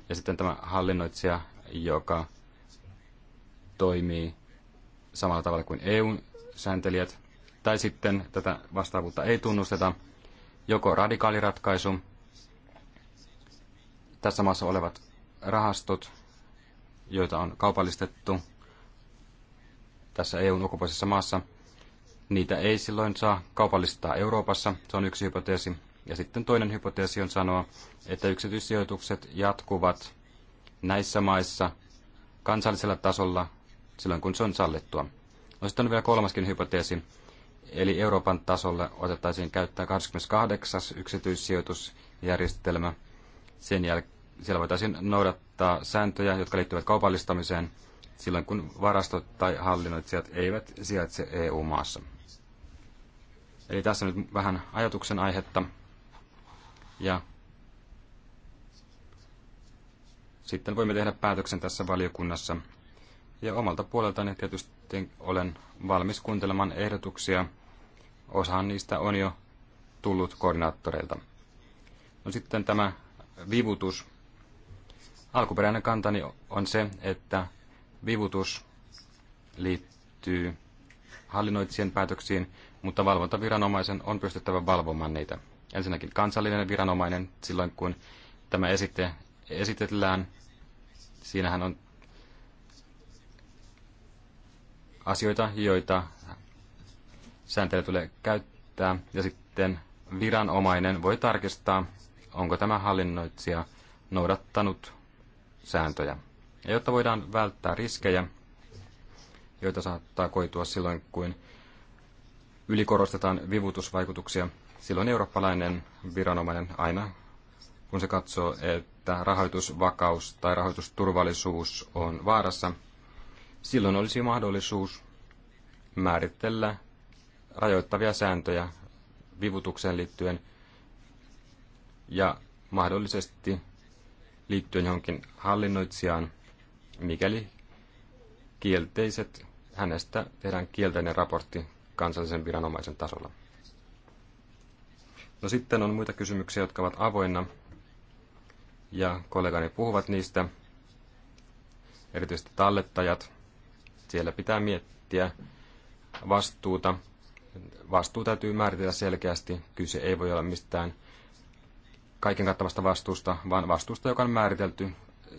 ja sitten tämä hallinnoitsija, joka toimii samalla tavalla kuin EU-sääntelijät, tai sitten tätä vastaavuutta ei tunnusteta, joko radikaaliratkaisu, tässä maassa olevat rahastot, joita on kaupallistettu tässä EUn ulkopuolisessa maassa, niitä ei silloin saa kaupallistaa Euroopassa, se on yksi hypoteesi. Ja sitten toinen hypoteesi on sanoa, että yksityissijoitukset jatkuvat näissä maissa kansallisella tasolla silloin kun se on sallittua. No sitten on vielä kolmaskin hypoteesi, eli Euroopan tasolle otettaisiin käyttää 28. yksityissijoitusjärjestelmä. Sen jäl- siellä voitaisiin noudattaa sääntöjä, jotka liittyvät kaupallistamiseen silloin, kun varastot tai hallinnoitsijat eivät sijaitse EU-maassa. Eli tässä nyt vähän ajatuksen aihetta. Ja sitten voimme tehdä päätöksen tässä valiokunnassa ja omalta puoleltani tietysti olen valmis kuuntelemaan ehdotuksia. Osahan niistä on jo tullut koordinaattoreilta. No sitten tämä vivutus. Alkuperäinen kantani on se, että vivutus liittyy hallinnoitsijan päätöksiin, mutta valvontaviranomaisen on pystyttävä valvomaan niitä. Ensinnäkin kansallinen viranomainen silloin, kun tämä esite esitellään. Siinähän on asioita, joita sääntely tulee käyttää, ja sitten viranomainen voi tarkistaa, onko tämä hallinnoitsija noudattanut sääntöjä. Ja jotta voidaan välttää riskejä, joita saattaa koitua silloin, kun ylikorostetaan vivutusvaikutuksia, silloin eurooppalainen viranomainen aina, kun se katsoo, että rahoitusvakaus tai rahoitusturvallisuus on vaarassa – Silloin olisi mahdollisuus määritellä rajoittavia sääntöjä vivutukseen liittyen ja mahdollisesti liittyen johonkin hallinnoitsijaan, mikäli kielteiset hänestä tehdään kielteinen raportti kansallisen viranomaisen tasolla. No sitten on muita kysymyksiä, jotka ovat avoinna, ja kollegani puhuvat niistä, erityisesti tallettajat. Siellä pitää miettiä vastuuta. Vastuu täytyy määritellä selkeästi. Kyse ei voi olla mistään kaiken kattavasta vastuusta, vaan vastuusta, joka on määritelty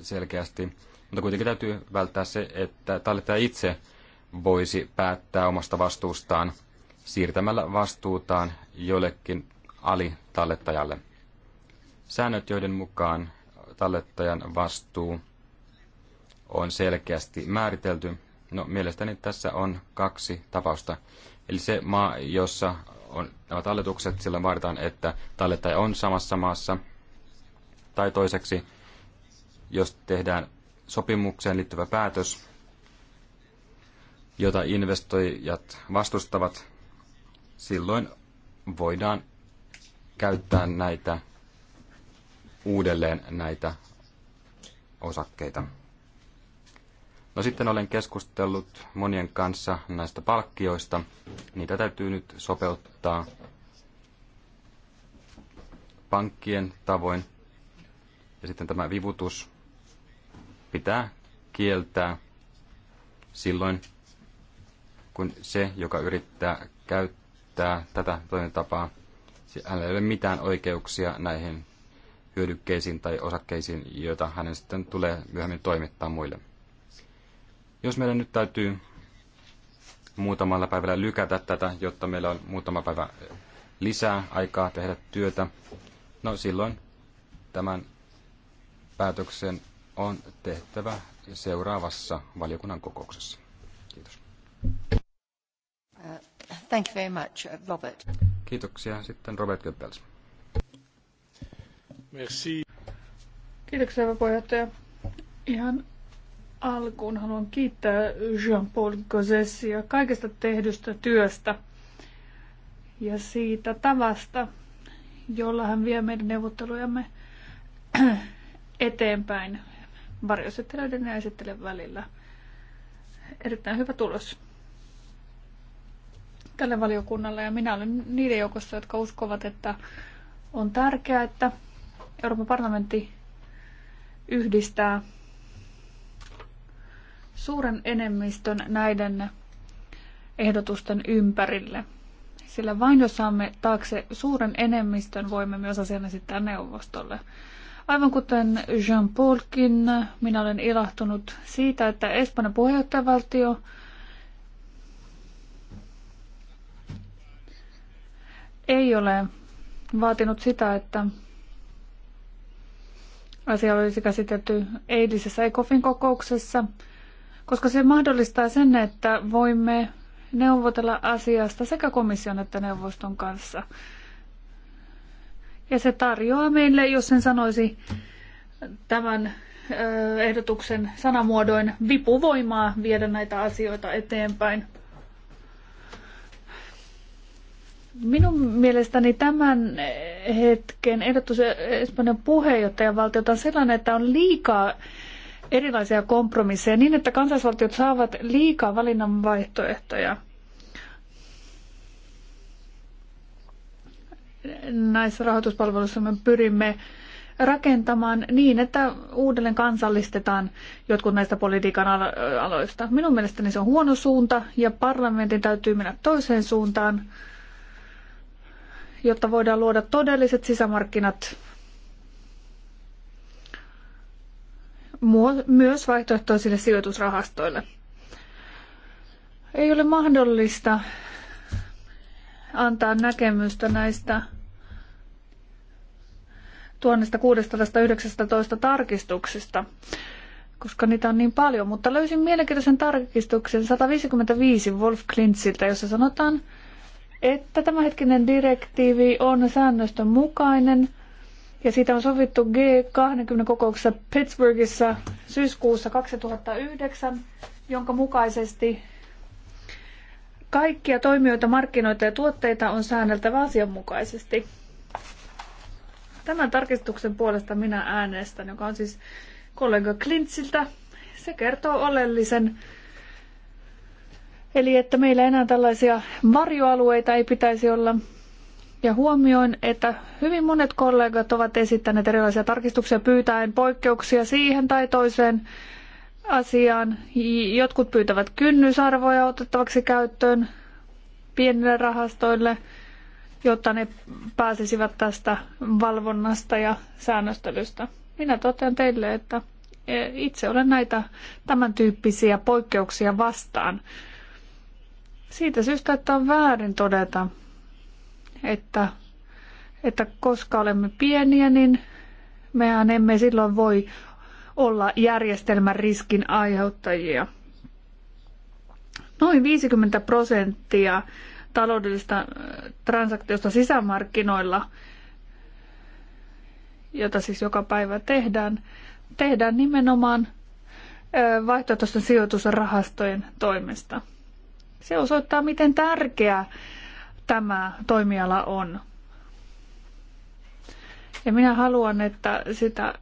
selkeästi. Mutta kuitenkin täytyy välttää se, että tallettaja itse voisi päättää omasta vastuustaan siirtämällä vastuutaan jollekin alitallettajalle. Säännöt, joiden mukaan tallettajan vastuu on selkeästi määritelty, No mielestäni tässä on kaksi tapausta. Eli se maa, jossa on nämä talletukset, sillä vaaditaan, että tallettaja on samassa maassa. Tai toiseksi, jos tehdään sopimukseen liittyvä päätös, jota investoijat vastustavat, silloin voidaan käyttää näitä uudelleen näitä osakkeita. No sitten olen keskustellut monien kanssa näistä palkkioista. Niitä täytyy nyt sopeuttaa pankkien tavoin. Ja sitten tämä vivutus pitää kieltää silloin, kun se, joka yrittää käyttää tätä toimintatapaa, hänellä ei ole mitään oikeuksia näihin hyödykkeisiin tai osakkeisiin, joita hänen sitten tulee myöhemmin toimittaa muille. Jos meidän nyt täytyy muutamalla päivällä lykätä tätä, jotta meillä on muutama päivä lisää aikaa tehdä työtä, no silloin tämän päätöksen on tehtävä seuraavassa valiokunnan kokouksessa. Kiitos. Uh, thank you very much, uh, Robert. Kiitoksia. Sitten Robert Goebbels. Merci. Kiitoksia, puheenjohtaja. Ihan alkuun haluan kiittää Jean-Paul Gossessia kaikesta tehdystä työstä ja siitä tavasta, jolla hän vie meidän neuvottelujamme eteenpäin varjoesittelijöiden ja esittelijän välillä. Erittäin hyvä tulos tälle valiokunnalle ja minä olen niiden joukossa, jotka uskovat, että on tärkeää, että Euroopan parlamentti yhdistää suuren enemmistön näiden ehdotusten ympärille. Sillä vain jos saamme taakse suuren enemmistön, voimme myös asian esittää neuvostolle. Aivan kuten Jean Paulkin, minä olen ilahtunut siitä, että Espanjan puheenjohtajavaltio ei ole vaatinut sitä, että asia olisi käsitelty eilisessä ECOFIN kokouksessa – koska se mahdollistaa sen, että voimme neuvotella asiasta sekä komission että neuvoston kanssa. Ja se tarjoaa meille, jos sen sanoisi tämän ehdotuksen sanamuodoin, vipuvoimaa viedä näitä asioita eteenpäin. Minun mielestäni tämän hetken ehdotus Espanjan valtiota on sellainen, että on liikaa erilaisia kompromisseja niin, että kansallisvaltiot saavat liikaa valinnan vaihtoehtoja. Näissä rahoituspalveluissa me pyrimme rakentamaan niin, että uudelleen kansallistetaan jotkut näistä politiikan aloista. Minun mielestäni se on huono suunta ja parlamentin täytyy mennä toiseen suuntaan, jotta voidaan luoda todelliset sisämarkkinat myös vaihtoehtoisille sijoitusrahastoille. Ei ole mahdollista antaa näkemystä näistä 1619 tarkistuksista, koska niitä on niin paljon. Mutta löysin mielenkiintoisen tarkistuksen 155 Wolf Klintziltä, jossa sanotaan, että tämänhetkinen direktiivi on säännöstön mukainen ja siitä on sovittu G20-kokouksessa Pittsburghissa syyskuussa 2009, jonka mukaisesti kaikkia toimijoita, markkinoita ja tuotteita on säänneltävä asianmukaisesti. Tämän tarkistuksen puolesta minä äänestän, joka on siis kollega Klintsiltä. Se kertoo oleellisen. Eli että meillä enää tällaisia varjoalueita ei pitäisi olla, ja huomioin, että hyvin monet kollegat ovat esittäneet erilaisia tarkistuksia pyytäen poikkeuksia siihen tai toiseen asiaan. Jotkut pyytävät kynnysarvoja otettavaksi käyttöön pienille rahastoille, jotta ne pääsisivät tästä valvonnasta ja säännöstelystä. Minä totean teille, että itse olen näitä tämän tyyppisiä poikkeuksia vastaan. Siitä syystä, että on väärin todeta, että, että koska olemme pieniä, niin mehän emme silloin voi olla järjestelmän riskin aiheuttajia. Noin 50 prosenttia taloudellista äh, transaktiosta sisämarkkinoilla, jota siis joka päivä tehdään, tehdään nimenomaan äh, vaihtoehtoisten sijoitusrahastojen toimesta. Se osoittaa, miten tärkeää tämä toimiala on. Ja minä haluan, että sitä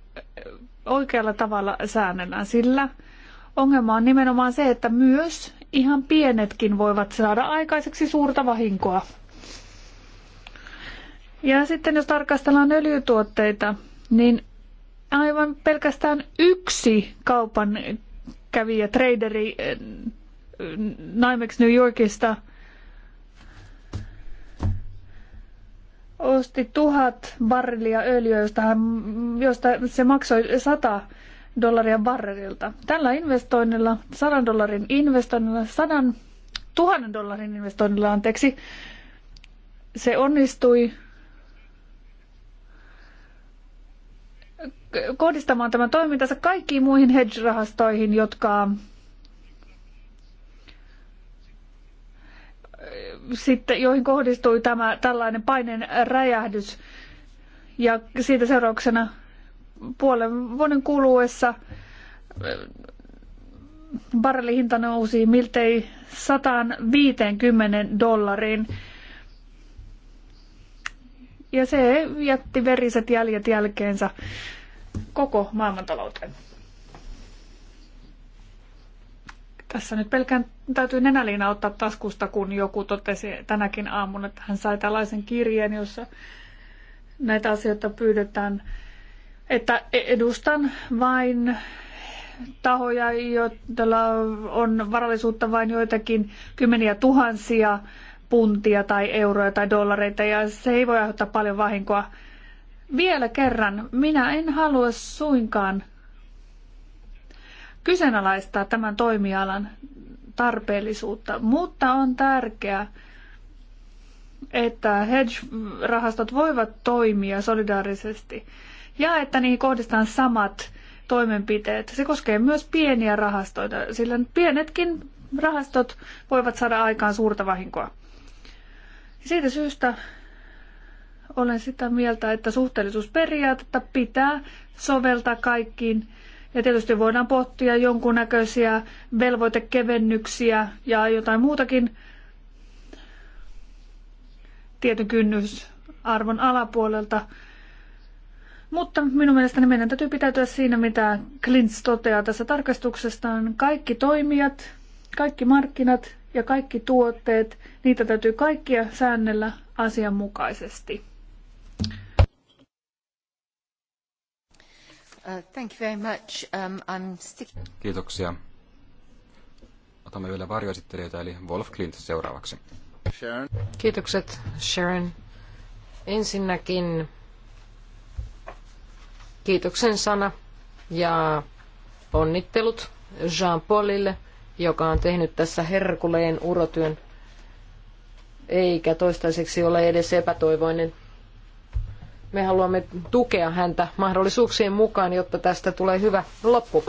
oikealla tavalla säännellään, sillä ongelma on nimenomaan se, että myös ihan pienetkin voivat saada aikaiseksi suurta vahinkoa. Ja sitten jos tarkastellaan öljytuotteita, niin aivan pelkästään yksi kaupan kävijä, traderi eh, Nimex New Yorkista – osti tuhat barrelia öljyä, josta, hän, josta se maksoi 100 dollaria barrelilta. Tällä investoinnilla, 100 dollarin investoinnilla, 100 tuhannen dollarin investoinnilla, anteeksi, se onnistui kohdistamaan tämän toimintansa kaikkiin muihin hedge-rahastoihin, jotka sitten, joihin kohdistui tämä tällainen paineen räjähdys. Ja siitä seurauksena puolen vuoden kuluessa eh, barrelihinta nousi miltei 150 dollariin. Ja se jätti veriset jäljet jälkeensä koko maailmantalouteen. Tässä nyt pelkään täytyy nenäliina ottaa taskusta, kun joku totesi tänäkin aamuna, että hän sai tällaisen kirjeen, jossa näitä asioita pyydetään, että edustan vain tahoja, joilla on varallisuutta vain joitakin kymmeniä tuhansia puntia tai euroja tai dollareita, ja se ei voi aiheuttaa paljon vahinkoa. Vielä kerran, minä en halua suinkaan kyseenalaistaa tämän toimialan tarpeellisuutta, mutta on tärkeää, että hedge-rahastot voivat toimia solidaarisesti ja että niihin kohdistetaan samat toimenpiteet. Se koskee myös pieniä rahastoita, sillä pienetkin rahastot voivat saada aikaan suurta vahinkoa. Siitä syystä olen sitä mieltä, että suhteellisuusperiaatetta pitää soveltaa kaikkiin ja tietysti voidaan pohtia jonkunnäköisiä velvoitekevennyksiä ja jotain muutakin tietyn kynnysarvon alapuolelta. Mutta minun mielestäni meidän täytyy pitäytyä siinä, mitä Klints toteaa tässä tarkastuksestaan. Kaikki toimijat, kaikki markkinat ja kaikki tuotteet, niitä täytyy kaikkia säännellä asianmukaisesti. Uh, um, Kiitoksia. Otamme vielä varjoesittelijöitä, eli Wolf Klint seuraavaksi. Sharon. Kiitokset, Sharon. Ensinnäkin kiitoksen sana ja onnittelut Jean-Paulille, joka on tehnyt tässä herkuleen urotyön, eikä toistaiseksi ole edes epätoivoinen. Me haluamme tukea häntä mahdollisuuksien mukaan, jotta tästä tulee hyvä loppu.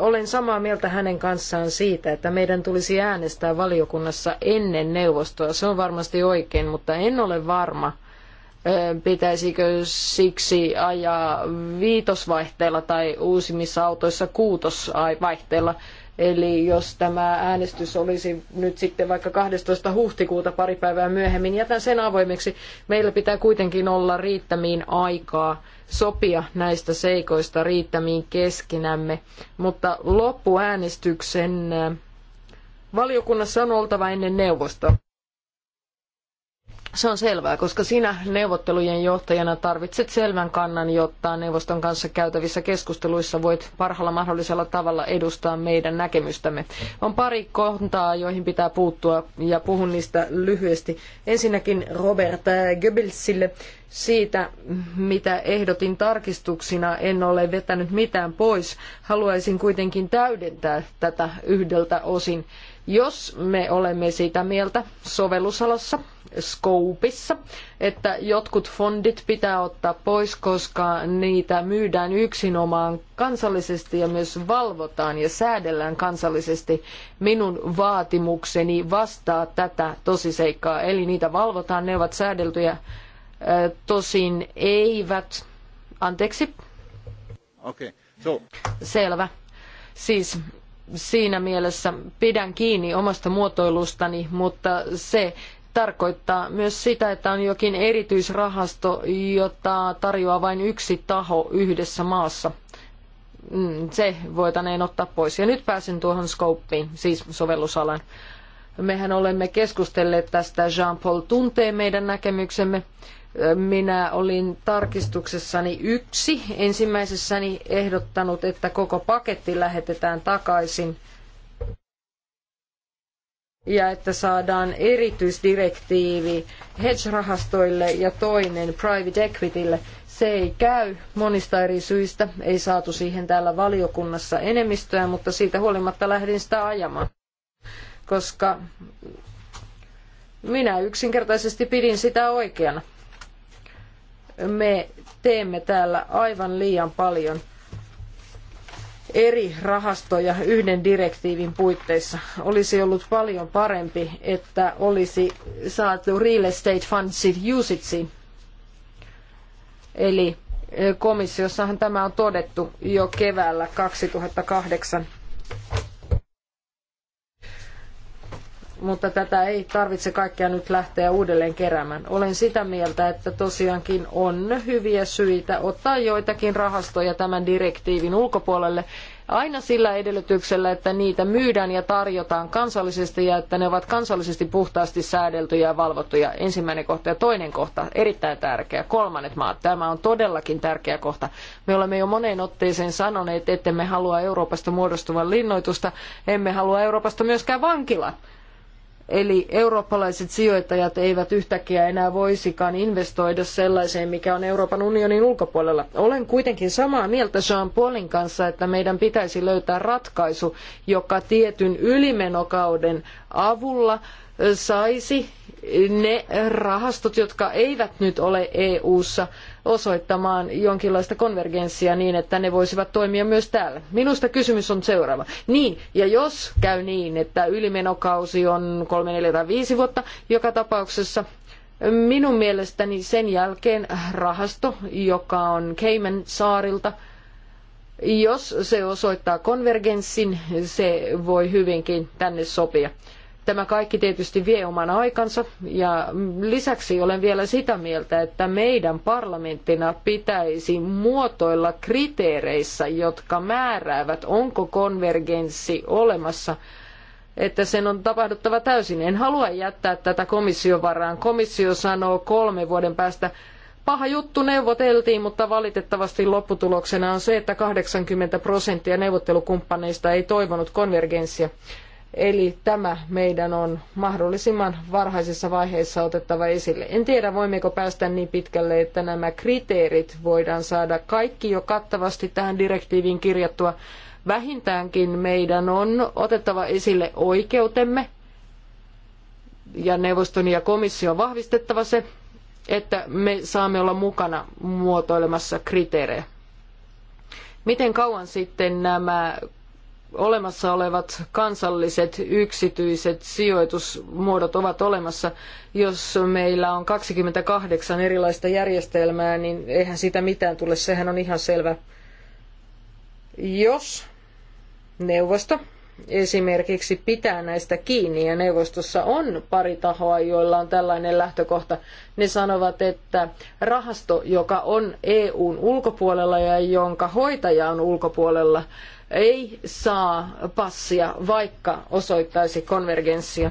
Olen samaa mieltä hänen kanssaan siitä, että meidän tulisi äänestää valiokunnassa ennen neuvostoa. Se on varmasti oikein, mutta en ole varma, pitäisikö siksi ajaa viitosvaihteella tai uusimmissa autoissa kuutosvaihteella. Eli jos tämä äänestys olisi nyt sitten vaikka 12. huhtikuuta pari päivää myöhemmin, jätän sen avoimeksi. Meillä pitää kuitenkin olla riittämiin aikaa sopia näistä seikoista riittämiin keskinämme. Mutta loppuäänestyksen äh, valiokunnassa on oltava ennen neuvostoa. Se on selvää, koska sinä neuvottelujen johtajana tarvitset selvän kannan, jotta neuvoston kanssa käytävissä keskusteluissa voit parhaalla mahdollisella tavalla edustaa meidän näkemystämme. On pari kohtaa, joihin pitää puuttua ja puhun niistä lyhyesti. Ensinnäkin Robert Goebbelsille siitä, mitä ehdotin tarkistuksina, en ole vetänyt mitään pois. Haluaisin kuitenkin täydentää tätä yhdeltä osin. Jos me olemme sitä mieltä sovellusalassa, Scopeissa, että jotkut fondit pitää ottaa pois, koska niitä myydään yksinomaan kansallisesti ja myös valvotaan ja säädellään kansallisesti. Minun vaatimukseni vastaa tätä tosiseikkaa, eli niitä valvotaan, ne ovat säädeltyjä, tosin eivät. Anteeksi. Okay. So. Selvä. Siis siinä mielessä pidän kiinni omasta muotoilustani, mutta se tarkoittaa myös sitä, että on jokin erityisrahasto, jota tarjoaa vain yksi taho yhdessä maassa. Mm, se voitaneen ottaa pois. Ja nyt pääsen tuohon skouppiin, siis sovellusalan. Mehän olemme keskustelleet tästä, Jean-Paul tuntee meidän näkemyksemme minä olin tarkistuksessani yksi ensimmäisessäni ehdottanut, että koko paketti lähetetään takaisin ja että saadaan erityisdirektiivi hedge-rahastoille ja toinen private equitylle. Se ei käy monista eri syistä, ei saatu siihen täällä valiokunnassa enemmistöä, mutta siitä huolimatta lähdin sitä ajamaan, koska minä yksinkertaisesti pidin sitä oikeana me teemme täällä aivan liian paljon eri rahastoja yhden direktiivin puitteissa. Olisi ollut paljon parempi, että olisi saatu Real Estate Fundsit Usageen. Eli eh, komissiossahan tämä on todettu jo keväällä 2008 mutta tätä ei tarvitse kaikkea nyt lähteä uudelleen keräämään. Olen sitä mieltä, että tosiaankin on hyviä syitä ottaa joitakin rahastoja tämän direktiivin ulkopuolelle, aina sillä edellytyksellä, että niitä myydään ja tarjotaan kansallisesti ja että ne ovat kansallisesti puhtaasti säädeltyjä ja valvottuja. Ensimmäinen kohta ja toinen kohta, erittäin tärkeä. Kolmannet maat, tämä on todellakin tärkeä kohta. Me olemme jo moneen otteeseen sanoneet, ettemme halua Euroopasta muodostuvan linnoitusta, emme halua Euroopasta myöskään vankilaa Eli eurooppalaiset sijoittajat eivät yhtäkkiä enää voisikaan investoida sellaiseen, mikä on Euroopan unionin ulkopuolella. Olen kuitenkin samaa mieltä Jean Paulin kanssa, että meidän pitäisi löytää ratkaisu, joka tietyn ylimenokauden avulla saisi ne rahastot, jotka eivät nyt ole EU-ssa osoittamaan jonkinlaista konvergenssia niin, että ne voisivat toimia myös täällä. Minusta kysymys on seuraava. Niin, ja jos käy niin, että ylimenokausi on kolme, neljä tai viisi vuotta, joka tapauksessa minun mielestäni sen jälkeen rahasto, joka on Cayman saarilta, jos se osoittaa konvergenssin, se voi hyvinkin tänne sopia. Tämä kaikki tietysti vie oman aikansa ja lisäksi olen vielä sitä mieltä, että meidän parlamenttina pitäisi muotoilla kriteereissä, jotka määräävät, onko konvergenssi olemassa että sen on tapahduttava täysin. En halua jättää tätä komission varaan. Komissio sanoo kolme vuoden päästä, paha juttu neuvoteltiin, mutta valitettavasti lopputuloksena on se, että 80 prosenttia neuvottelukumppaneista ei toivonut konvergenssia. Eli tämä meidän on mahdollisimman varhaisessa vaiheessa otettava esille. En tiedä, voimmeko päästä niin pitkälle, että nämä kriteerit voidaan saada kaikki jo kattavasti tähän direktiiviin kirjattua. Vähintäänkin meidän on otettava esille oikeutemme ja neuvoston ja komission vahvistettava se, että me saamme olla mukana muotoilemassa kriteerejä. Miten kauan sitten nämä olemassa olevat kansalliset yksityiset sijoitusmuodot ovat olemassa. Jos meillä on 28 erilaista järjestelmää, niin eihän siitä mitään tule, sehän on ihan selvä. Jos neuvosto esimerkiksi pitää näistä kiinni ja neuvostossa on pari tahoa, joilla on tällainen lähtökohta. Ne sanovat, että rahasto, joka on EUn ulkopuolella ja jonka hoitaja on ulkopuolella, ei saa passia, vaikka osoittaisi konvergenssia.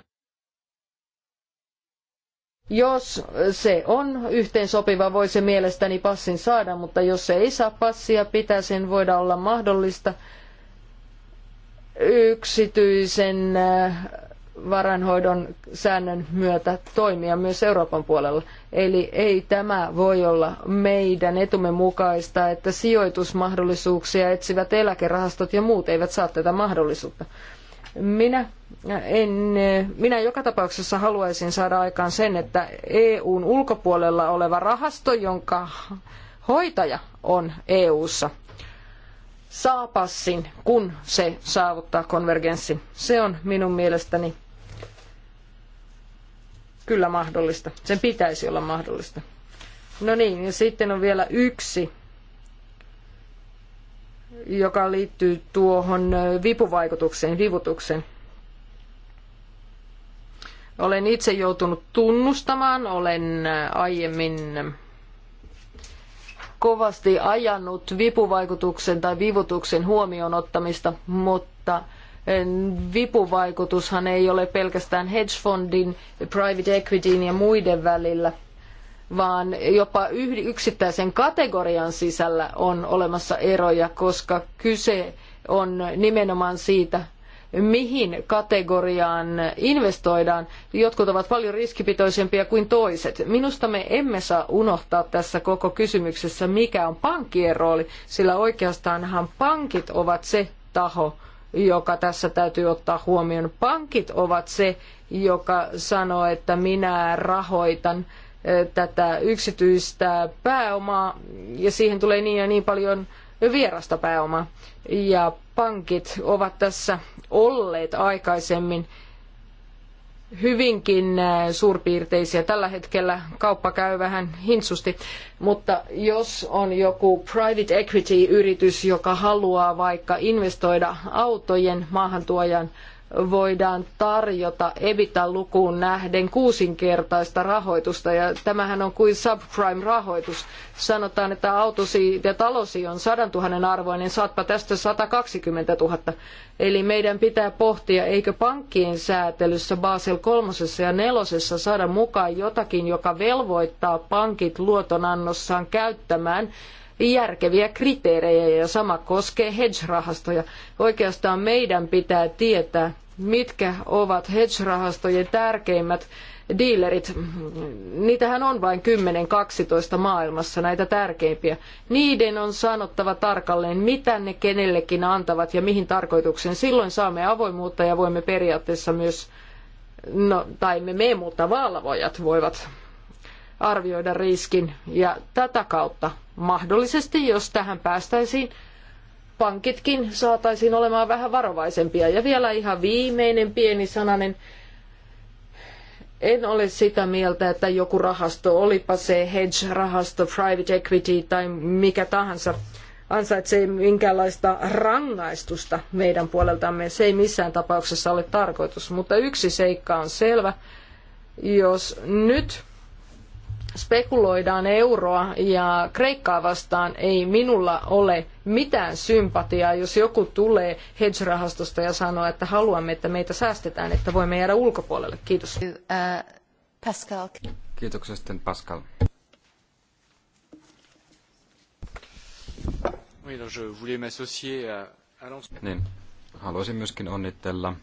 Jos se on yhteensopiva, voi se mielestäni passin saada, mutta jos se ei saa passia, pitää sen voida olla mahdollista yksityisen äh, varainhoidon säännön myötä toimia myös Euroopan puolella. Eli ei tämä voi olla meidän etumme mukaista, että sijoitusmahdollisuuksia etsivät eläkerahastot ja muut eivät saa tätä mahdollisuutta. Minä, en, minä joka tapauksessa haluaisin saada aikaan sen, että EUn ulkopuolella oleva rahasto, jonka hoitaja on EUssa, saa passin, kun se saavuttaa konvergenssin. Se on minun mielestäni kyllä mahdollista. Sen pitäisi olla mahdollista. No niin, ja sitten on vielä yksi, joka liittyy tuohon vipuvaikutukseen, vivutukseen. Olen itse joutunut tunnustamaan, olen aiemmin kovasti ajanut vipuvaikutuksen tai vivutuksen huomioon ottamista, mutta Ehm, vipuvaikutushan ei ole pelkästään hedgefondin, private equityin ja muiden välillä, vaan jopa yksittäisen kategorian sisällä on olemassa eroja, koska kyse on nimenomaan siitä, mihin kategoriaan investoidaan. Jotkut ovat paljon riskipitoisempia kuin toiset. Minusta me emme saa unohtaa tässä koko kysymyksessä, mikä on pankkien rooli, sillä oikeastaanhan pankit ovat se taho, joka tässä täytyy ottaa huomioon. Pankit ovat se, joka sanoo, että minä rahoitan e, tätä yksityistä pääomaa ja siihen tulee niin ja niin paljon vierasta pääomaa. Ja pankit ovat tässä olleet aikaisemmin hyvinkin äh, suurpiirteisiä. Tällä hetkellä kauppa käy vähän hinsusti, mutta jos on joku private equity-yritys, joka haluaa vaikka investoida autojen maahantuojan voidaan tarjota EBITA-lukuun nähden kuusinkertaista rahoitusta. Ja tämähän on kuin subprime-rahoitus. Sanotaan, että autosi ja talosi on 100 000 arvoinen, saatpa tästä 120 000. Eli meidän pitää pohtia, eikö pankkien säätelyssä Basel kolmosessa ja nelosessa saada mukaan jotakin, joka velvoittaa pankit luotonannossaan käyttämään järkeviä kriteerejä ja sama koskee hedge-rahastoja. Oikeastaan meidän pitää tietää, mitkä ovat hedge-rahastojen tärkeimmät dealerit, niitähän on vain 10-12 maailmassa näitä tärkeimpiä. Niiden on sanottava tarkalleen, mitä ne kenellekin antavat ja mihin tarkoitukseen. Silloin saamme avoimuutta ja voimme periaatteessa myös, no, tai me, me mutta valvojat voivat arvioida riskin ja tätä kautta mahdollisesti, jos tähän päästäisiin, pankitkin saataisiin olemaan vähän varovaisempia. Ja vielä ihan viimeinen pieni sananen. En ole sitä mieltä, että joku rahasto, olipa se hedge-rahasto, private equity tai mikä tahansa, ansaitsee minkäänlaista rangaistusta meidän puoleltamme. Se ei missään tapauksessa ole tarkoitus, mutta yksi seikka on selvä. Jos nyt spekuloidaan euroa ja Kreikkaa vastaan, ei minulla ole mitään sympatiaa, jos joku tulee hedge-rahastosta ja sanoo, että haluamme, että meitä säästetään, että voimme jäädä ulkopuolelle. Kiitos. Uh, Pascal. Kiitoksia sitten Pascal. Niin, haluaisin myöskin onnitella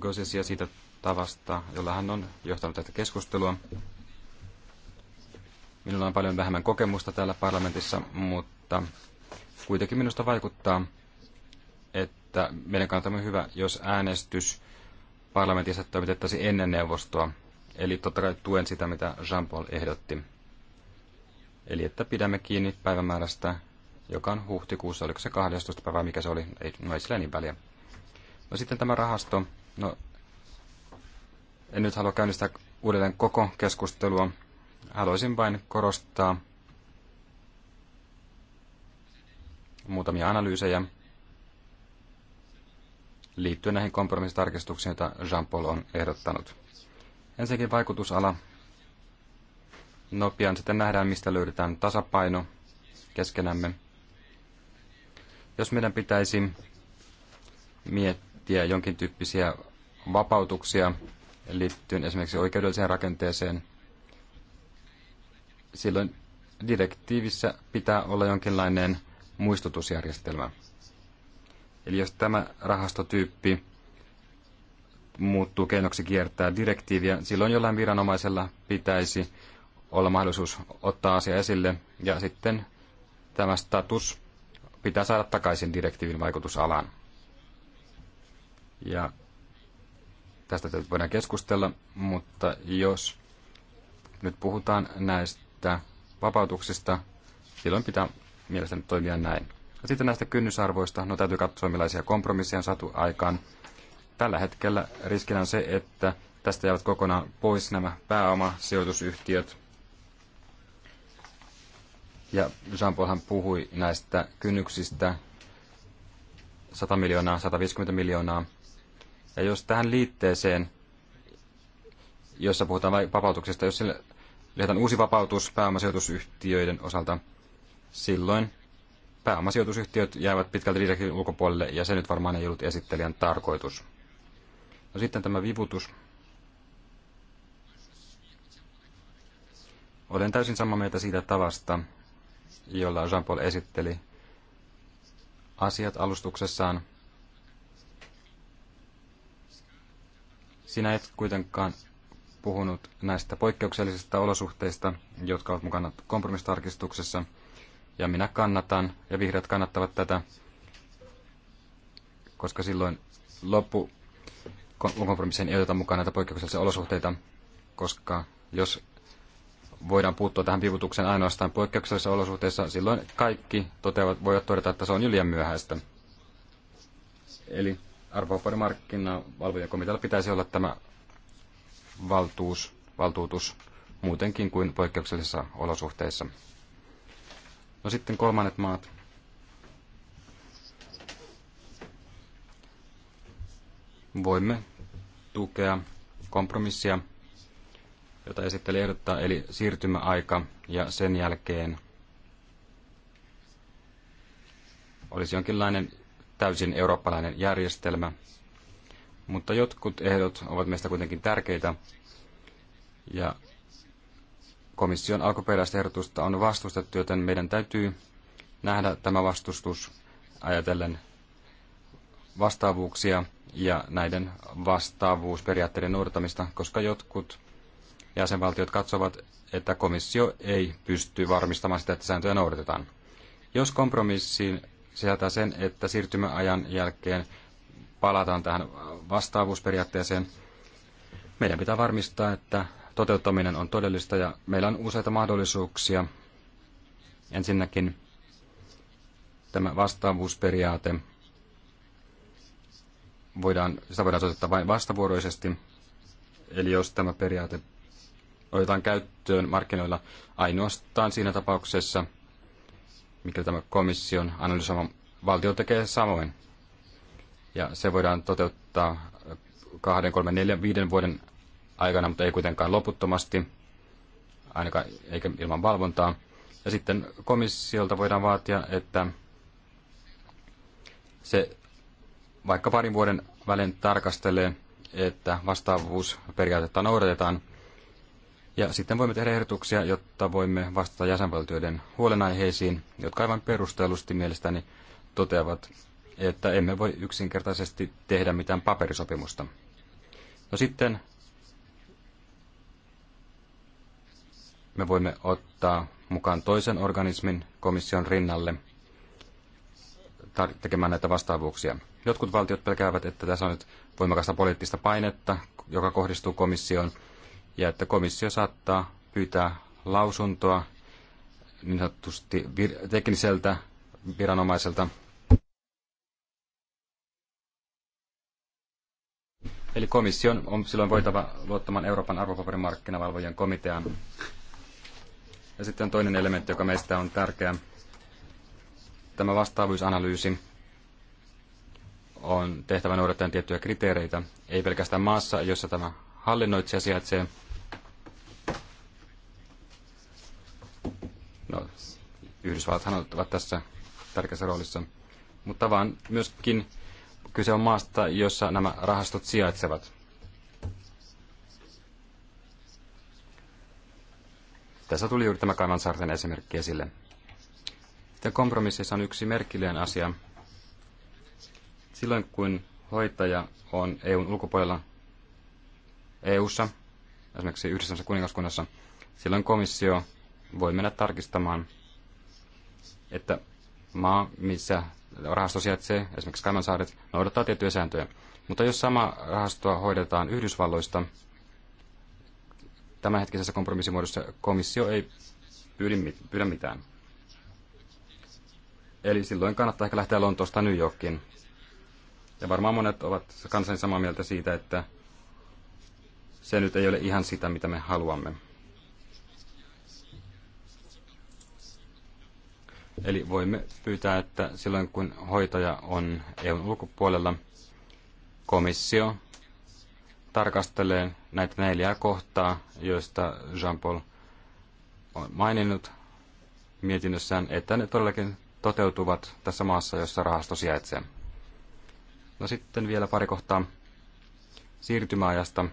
Gosisia siitä tavasta, jolla hän on johtanut tätä keskustelua. Minulla on paljon vähemmän kokemusta täällä parlamentissa, mutta kuitenkin minusta vaikuttaa, että meidän kannatamme hyvä, jos äänestys parlamentissa toimitettaisiin ennen neuvostoa. Eli totta kai tuen sitä, mitä Jean-Paul ehdotti. Eli että pidämme kiinni päivämäärästä, joka on huhtikuussa, oliko se 12. päivä, mikä se oli, ei, no ei sillä niin väliä. No sitten tämä rahasto, no en nyt halua käynnistää uudelleen koko keskustelua, Haluaisin vain korostaa muutamia analyysejä liittyen näihin kompromissitarkistuksiin, joita Jean-Paul on ehdottanut. Ensinnäkin vaikutusala. No pian sitten nähdään, mistä löydetään tasapaino keskenämme. Jos meidän pitäisi miettiä jonkin tyyppisiä vapautuksia liittyen esimerkiksi oikeudelliseen rakenteeseen, silloin direktiivissä pitää olla jonkinlainen muistutusjärjestelmä. Eli jos tämä rahastotyyppi muuttuu keinoksi kiertää direktiiviä, silloin jollain viranomaisella pitäisi olla mahdollisuus ottaa asia esille ja sitten tämä status pitää saada takaisin direktiivin vaikutusalaan. Ja tästä voidaan keskustella, mutta jos nyt puhutaan näistä selvittää vapautuksista, silloin pitää mielestäni toimia näin. Ja sitten näistä kynnysarvoista, no täytyy katsoa millaisia kompromisseja on saatu aikaan. Tällä hetkellä riskinä on se, että tästä jäävät kokonaan pois nämä pääomasijoitusyhtiöt. Ja Jean-Paulhan puhui näistä kynnyksistä 100 miljoonaa, 150 miljoonaa. Ja jos tähän liitteeseen, jossa puhutaan vapautuksesta, jos sille Lietan uusi vapautus pääomasijoitusyhtiöiden osalta, silloin pääomasijoitusyhtiöt jäävät pitkälti direktiivin ulkopuolelle, ja se nyt varmaan ei ollut esittelijän tarkoitus. No sitten tämä vivutus. Olen täysin samaa mieltä siitä tavasta, jolla Jean-Paul esitteli asiat alustuksessaan. Sinä et kuitenkaan puhunut näistä poikkeuksellisista olosuhteista, jotka ovat mukana kompromistarkistuksessa. Ja minä kannatan, ja vihreät kannattavat tätä, koska silloin loppu kompromissiin ei oteta mukaan näitä poikkeuksellisia olosuhteita, koska jos voidaan puuttua tähän vivutukseen ainoastaan poikkeuksellisissa olosuhteissa, silloin kaikki toteavat, voivat todeta, että se on liian myöhäistä. Eli arvopaperimarkkinavalvojakomitealla pitäisi olla tämä valtuus, valtuutus muutenkin kuin poikkeuksellisissa olosuhteissa. No sitten kolmannet maat. Voimme tukea kompromissia, jota esitteli ehdottaa, eli siirtymäaika ja sen jälkeen olisi jonkinlainen täysin eurooppalainen järjestelmä, mutta jotkut ehdot ovat meistä kuitenkin tärkeitä, ja komission alkuperäistä ehdotusta on vastustettu, joten meidän täytyy nähdä tämä vastustus ajatellen vastaavuuksia ja näiden vastaavuusperiaatteiden noudattamista, koska jotkut jäsenvaltiot katsovat, että komissio ei pysty varmistamaan sitä, että sääntöjä noudatetaan. Jos kompromissiin sisältää sen, että siirtymäajan jälkeen palataan tähän vastaavuusperiaatteeseen. Meidän pitää varmistaa, että toteuttaminen on todellista ja meillä on useita mahdollisuuksia. Ensinnäkin tämä vastaavuusperiaate voidaan, sitä voidaan toteuttaa vain vastavuoroisesti. Eli jos tämä periaate otetaan käyttöön markkinoilla ainoastaan siinä tapauksessa, mikä tämä komission analysoima valtio tekee samoin ja se voidaan toteuttaa kahden, kolmen, neljän, viiden vuoden aikana, mutta ei kuitenkaan loputtomasti, ainakaan eikä ilman valvontaa. Ja sitten komissiolta voidaan vaatia, että se vaikka parin vuoden välein tarkastelee, että vastaavuusperiaatetta noudatetaan. Ja sitten voimme tehdä ehdotuksia, jotta voimme vastata jäsenvaltioiden huolenaiheisiin, jotka aivan perustellusti mielestäni toteavat, että emme voi yksinkertaisesti tehdä mitään paperisopimusta. No sitten me voimme ottaa mukaan toisen organismin komission rinnalle tekemään näitä vastaavuuksia. Jotkut valtiot pelkäävät, että tässä on nyt voimakasta poliittista painetta, joka kohdistuu komissioon, ja että komissio saattaa pyytää lausuntoa niin sanotusti vir- tekniseltä viranomaiselta, Eli komission on silloin voitava luottamaan Euroopan arvopaperimarkkinavalvojan komiteaan. Ja sitten toinen elementti, joka meistä on tärkeä, tämä vastaavuusanalyysi on tehtävä noudattaen tiettyjä kriteereitä, ei pelkästään maassa, jossa tämä hallinnoitsija sijaitsee. No, Yhdysvallathan ovat tässä tärkeässä roolissa, mutta vaan myöskin kyse on maasta, jossa nämä rahastot sijaitsevat. Tässä tuli juuri tämä Kanansaarten esimerkki esille. Sitten kompromississa on yksi merkillinen asia. Silloin kun hoitaja on EUn ulkopuolella EUssa, esimerkiksi yhdessä kuningaskunnassa, silloin komissio voi mennä tarkistamaan, että maa, missä rahasto sijaitsee, esimerkiksi Kaimansaaret, noudattaa tiettyjä sääntöjä. Mutta jos sama rahastoa hoidetaan Yhdysvalloista, tämänhetkisessä kompromissimuodossa komissio ei pyydä mitään. Eli silloin kannattaa ehkä lähteä Lontoosta New Yorkiin. Ja varmaan monet ovat kansain samaa mieltä siitä, että se nyt ei ole ihan sitä, mitä me haluamme. Eli voimme pyytää, että silloin kun hoitaja on EUn ulkopuolella, komissio tarkastelee näitä neljää kohtaa, joista Jean-Paul on maininnut mietinnössään, että ne todellakin toteutuvat tässä maassa, jossa rahasto sijaitsee. No sitten vielä pari kohtaa siirtymäajasta.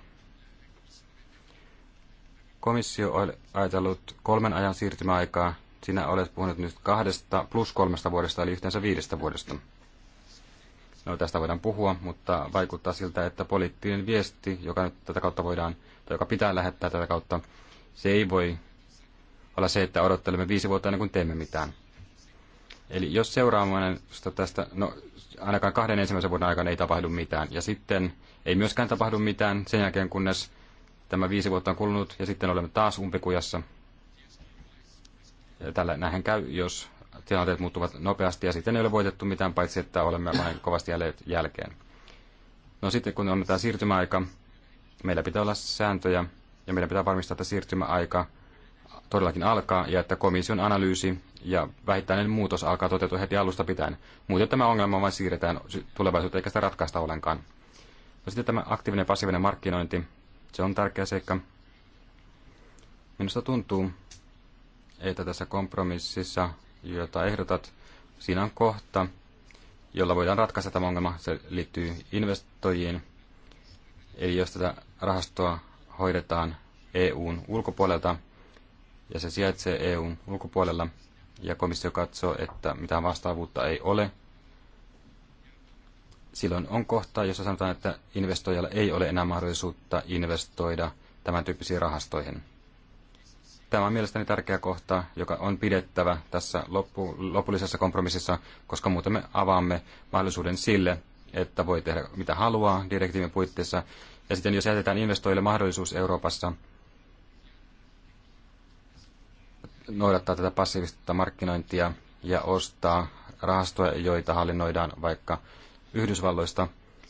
Komissio on ajatellut kolmen ajan siirtymäaikaa sinä olet puhunut nyt kahdesta plus kolmesta vuodesta, eli yhteensä viidestä vuodesta. No tästä voidaan puhua, mutta vaikuttaa siltä, että poliittinen viesti, joka nyt tätä kautta voidaan, tai joka pitää lähettää tätä kautta, se ei voi olla se, että odottelemme viisi vuotta ennen kuin teemme mitään. Eli jos seuraavainen tästä, no ainakaan kahden ensimmäisen vuoden aikana ei tapahdu mitään, ja sitten ei myöskään tapahdu mitään sen jälkeen, kunnes tämä viisi vuotta on kulunut, ja sitten olemme taas umpikujassa, Tällä näinhän käy, jos tilanteet muuttuvat nopeasti ja sitten ei ole voitettu mitään, paitsi että olemme vain kovasti jälkeen. No sitten kun on tämä siirtymäaika, meillä pitää olla sääntöjä ja meidän pitää varmistaa, että siirtymäaika todellakin alkaa ja että komission analyysi ja vähittäinen muutos alkaa toteutua heti alusta pitäen. Muuten tämä ongelma vain siirretään tulevaisuuteen eikä sitä ratkaista ollenkaan. No sitten tämä aktiivinen ja passiivinen markkinointi, se on tärkeä seikka. Minusta tuntuu, että tässä kompromississa, jota ehdotat, siinä on kohta, jolla voidaan ratkaista tämä ongelma. Se liittyy investoijiin. Eli jos tätä rahastoa hoidetaan EUn ulkopuolelta ja se sijaitsee EUn ulkopuolella ja komissio katsoo, että mitään vastaavuutta ei ole, silloin on kohta, jossa sanotaan, että investoijalla ei ole enää mahdollisuutta investoida tämän tyyppisiin rahastoihin. Tämä on mielestäni tärkeä kohta, joka on pidettävä tässä loppu, lopullisessa kompromississa, koska muuten me avaamme mahdollisuuden sille, että voi tehdä mitä haluaa direktiivin puitteissa. Ja sitten jos jätetään investoille mahdollisuus Euroopassa noudattaa tätä passiivista markkinointia ja ostaa rahastoja, joita hallinnoidaan vaikka Yhdysvalloista,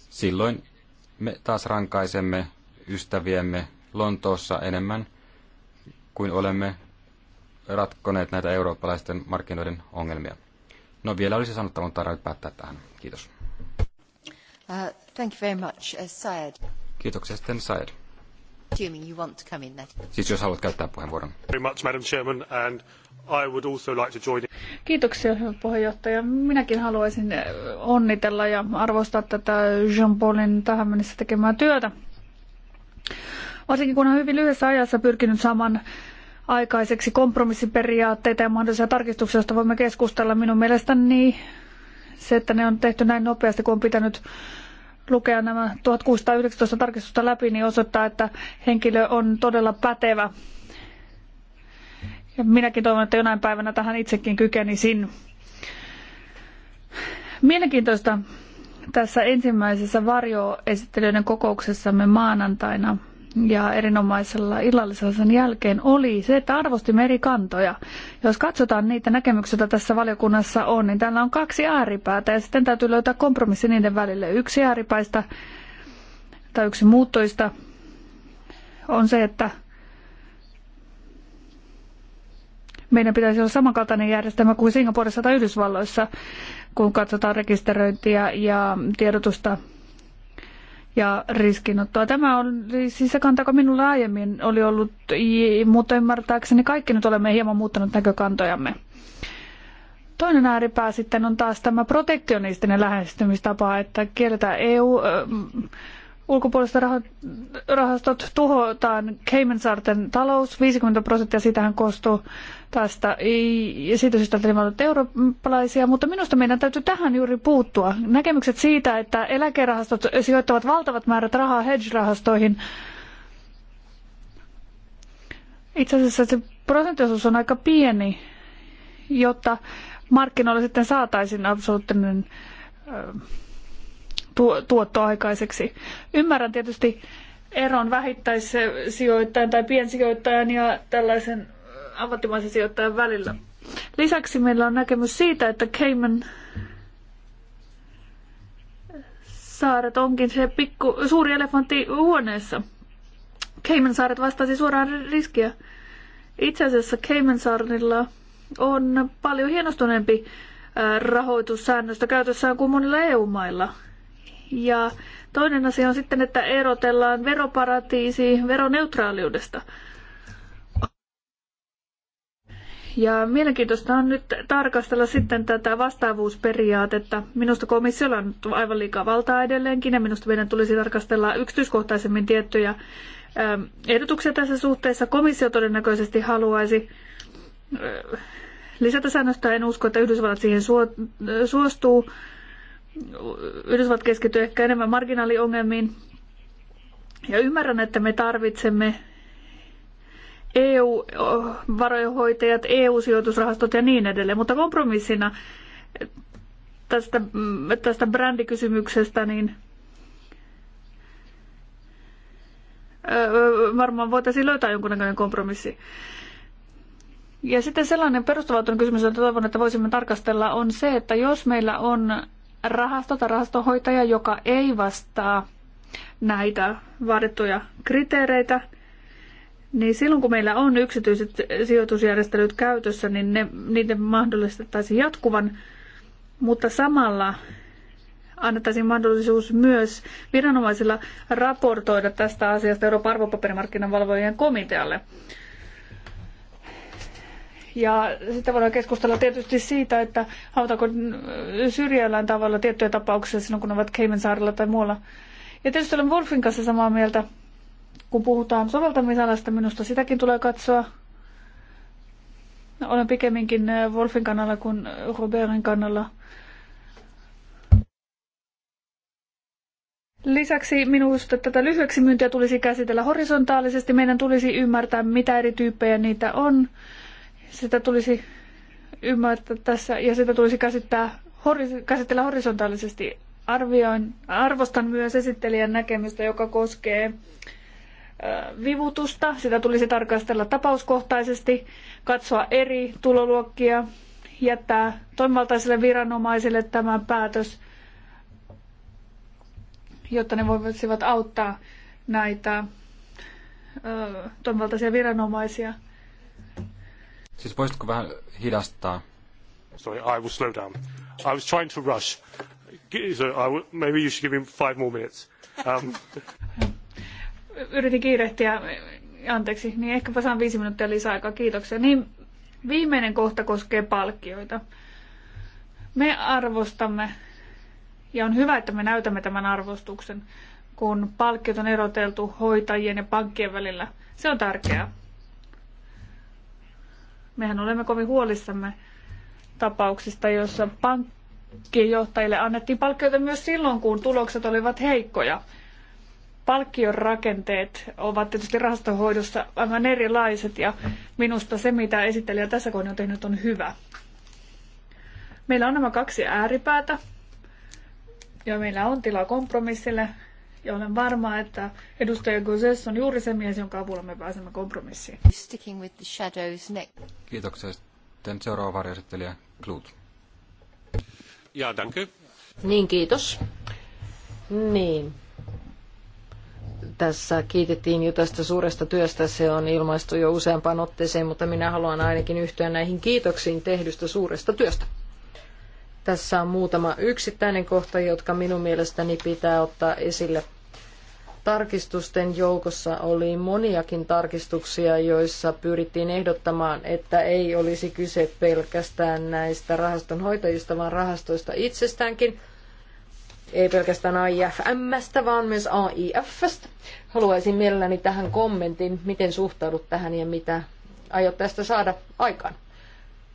silloin me taas rankaisemme ystäviemme Lontoossa enemmän – kuin olemme ratkoneet näitä eurooppalaisten markkinoiden ongelmia. No vielä olisi sanottava, mutta tarvitsee päättää tähän. Kiitos. Uh, thank you very much, uh, Syed. Kiitoksia sitten Syed. Assuming you want to come in then. Siis jos haluat käyttää puheenvuoron. Very much, Madam Chairman, and I would also like to join in. Kiitoksia, hyvä puheenjohtaja. Minäkin haluaisin äh, onnitella ja arvostaa tätä Jean-Paulin tähän mennessä tekemää työtä. Varsinkin kun on hyvin lyhyessä ajassa pyrkinyt saman aikaiseksi kompromissiperiaatteita ja mahdollisia tarkistuksia, joista voimme keskustella. Minun mielestäni se, että ne on tehty näin nopeasti, kun on pitänyt lukea nämä 1619 tarkistusta läpi, niin osoittaa, että henkilö on todella pätevä. Ja minäkin toivon, että jonain päivänä tähän itsekin kykenisin. Mielenkiintoista tässä ensimmäisessä varjoesittelyiden kokouksessamme maanantaina – ja erinomaisella illallisella sen jälkeen oli se, että arvostimme eri kantoja. Jos katsotaan niitä näkemyksiä, joita tässä valiokunnassa on, niin täällä on kaksi ääripäätä ja sitten täytyy löytää kompromissi niiden välille. Yksi ääripäistä tai yksi muuttoista on se, että meidän pitäisi olla samankaltainen järjestelmä kuin Singaporessa tai Yhdysvalloissa, kun katsotaan rekisteröintiä ja tiedotusta ja riskinottoa. Tämä on siis se kanta, joka minulla aiemmin oli ollut, mutta ymmärtääkseni kaikki nyt olemme hieman muuttaneet näkökantojamme. Toinen ääripää sitten on taas tämä protektionistinen lähestymistapa, että kielletään EU, ulkopuoliset rahastot tuhotaan Caymansaarten talous, 50 prosenttia siitähän koostuu tästä, ja että ne ovat eurooppalaisia, mutta minusta meidän täytyy tähän juuri puuttua. Näkemykset siitä, että eläkerahastot sijoittavat valtavat määrät rahaa hedge-rahastoihin, itse asiassa se prosenttiosuus on aika pieni, jotta markkinoille sitten saataisiin absoluuttinen tuotto aikaiseksi. Ymmärrän tietysti eron vähittäissijoittajan tai piensijoittajan ja tällaisen äh, ammattimaisen sijoittajan välillä. Lisäksi meillä on näkemys siitä, että Cayman saaret onkin se pikku, suuri elefantti huoneessa. Cayman saaret vastasi suoraan riskiä. Itse asiassa Cayman saarilla on paljon hienostuneempi äh, rahoitussäännöstä käytössään kuin monilla EU-mailla. Ja toinen asia on sitten, että erotellaan veroparatiisi veroneutraaliudesta. Ja mielenkiintoista on nyt tarkastella sitten tätä vastaavuusperiaatetta. Minusta komissiolla on aivan liikaa valtaa edelleenkin ja minusta meidän tulisi tarkastella yksityiskohtaisemmin tiettyjä ähm, ehdotuksia tässä suhteessa. Komissio todennäköisesti haluaisi äh, lisätä säännöstä. En usko, että Yhdysvallat siihen suostuu. Yhdysvallat keskittyy ehkä enemmän marginaaliongelmiin. Ja ymmärrän, että me tarvitsemme EU-varojenhoitajat, EU-sijoitusrahastot ja niin edelleen. Mutta kompromissina tästä, tästä brändikysymyksestä, niin varmaan voitaisiin löytää jonkunnäköinen kompromissi. Ja sitten sellainen perustavaltoinen kysymys, jota toivon, että voisimme tarkastella, on se, että jos meillä on rahasto tai rahastohoitaja, joka ei vastaa näitä vaadittuja kriteereitä, niin silloin kun meillä on yksityiset sijoitusjärjestelyt käytössä, niin ne, niiden mahdollistettaisiin jatkuvan, mutta samalla annettaisiin mahdollisuus myös viranomaisilla raportoida tästä asiasta Euroopan arvopaperimarkkinan valvojien komitealle. Ja sitten voidaan keskustella tietysti siitä, että halutaanko syrjällään tavalla tiettyjä tapauksia silloin, kun ne ovat Cayman saarella tai muualla. Ja tietysti olen Wolfin kanssa samaa mieltä, kun puhutaan soveltamisalasta, minusta sitäkin tulee katsoa. Olen pikemminkin äh, Wolfin kannalla kuin äh, Robertin kannalla. Lisäksi minusta tätä lyhyeksi myyntiä tulisi käsitellä horisontaalisesti. Meidän tulisi ymmärtää, mitä eri tyyppejä niitä on sitä tulisi ymmärtää tässä ja sitä tulisi käsittää, käsitellä horisontaalisesti. Arvioin, arvostan myös esittelijän näkemystä, joka koskee vivutusta. Sitä tulisi tarkastella tapauskohtaisesti, katsoa eri tuloluokkia, jättää toimivaltaisille viranomaisille tämä päätös, jotta ne voisivat auttaa näitä toimivaltaisia viranomaisia – Siis voisitko vähän hidastaa? Sorry, I will slow down. I was trying to rush. So I will, maybe you should give me five more minutes. Um. Yritin kiirehtiä, anteeksi, niin ehkäpä saan viisi minuuttia lisäaikaa, kiitoksia. Niin viimeinen kohta koskee palkkioita. Me arvostamme, ja on hyvä, että me näytämme tämän arvostuksen, kun palkkiot on eroteltu hoitajien ja pankkien välillä. Se on tärkeää. Mehän olemme kovin huolissamme tapauksista, joissa pankkijohtajille annettiin palkkioita myös silloin, kun tulokset olivat heikkoja. Palkkion rakenteet ovat tietysti rahastohoidossa aivan erilaiset ja minusta se, mitä esittelijä tässä kohdassa on tehnyt, on hyvä. Meillä on nämä kaksi ääripäätä ja meillä on tilaa kompromissille ja olen varma, että edustaja Gozes on juuri se mies, jonka avulla me pääsemme kompromissiin. Sticking with the shadows next. Kiitoksia. Sitten seuraava varjoesittelijä Klut. Ja, danke. Niin, kiitos. Niin. Tässä kiitettiin jo tästä suuresta työstä, se on ilmaistu jo useampaan otteeseen, mutta minä haluan ainakin yhtyä näihin kiitoksiin tehdystä suuresta työstä. Tässä on muutama yksittäinen kohta, jotka minun mielestäni pitää ottaa esille. Tarkistusten joukossa oli moniakin tarkistuksia, joissa pyrittiin ehdottamaan, että ei olisi kyse pelkästään näistä rahastonhoitajista, vaan rahastoista itsestäänkin ei pelkästään AIFMstä, vaan myös AIFstä. Haluaisin mielelläni tähän kommentin, miten suhtaudut tähän ja mitä aiot tästä saada aikaan.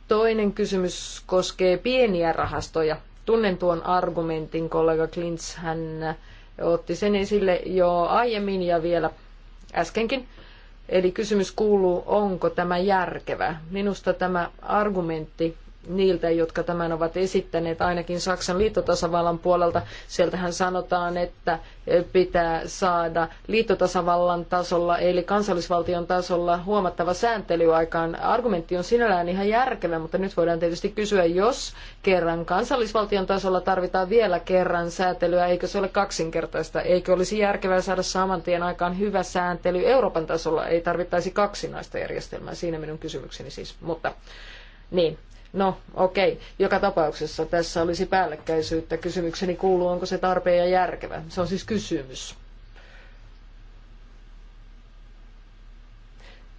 Toinen kysymys koskee pieniä rahastoja. Tunnen tuon argumentin, kollega Klints, hän otti sen esille jo aiemmin ja vielä äskenkin. Eli kysymys kuuluu, onko tämä järkevää? Minusta tämä argumentti niiltä, jotka tämän ovat esittäneet, ainakin Saksan liittotasavallan puolelta. Sieltähän sanotaan, että e, pitää saada liittotasavallan tasolla, eli kansallisvaltion tasolla huomattava sääntely aikaan. Argumentti on sinällään ihan järkevä, mutta nyt voidaan tietysti kysyä, jos kerran kansallisvaltion tasolla tarvitaan vielä kerran säätelyä, eikö se ole kaksinkertaista? Eikö olisi järkevää saada saman tien aikaan hyvä sääntely Euroopan tasolla? Ei tarvittaisi kaksinaista järjestelmää, siinä minun kysymykseni siis. Mutta niin, No, okei. Joka tapauksessa tässä olisi päällekkäisyyttä. Kysymykseni kuuluu, onko se tarpeen ja järkevä. Se on siis kysymys.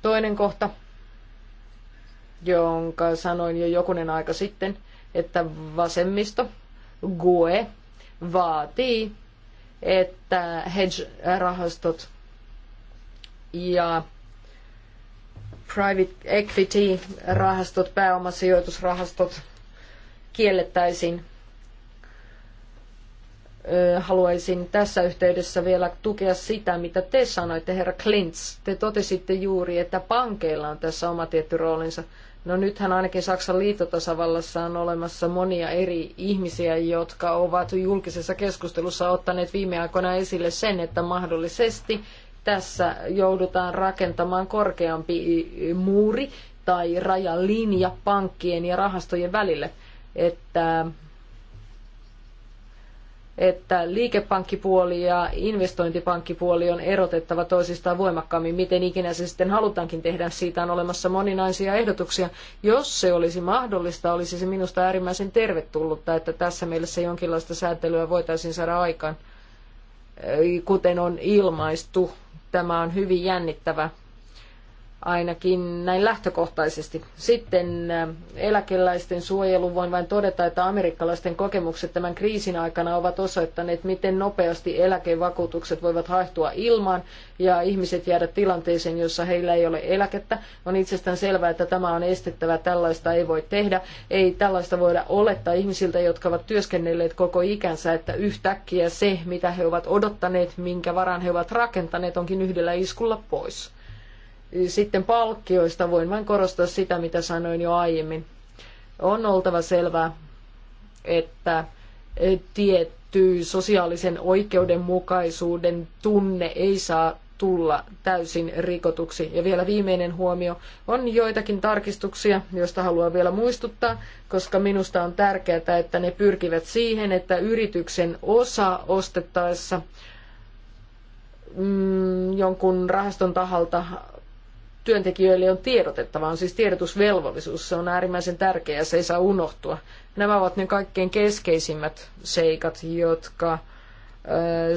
Toinen kohta, jonka sanoin jo jokunen aika sitten, että vasemmisto, GUE, vaatii, että hedge-rahastot ja private equity-rahastot, pääomasijoitusrahastot kiellettäisiin. Haluaisin tässä yhteydessä vielä tukea sitä, mitä te sanoitte, herra Klintz. Te totesitte juuri, että pankeilla on tässä oma tietty roolinsa. No nythän ainakin Saksan liittotasavallassa on olemassa monia eri ihmisiä, jotka ovat julkisessa keskustelussa ottaneet viime aikoina esille sen, että mahdollisesti tässä joudutaan rakentamaan korkeampi muuri tai rajalinja pankkien ja rahastojen välille, että, että liikepankkipuoli ja investointipankkipuoli on erotettava toisistaan voimakkaammin. Miten ikinä se sitten halutaankin tehdä, siitä on olemassa moninaisia ehdotuksia. Jos se olisi mahdollista, olisi se minusta äärimmäisen tervetullutta, että tässä mielessä jonkinlaista säätelyä voitaisiin saada aikaan, kuten on ilmaistu tämä on hyvin jännittävä ainakin näin lähtökohtaisesti. Sitten äh, eläkeläisten suojelu, voin vain todeta, että amerikkalaisten kokemukset tämän kriisin aikana ovat osoittaneet, miten nopeasti eläkevakuutukset voivat haihtua ilmaan ja ihmiset jäädä tilanteeseen, jossa heillä ei ole eläkettä. On itsestään selvää, että tämä on estettävä, tällaista ei voi tehdä. Ei tällaista voida olettaa ihmisiltä, jotka ovat työskennelleet koko ikänsä, että yhtäkkiä se, mitä he ovat odottaneet, minkä varaan he ovat rakentaneet, onkin yhdellä iskulla pois. Sitten palkkioista voin vain korostaa sitä, mitä sanoin jo aiemmin. On oltava selvää, että e, tietty sosiaalisen oikeudenmukaisuuden tunne ei saa tulla täysin rikotuksi. Ja vielä viimeinen huomio. On joitakin tarkistuksia, joista haluan vielä muistuttaa, koska minusta on tärkeää, että ne pyrkivät siihen, että yrityksen osa ostettaessa mm, jonkun rahaston taholta työntekijöille on tiedotettava, on siis tiedotusvelvollisuus, se on äärimmäisen tärkeää, se ei saa unohtua. Nämä ovat ne kaikkein keskeisimmät seikat, jotka äh,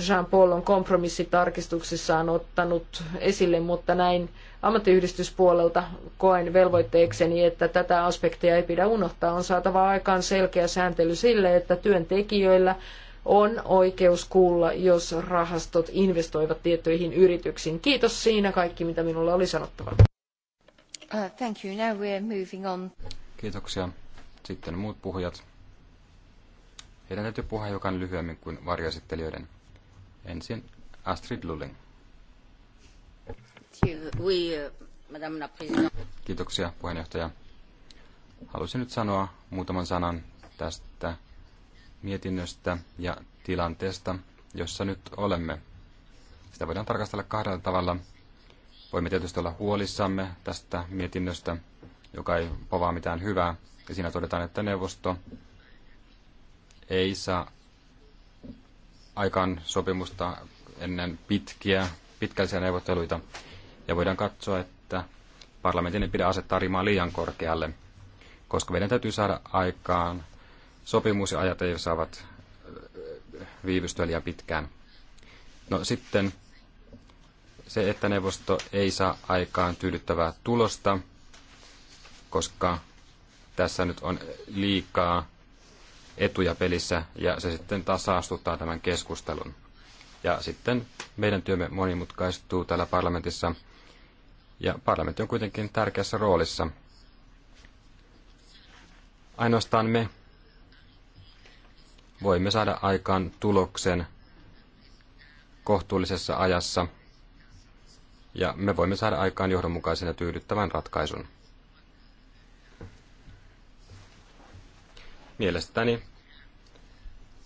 Jean-Paul on kompromissitarkistuksissaan ottanut esille, mutta näin ammattiyhdistyspuolelta koen velvoitteekseni, että tätä aspektia ei pidä unohtaa. On saatava aikaan selkeä sääntely sille, että työntekijöillä on oikeus kuulla, jos rahastot investoivat tiettyihin yrityksiin. Kiitos siinä kaikki, mitä minulla oli sanottava. Uh, thank you. Now we're moving on. Kiitoksia. Sitten muut puhujat. Heidän täytyy puhua hiukan lyhyemmin kuin varjoesittelijöiden. Ensin Astrid Lulling. Uh, Kiitoksia puheenjohtaja. Haluaisin nyt sanoa muutaman sanan tästä mietinnöstä ja tilanteesta, jossa nyt olemme. Sitä voidaan tarkastella kahdella tavalla. Voimme tietysti olla huolissamme tästä mietinnöstä, joka ei povaa mitään hyvää. Ja siinä todetaan, että neuvosto ei saa aikaan sopimusta ennen pitkiä, pitkällisiä neuvotteluita. Ja voidaan katsoa, että parlamentin ei pidä asettaa rimaa liian korkealle, koska meidän täytyy saada aikaan sopimusajat ei saavat viivystyä liian pitkään. No sitten se, että neuvosto ei saa aikaan tyydyttävää tulosta, koska tässä nyt on liikaa etuja pelissä ja se sitten taas saastuttaa tämän keskustelun. Ja sitten meidän työmme monimutkaistuu täällä parlamentissa ja parlamentti on kuitenkin tärkeässä roolissa. Ainoastaan me voimme saada aikaan tuloksen kohtuullisessa ajassa ja me voimme saada aikaan johdonmukaisen ja tyydyttävän ratkaisun. Mielestäni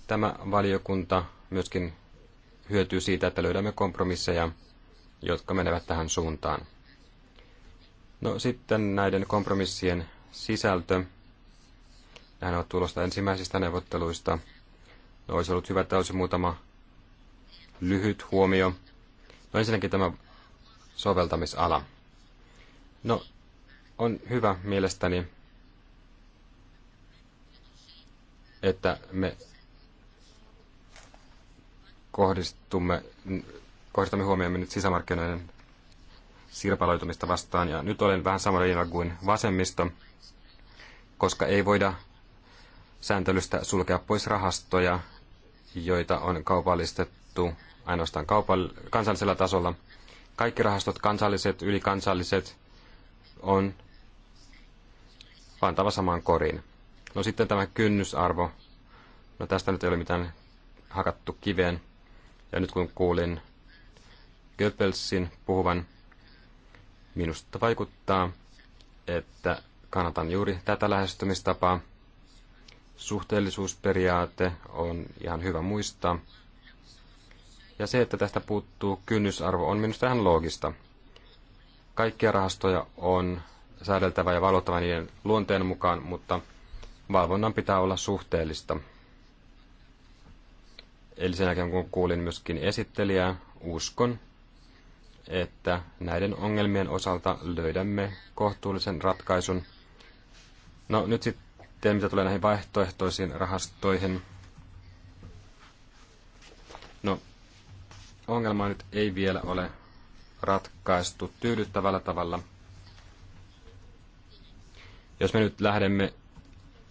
tämä valiokunta myöskin hyötyy siitä, että löydämme kompromisseja, jotka menevät tähän suuntaan. No sitten näiden kompromissien sisältö. Nämä ovat tulosta ensimmäisistä neuvotteluista – No, olisi ollut hyvä, että olisi muutama lyhyt huomio. No ensinnäkin tämä soveltamisala. No, on hyvä mielestäni, että me kohdistumme, kohdistamme huomioon nyt sisämarkkinoiden sirpaloitumista vastaan. Ja nyt olen vähän samalla linjalla kuin vasemmisto, koska ei voida sääntelystä sulkea pois rahastoja, joita on kaupallistettu ainoastaan kaupall- kansallisella tasolla. Kaikki rahastot, kansalliset, ylikansalliset, on pantava samaan koriin. No sitten tämä kynnysarvo. No tästä nyt ei ole mitään hakattu kiveen. Ja nyt kun kuulin Goebbelsin puhuvan, minusta vaikuttaa, että kannatan juuri tätä lähestymistapaa. Suhteellisuusperiaate on ihan hyvä muistaa. Ja se, että tästä puuttuu kynnysarvo, on minusta ihan loogista. Kaikkia rahastoja on säädeltävä ja valvottava niiden luonteen mukaan, mutta valvonnan pitää olla suhteellista. Eli sen jälkeen kun kuulin myöskin esittelijää, uskon, että näiden ongelmien osalta löydämme kohtuullisen ratkaisun. No nyt sitten sitten mitä tulee näihin vaihtoehtoisiin rahastoihin. No, ongelma nyt ei vielä ole ratkaistu tyydyttävällä tavalla. Jos me nyt lähdemme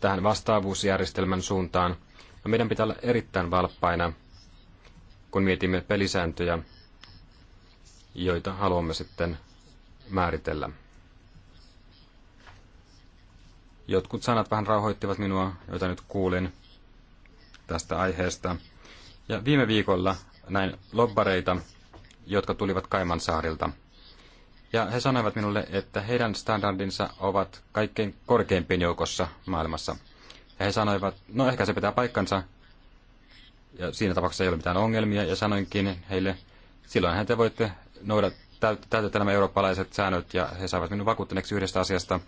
tähän vastaavuusjärjestelmän suuntaan, no meidän pitää olla erittäin valppaina, kun mietimme pelisääntöjä, joita haluamme sitten määritellä. Jotkut sanat vähän rauhoittivat minua, joita nyt kuulin tästä aiheesta. Ja viime viikolla näin lobbareita, jotka tulivat Kaiman saarilta. Ja he sanoivat minulle, että heidän standardinsa ovat kaikkein korkeimpien joukossa maailmassa. Ja he sanoivat, no ehkä se pitää paikkansa, ja siinä tapauksessa ei ole mitään ongelmia, ja sanoinkin heille, silloinhan te voitte noudat, täytetään nämä eurooppalaiset säännöt, ja he saivat minun vakuuttaneeksi yhdestä asiasta,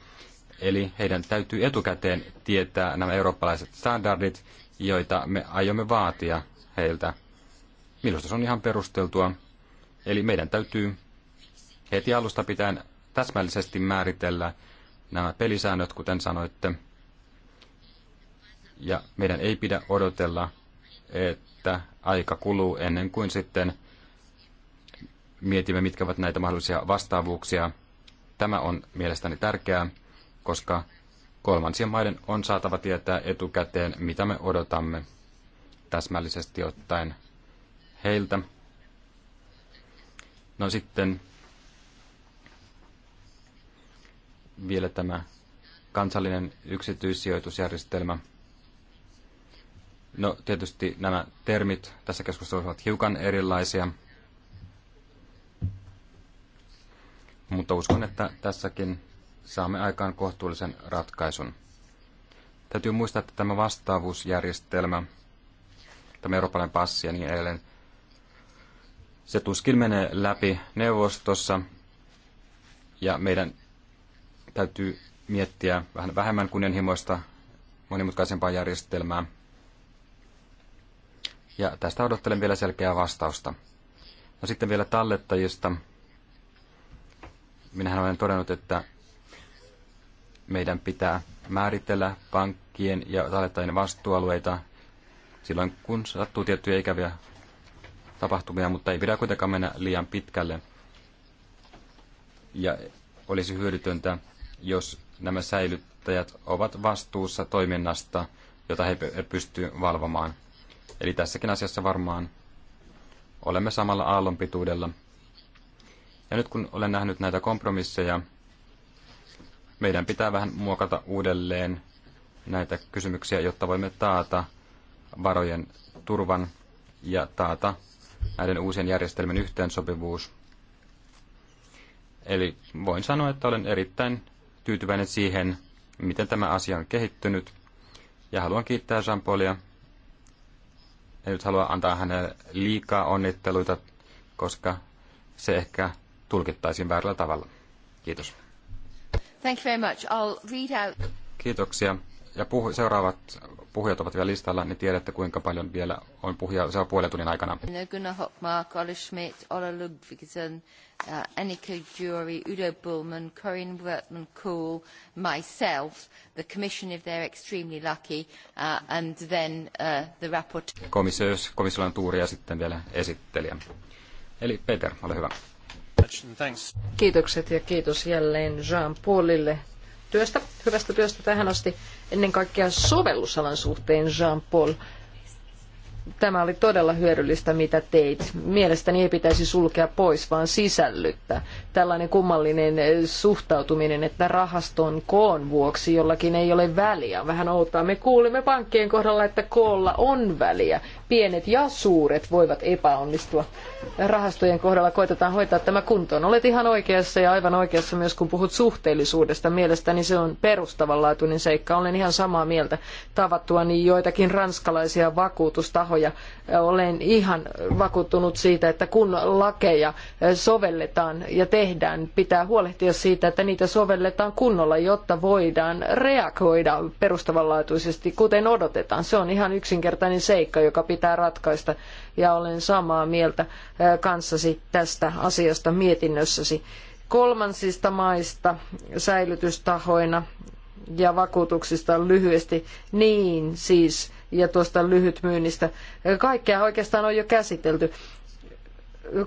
Eli heidän täytyy etukäteen tietää nämä eurooppalaiset standardit, joita me aiomme vaatia heiltä. Minusta se on ihan perusteltua. Eli meidän täytyy heti alusta pitäen täsmällisesti määritellä nämä pelisäännöt, kuten sanoitte. Ja meidän ei pidä odotella, että aika kuluu ennen kuin sitten mietimme, mitkä ovat näitä mahdollisia vastaavuuksia. Tämä on mielestäni tärkeää koska kolmansien maiden on saatava tietää etukäteen, mitä me odotamme täsmällisesti ottaen heiltä. No sitten vielä tämä kansallinen yksityissijoitusjärjestelmä. No tietysti nämä termit tässä keskustelussa ovat hiukan erilaisia, mutta uskon, että tässäkin saamme aikaan kohtuullisen ratkaisun. Täytyy muistaa, että tämä vastaavuusjärjestelmä, tämä eurooppalainen passi ja niin edelleen, se tuskin menee läpi neuvostossa ja meidän täytyy miettiä vähän vähemmän kunnianhimoista monimutkaisempaa järjestelmää. Ja tästä odottelen vielä selkeää vastausta. No sitten vielä tallettajista. Minähän olen todennut, että meidän pitää määritellä pankkien ja talettajien vastuualueita silloin, kun sattuu tiettyjä ikäviä tapahtumia, mutta ei pidä kuitenkaan mennä liian pitkälle. Ja olisi hyödytöntä, jos nämä säilyttäjät ovat vastuussa toiminnasta, jota he pystyvät valvomaan. Eli tässäkin asiassa varmaan olemme samalla aallonpituudella. Ja nyt kun olen nähnyt näitä kompromisseja, meidän pitää vähän muokata uudelleen näitä kysymyksiä, jotta voimme taata varojen turvan ja taata näiden uusien järjestelmien yhteensopivuus. Eli voin sanoa, että olen erittäin tyytyväinen siihen, miten tämä asia on kehittynyt. Ja haluan kiittää Jean-Paulia. En nyt halua antaa hänelle liikaa onnitteluita, koska se ehkä tulkittaisiin väärällä tavalla. Kiitos. Thank you very much. I'll read out. Kiitoksia. Ja puhu, seuraavat puhujat ovat vielä listalla, niin tiedätte kuinka paljon vielä on puhuja se on puolen tunnin aikana. No, Gunnar Hockmark, Olle Schmidt, Olle Ludvigsen, uh, Annika Jury, Udo Bullman, Corinne Wertman Cool, myself, the commission if they're extremely lucky, uh, and then uh, the rapporteur. Komissio, komissiolla on tuuri ja sitten vielä esittelijä. Eli Peter, ole hyvä. Kiitokset ja kiitos jälleen Jean-Paulille työstä, hyvästä työstä tähän asti. Ennen kaikkea sovellusalan suhteen Jean-Paul. Tämä oli todella hyödyllistä, mitä teit. Mielestäni ei pitäisi sulkea pois, vaan sisällyttää. Tällainen kummallinen suhtautuminen, että rahaston koon vuoksi jollakin ei ole väliä. Vähän outoa. Me kuulimme pankkien kohdalla, että koolla on väliä pienet ja suuret voivat epäonnistua. Rahastojen kohdalla koitetaan hoitaa tämä kuntoon. Olet ihan oikeassa ja aivan oikeassa myös kun puhut suhteellisuudesta. Mielestäni se on perustavanlaatuinen seikka. Olen ihan samaa mieltä tavattuani joitakin ranskalaisia vakuutustahoja. Äh, olen ihan vakuuttunut siitä, että kun lakeja äh, sovelletaan ja tehdään, pitää huolehtia siitä, että niitä sovelletaan kunnolla, jotta voidaan reagoida perustavanlaatuisesti, kuten odotetaan. Se on ihan yksinkertainen seikka, joka pitää pitää ratkaista ja olen samaa mieltä äh, kanssasi tästä asiasta mietinnössäsi. Kolmansista maista säilytystahoina ja vakuutuksista lyhyesti, niin siis, ja tuosta lyhytmyynnistä. Kaikkea oikeastaan on jo käsitelty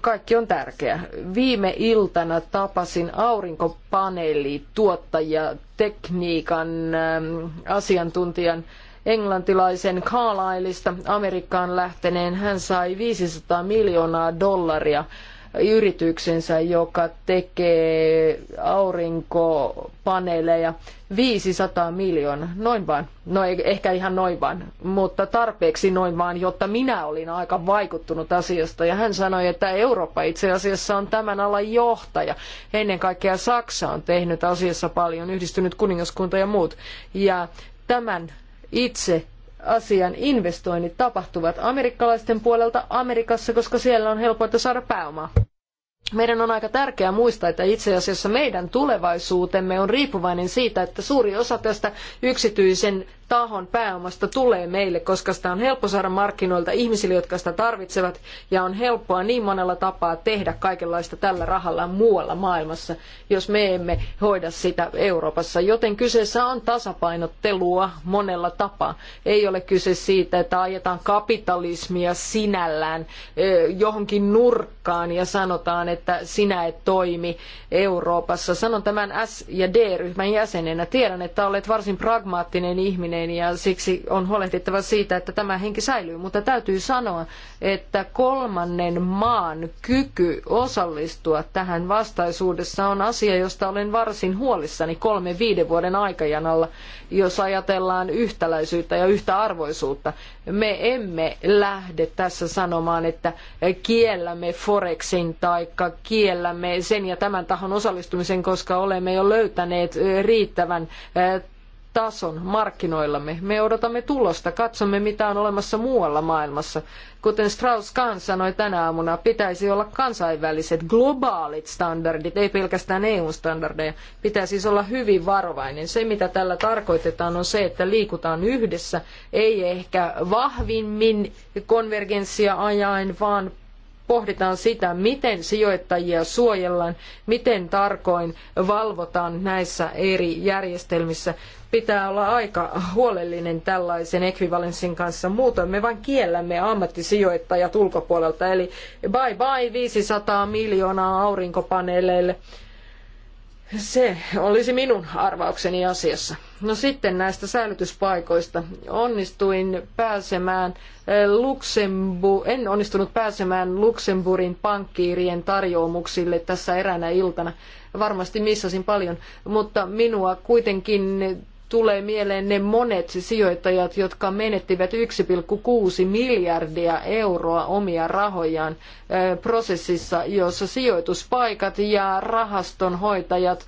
kaikki on tärkeää. Viime iltana tapasin aurinkopaneelituottajia, tekniikan ähm, asiantuntijan englantilaisen Carlisleista Amerikkaan lähteneen. Hän sai 500 miljoonaa dollaria yrityksensä, joka tekee aurinkopaneeleja 500 miljoonaa, noin vaan, no ehkä ihan noin vaan, mutta tarpeeksi noin vaan, jotta minä olin aika vaikuttunut asiasta. Ja hän sanoi, että Eurooppa itse asiassa on tämän alan johtaja. Ennen kaikkea Saksa on tehnyt asiassa paljon, yhdistynyt kuningaskunta ja muut. Ja tämän itse asian investoinnit tapahtuvat amerikkalaisten puolelta Amerikassa, koska siellä on helpointa saada pääomaa. Meidän on aika tärkeää muistaa, että itse asiassa meidän tulevaisuutemme on riippuvainen siitä, että suuri osa tästä yksityisen tahon pääomasta tulee meille, koska sitä on helppo saada markkinoilta ihmisille, jotka sitä tarvitsevat, ja on helppoa niin monella tapaa tehdä kaikenlaista tällä rahalla muualla maailmassa, jos me emme hoida sitä Euroopassa. Joten kyseessä on tasapainottelua monella tapaa. Ei ole kyse siitä, että ajetaan kapitalismia sinällään johonkin nurkkaan ja sanotaan, että sinä et toimi Euroopassa. Sanon tämän S- ja D-ryhmän jäsenenä. Tiedän, että olet varsin pragmaattinen ihminen, henkinen ja siksi on huolehdittava siitä, että tämä henki säilyy. Mutta täytyy sanoa, että kolmannen maan kyky osallistua tähän vastaisuudessa on asia, josta olen varsin huolissani kolme viiden vuoden aikajanalla, jos ajatellaan yhtäläisyyttä ja yhtäarvoisuutta. Me emme lähde tässä sanomaan, että kiellämme Forexin tai kiellämme sen ja tämän tahon osallistumisen, koska olemme jo löytäneet riittävän tason markkinoillamme. Me odotamme tulosta, katsomme mitä on olemassa muualla maailmassa. Kuten Strauss Kahn sanoi tänä aamuna, pitäisi olla kansainväliset, globaalit standardit, ei pelkästään EU-standardeja. Pitää siis olla hyvin varovainen. Se, mitä tällä tarkoitetaan, on se, että liikutaan yhdessä, ei ehkä vahvimmin konvergenssia ajaen, vaan pohditaan sitä, miten sijoittajia suojellaan, miten tarkoin valvotaan näissä eri järjestelmissä. Pitää olla aika huolellinen tällaisen ekvivalenssin kanssa, muutoin me vain kiellämme ammattisijoittajat ulkopuolelta. Eli bye bye 500 miljoonaa aurinkopaneeleille. Se olisi minun arvaukseni asiassa. No sitten näistä säilytyspaikoista. Onnistuin pääsemään eh, Luxembu- en onnistunut pääsemään Luxemburgin pankkiirien tarjoumuksille tässä eräänä iltana. Varmasti missasin paljon, mutta minua kuitenkin tulee mieleen ne monet sijoittajat, jotka menettivät 1,6 miljardia euroa omia rahojaan prosessissa, jossa sijoituspaikat ja rahastonhoitajat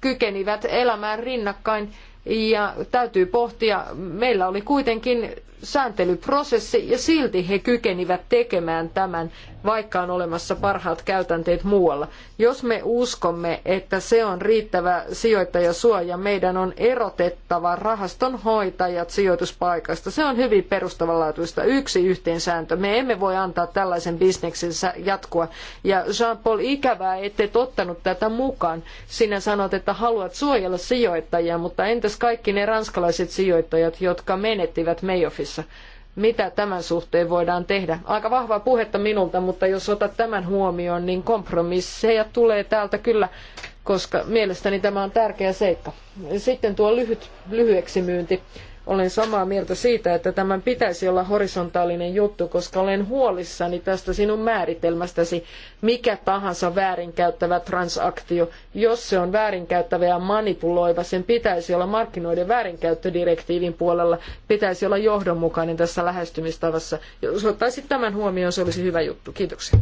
kykenivät elämään rinnakkain ja täytyy pohtia, meillä oli kuitenkin sääntelyprosessi ja silti he kykenivät tekemään tämän, vaikka on olemassa parhaat käytänteet muualla. Jos me uskomme, että se on riittävä sijoittajasuoja, meidän on erotettava rahaston hoitajat sijoituspaikasta. Se on hyvin perustavanlaatuista yksi yhteen sääntö. Me emme voi antaa tällaisen bisneksen jatkua. Ja Jean-Paul, ikävää, ette ottanut tätä mukaan. Sinä sanot, että haluat suojella sijoittajia, mutta entäs kaikki ne ranskalaiset sijoittajat, jotka menettivät Mayoffissa? Unkarissa. Mitä tämän suhteen voidaan tehdä? Aika vahvaa puhetta minulta, mutta jos otat tämän huomioon, niin kompromisseja tulee täältä kyllä, koska mielestäni tämä on tärkeä seikka. Sitten tuo lyhyt, lyhyeksi myynti. Olen samaa mieltä siitä, että tämän pitäisi olla horisontaalinen juttu, koska olen huolissani tästä sinun määritelmästäsi, mikä tahansa väärinkäyttävä transaktio. Jos se on väärinkäyttävä ja manipuloiva, sen pitäisi olla markkinoiden väärinkäyttödirektiivin puolella, pitäisi olla johdonmukainen tässä lähestymistavassa. Jos ottaisit tämän huomioon, se olisi hyvä juttu. Kiitoksia.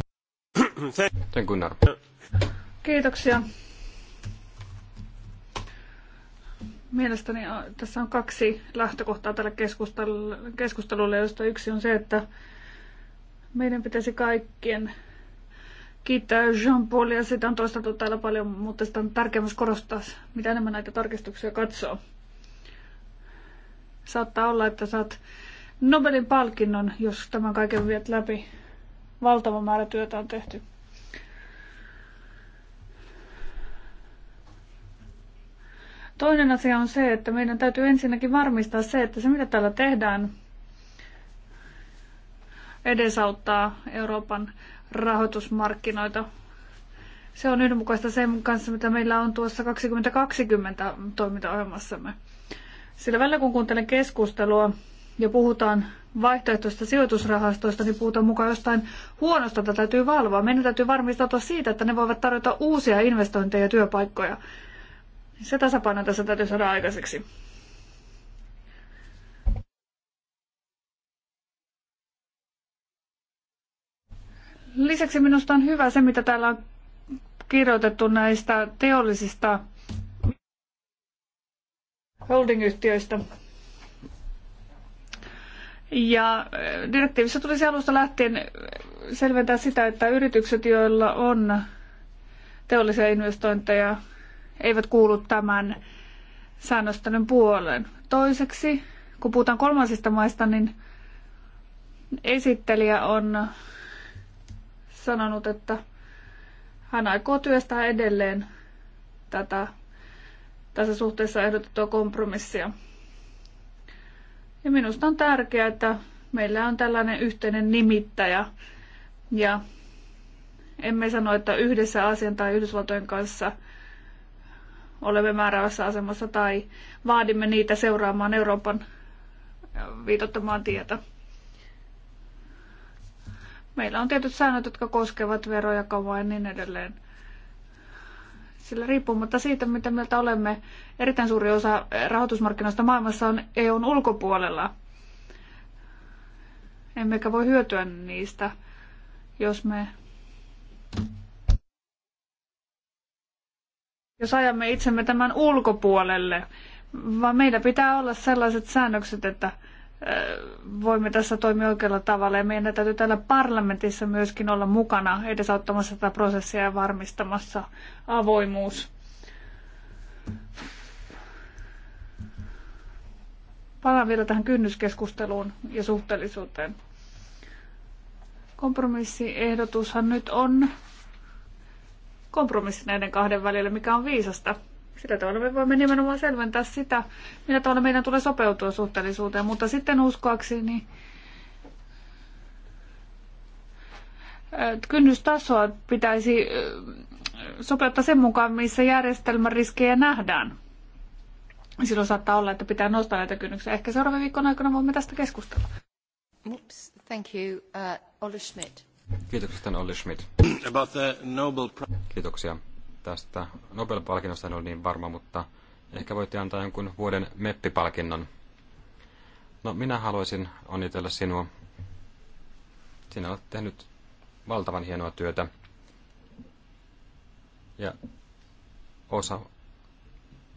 Kiitoksia. Mielestäni äh, tässä on kaksi lähtökohtaa tällä keskustelulla, josta yksi on se, että meidän pitäisi kaikkien kiittää jean ja Sitä on toistettu täällä paljon, mutta sitä on tärkeää myös korostaa, mitä enemmän näitä tarkistuksia katsoo. Saattaa olla, että saat Nobelin palkinnon, jos tämän kaiken viet läpi. Valtava määrä työtä on tehty. Toinen asia on se, että meidän täytyy ensinnäkin varmistaa se, että se mitä täällä tehdään edesauttaa Euroopan rahoitusmarkkinoita. Se on yhdenmukaista sen kanssa, mitä meillä on tuossa 2020 toimintaohjelmassamme. Sillä välillä kun kuuntelen keskustelua ja puhutaan vaihtoehtoista sijoitusrahastoista, niin puhutaan mukaan jostain huonosta, tätä täytyy valvoa. Meidän täytyy varmistautua siitä, että ne voivat tarjota uusia investointeja ja työpaikkoja. Se tasapaino tässä täytyy saada aikaiseksi. Lisäksi minusta on hyvä se, mitä täällä on kirjoitettu näistä teollisista holdingyhtiöistä. Ja eh, direktiivissä tulisi alusta lähtien eh, selventää sitä, että yritykset, joilla on teollisia investointeja eivät kuulu tämän säännöstelyn puoleen. Toiseksi, kun puhutaan kolmansista maista, niin esittelijä on sanonut, että hän aikoo työstää edelleen tätä tässä suhteessa ehdotettua kompromissia. Ja minusta on tärkeää, että meillä on tällainen yhteinen nimittäjä ja emme sano, että yhdessä asian tai Yhdysvaltojen kanssa – olemme määräävässä asemassa tai vaadimme niitä seuraamaan Euroopan viitottamaan tietä. Meillä on tietyt säännöt, jotka koskevat verojakavaa ja niin edelleen. Sillä riippumatta siitä, mitä mieltä olemme, erittäin suuri osa rahoitusmarkkinoista maailmassa on EUn ulkopuolella. Emmekä voi hyötyä niistä, jos me jos ajamme itsemme tämän ulkopuolelle, vaan meillä pitää olla sellaiset säännökset, että voimme tässä toimia oikealla tavalla ja meidän täytyy täällä parlamentissa myöskin olla mukana edesauttamassa tätä prosessia ja varmistamassa avoimuus. Palaan vielä tähän kynnyskeskusteluun ja suhteellisuuteen. Kompromissiehdotushan nyt on kompromissi näiden kahden välillä, mikä on viisasta. Sillä tavalla me voimme nimenomaan selventää sitä, millä tavalla meidän tulee sopeutua suhteellisuuteen, mutta sitten uskoakseni äh, kynnystasoa pitäisi äh, sopeuttaa sen mukaan, missä järjestelmän riskejä nähdään. Silloin saattaa olla, että pitää nostaa näitä kynnyksiä. Ehkä seuraavan viikon aikana voimme tästä keskustella. Oops, thank you. Uh, Olli Schmidt. Kiitoksia, Olli Schmidt. About the Nobel Kiitoksia tästä Nobel-palkinnosta, en ole niin varma, mutta ehkä voitte antaa jonkun vuoden meppipalkinnon. No, minä haluaisin onnitella sinua. Sinä olet tehnyt valtavan hienoa työtä. Ja osa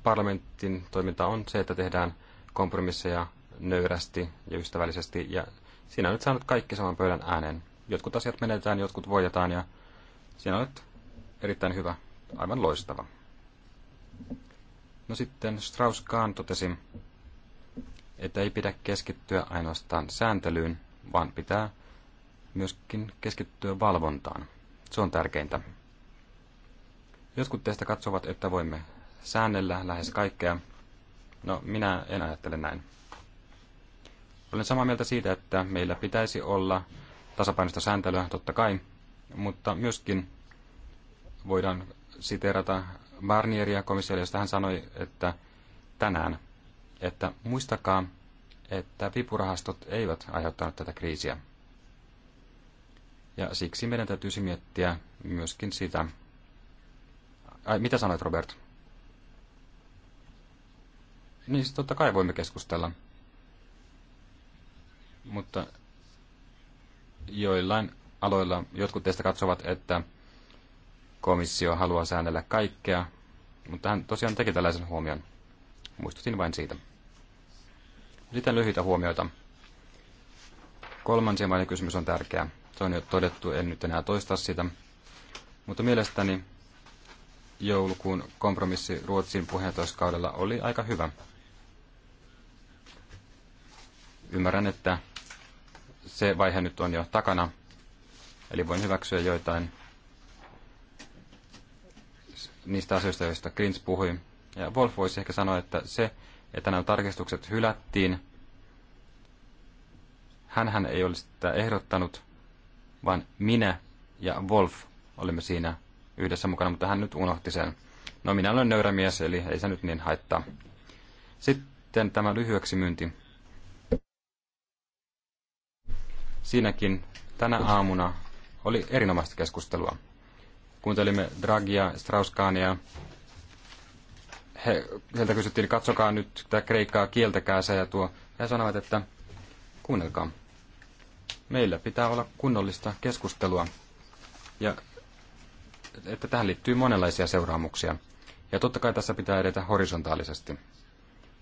parlamentin toimintaa on se, että tehdään kompromisseja nöyrästi ja ystävällisesti. Ja sinä olet saanut kaikki saman pöydän äänen. Jotkut asiat menetään, jotkut voitetaan ja sinä olet erittäin hyvä, aivan loistava. No sitten Strauss-Kahn totesi, että ei pidä keskittyä ainoastaan sääntelyyn, vaan pitää myöskin keskittyä valvontaan. Se on tärkeintä. Jotkut teistä katsovat, että voimme säännellä lähes kaikkea. No, minä en ajattele näin. Olen samaa mieltä siitä, että meillä pitäisi olla tasapainoista sääntelyä, totta kai, mutta myöskin voidaan siteerata Barnieria komissiolle, josta hän sanoi, että tänään, että muistakaa, että vipurahastot eivät aiheuttaneet tätä kriisiä. Ja siksi meidän täytyisi miettiä myöskin sitä. Ai, mitä sanoit, Robert? Niin, siis totta kai voimme keskustella. Mutta joillain aloilla jotkut teistä katsovat, että komissio haluaa säännellä kaikkea, mutta hän tosiaan teki tällaisen huomion. Muistutin vain siitä. Sitten lyhyitä huomioita. Kolmansien maiden kysymys on tärkeä. Se on jo todettu, en nyt enää toista sitä. Mutta mielestäni joulukuun kompromissi Ruotsin puheenjohtajuuskaudella oli aika hyvä. Ymmärrän, että se vaihe nyt on jo takana, eli voin hyväksyä joitain niistä asioista, joista Klins puhui. Ja Wolf voisi ehkä sanoa, että se, että nämä tarkistukset hylättiin, hän ei olisi sitä ehdottanut, vaan minä ja Wolf olimme siinä yhdessä mukana, mutta hän nyt unohti sen. No minä olen nöyrä mies, eli ei se nyt niin haittaa. Sitten tämä lyhyeksi myynti. Siinäkin tänä aamuna oli erinomaista keskustelua kuuntelimme Dragia, Strauskania. He, heiltä kysyttiin, katsokaa nyt tätä kreikkaa, kieltäkää se. Ja tuo, he sanovat, että kuunnelkaa. Meillä pitää olla kunnollista keskustelua. Ja että tähän liittyy monenlaisia seuraamuksia. Ja totta kai tässä pitää edetä horisontaalisesti.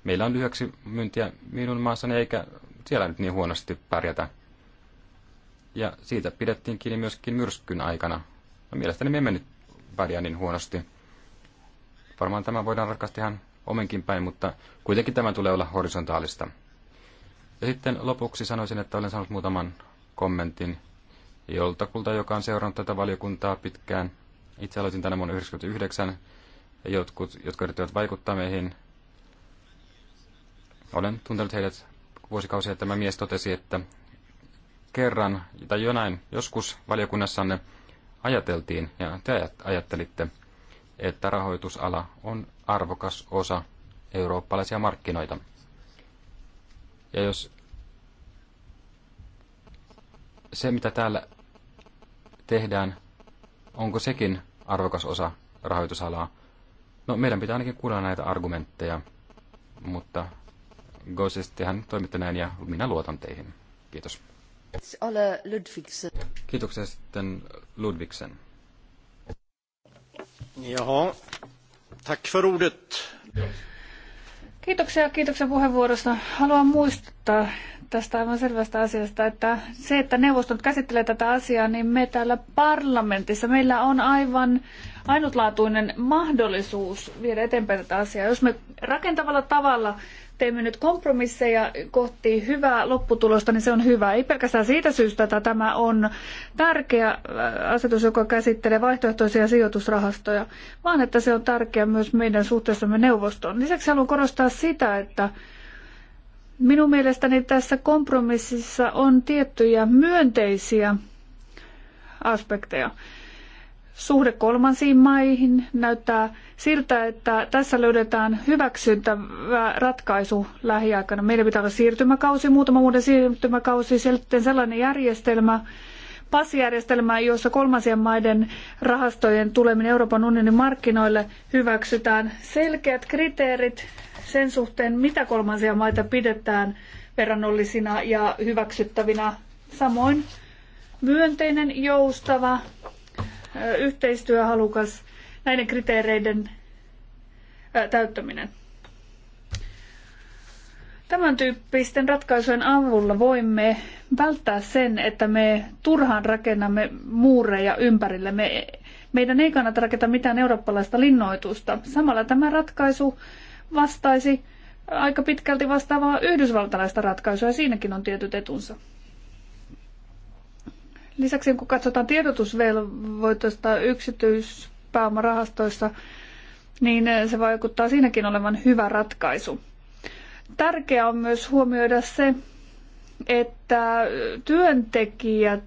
Meillä on lyhyeksi myyntiä minun maassani, eikä siellä nyt niin huonosti pärjätä. Ja siitä pidettiin kiinni myöskin myrskyn aikana No, mielestäni me emme nyt pärjää niin huonosti. Varmaan tämä voidaan ratkaista ihan omenkin päin, mutta kuitenkin tämä tulee olla horisontaalista. Ja sitten lopuksi sanoisin, että olen saanut muutaman kommentin joltakulta, joka on seurannut tätä valiokuntaa pitkään. Itse aloitin tänä vuonna 1999 ja jotkut, jotka yrittävät vaikuttaa meihin. Olen tuntenut heidät vuosikausia. Tämä mies totesi, että kerran tai jonain joskus valiokunnassanne ajateltiin ja te ajattelitte, että rahoitusala on arvokas osa eurooppalaisia markkinoita. Ja jos se, mitä täällä tehdään, onko sekin arvokas osa rahoitusalaa? No, meidän pitää ainakin kuulla näitä argumentteja, mutta Gosestihan toimitte näin ja minä luotan teihin. Kiitos. Kiitoksia sitten Ludvigsen. Jaha. Tack för ordet. Kiitoksia, kiitoksia puheenvuorosta. Haluan muistuttaa tästä aivan selvästä asiasta, että se, että neuvostot käsittelee tätä asiaa, niin me täällä parlamentissa, meillä on aivan ainutlaatuinen mahdollisuus viedä eteenpäin tätä asiaa. Jos me rakentavalla tavalla teemme nyt kompromisseja kohti hyvää lopputulosta, niin se on hyvä. Ei pelkästään siitä syystä, että tämä on tärkeä äh, asetus, joka käsittelee vaihtoehtoisia sijoitusrahastoja, vaan että se on tärkeä myös meidän suhteessamme neuvostoon. Lisäksi haluan korostaa sitä, että minun mielestäni tässä kompromississa on tiettyjä myönteisiä aspekteja suhde kolmansiin maihin näyttää siltä, että tässä löydetään hyväksyttävä ratkaisu lähiaikana. Meidän pitää olla siirtymäkausi, muutama vuoden siirtymäkausi, sitten sellainen järjestelmä, passijärjestelmä, jossa kolmansien maiden rahastojen tuleminen Euroopan unionin markkinoille hyväksytään. Selkeät kriteerit sen suhteen, mitä kolmansia maita pidetään verrannollisina ja hyväksyttävinä. Samoin myönteinen, joustava yhteistyöhalukas, näiden kriteereiden täyttäminen. Tämän tyyppisten ratkaisujen avulla voimme välttää sen, että me turhaan rakennamme muureja ympärille. Me, meidän ei kannata rakentaa mitään eurooppalaista linnoitusta. Samalla tämä ratkaisu vastaisi aika pitkälti vastaavaa yhdysvaltalaista ratkaisua ja siinäkin on tietyt etunsa. Lisäksi kun katsotaan tiedotusvelvoitosta yksityispääomarahastoissa, niin se vaikuttaa siinäkin olevan hyvä ratkaisu. Tärkeää on myös huomioida se, että työntekijät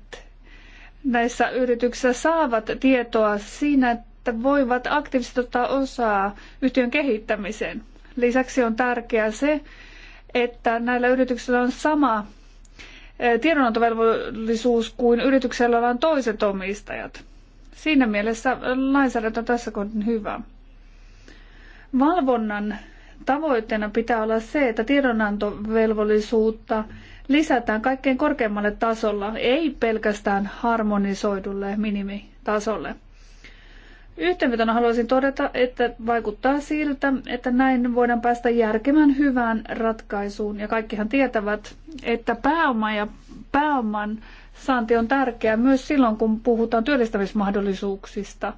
näissä yrityksissä saavat tietoa siinä, että voivat aktiivisesti ottaa osaa yhtiön kehittämiseen. Lisäksi on tärkeää se, että näillä yrityksillä on sama tiedonantovelvollisuus kuin yrityksellä on toiset omistajat. Siinä mielessä lainsäädäntö tässä on hyvä. Valvonnan tavoitteena pitää olla se, että tiedonantovelvollisuutta lisätään kaikkein korkeammalle tasolla, ei pelkästään harmonisoidulle minimitasolle. Yhteenvetona haluaisin todeta, että vaikuttaa siltä, että näin voidaan päästä järkevän hyvään ratkaisuun. Ja kaikkihan tietävät, että pääoma ja pääoman saanti on tärkeää myös silloin, kun puhutaan työllistämismahdollisuuksista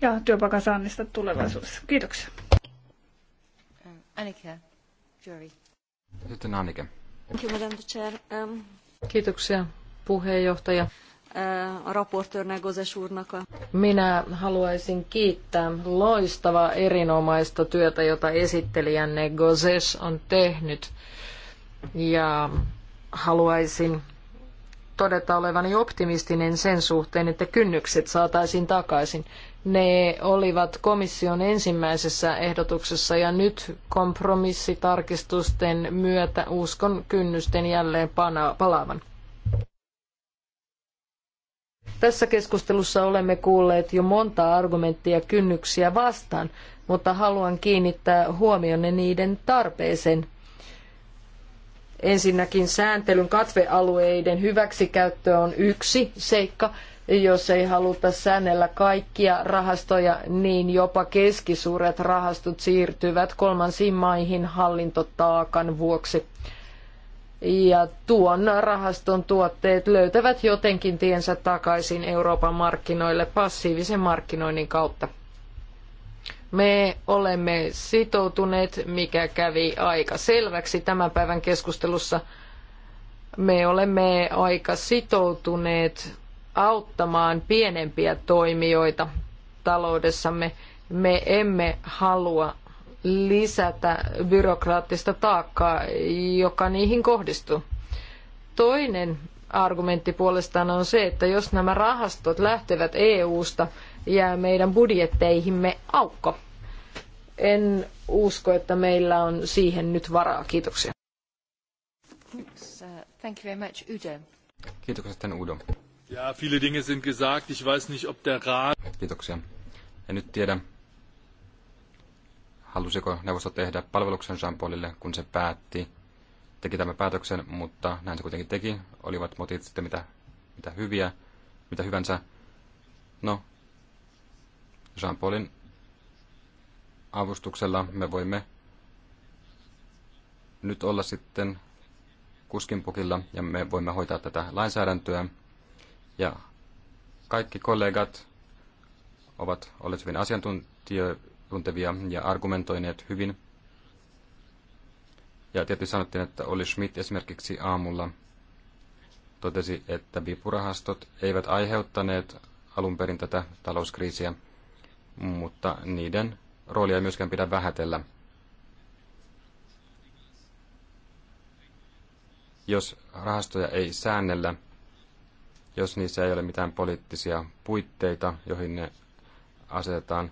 ja työpaikan saannista tulevaisuudessa. Kiitoksia. Annika, jury. Sitten Annika. Um, Kiitoksia puheenjohtaja. Eh, úrnak Minä haluaisin kiittää loistavaa erinomaista työtä, jota esittelijänne Gozes on tehnyt. Ja haluaisin todeta olevani optimistinen sen suhteen, että kynnykset saataisiin takaisin. Ne olivat komission ensimmäisessä ehdotuksessa ja nyt kompromissitarkistusten myötä uskon kynnysten jälleen palaavan. Tässä keskustelussa olemme kuulleet jo monta argumenttia kynnyksiä vastaan, mutta haluan kiinnittää huomionne niiden tarpeeseen. Ensinnäkin sääntelyn katvealueiden hyväksikäyttö on yksi seikka, jos ei haluta säännellä kaikkia rahastoja, niin jopa keskisuuret rahastot siirtyvät kolmansiin maihin hallintotaakan vuoksi ja tuon rahaston tuotteet löytävät jotenkin tiensä takaisin Euroopan markkinoille passiivisen markkinoinnin kautta. Me olemme sitoutuneet, mikä kävi aika selväksi tämän päivän keskustelussa. Me olemme aika sitoutuneet auttamaan pienempiä toimijoita taloudessamme. Me emme halua lisätä byrokraattista taakkaa, joka niihin kohdistuu. Toinen argumentti puolestaan on se, että jos nämä rahastot lähtevät EU-sta, jää meidän budjetteihimme aukko. En usko, että meillä on siihen nyt varaa. Kiitoksia. Thank you very much, Udo. Kiitoksia sitten Udo. Ja, viele Dinge sind gesagt. Ich weiß nicht, ob der Rat... Kiitoksia. En nyt tiedä, halusiko neuvosto tehdä palveluksen Jean-Paulille, kun se päätti, teki tämän päätöksen, mutta näin se kuitenkin teki. Olivat motit sitten mitä, mitä hyviä, mitä hyvänsä. No, Jean-Paulin avustuksella me voimme nyt olla sitten kuskinpukilla ja me voimme hoitaa tätä lainsäädäntöä. Ja kaikki kollegat ovat olleet hyvin asiantuntijoita tuntevia ja argumentoineet hyvin. Ja tietysti sanottiin, että oli Schmidt esimerkiksi aamulla totesi, että vipurahastot eivät aiheuttaneet alun perin tätä talouskriisiä, mutta niiden roolia ei myöskään pidä vähätellä. Jos rahastoja ei säännellä, jos niissä ei ole mitään poliittisia puitteita, joihin ne asetetaan,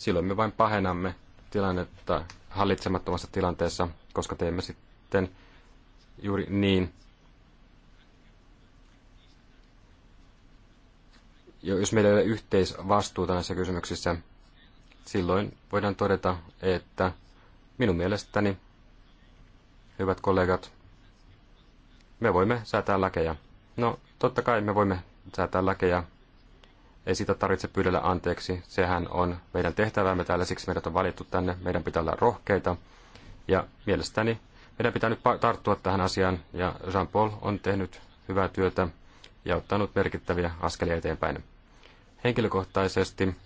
silloin me vain pahenamme tilannetta hallitsemattomassa tilanteessa, koska teemme sitten juuri niin. Jos meillä ei ole yhteisvastuuta näissä kysymyksissä, silloin voidaan todeta, että minun mielestäni, hyvät kollegat, me voimme säätää lakeja. No, totta kai me voimme säätää lakeja, ei sitä tarvitse pyydellä anteeksi. Sehän on meidän tehtävämme täällä, siksi meidät on valittu tänne. Meidän pitää olla rohkeita. Ja mielestäni meidän pitää nyt tarttua tähän asiaan. Ja Jean-Paul on tehnyt hyvää työtä ja ottanut merkittäviä askelia eteenpäin. Henkilökohtaisesti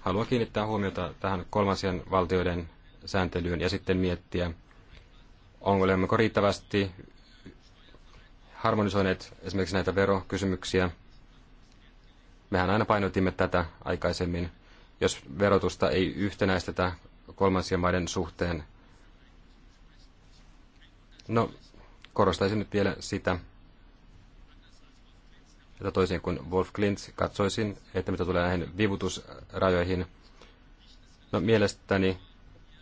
haluan kiinnittää huomiota tähän kolmansien valtioiden sääntelyyn ja sitten miettiä, onko riittävästi harmonisoineet esimerkiksi näitä verokysymyksiä. Mehän aina painotimme tätä aikaisemmin. Jos verotusta ei yhtenäistetä kolmansien maiden suhteen, no korostaisin nyt vielä sitä, että toisin kuin Wolf Klintz katsoisin, että mitä tulee näihin vivutusrajoihin, no mielestäni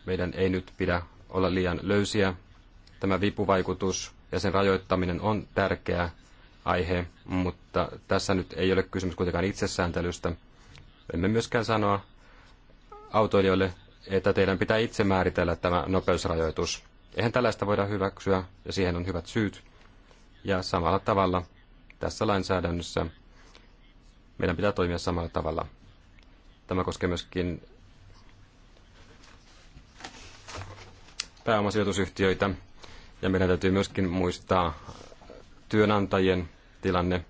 meidän ei nyt pidä olla liian löysiä. Tämä vipuvaikutus ja sen rajoittaminen on tärkeä aihe, mutta tässä nyt ei ole kysymys kuitenkaan itsesääntelystä. Emme myöskään sanoa autoilijoille, että teidän pitää itse määritellä tämä nopeusrajoitus. Eihän tällaista voida hyväksyä, ja siihen on hyvät syyt. Ja samalla tavalla tässä lainsäädännössä meidän pitää toimia samalla tavalla. Tämä koskee myöskin pääomasijoitusyhtiöitä. Ja meidän täytyy myöskin muistaa työnantajien tilanne.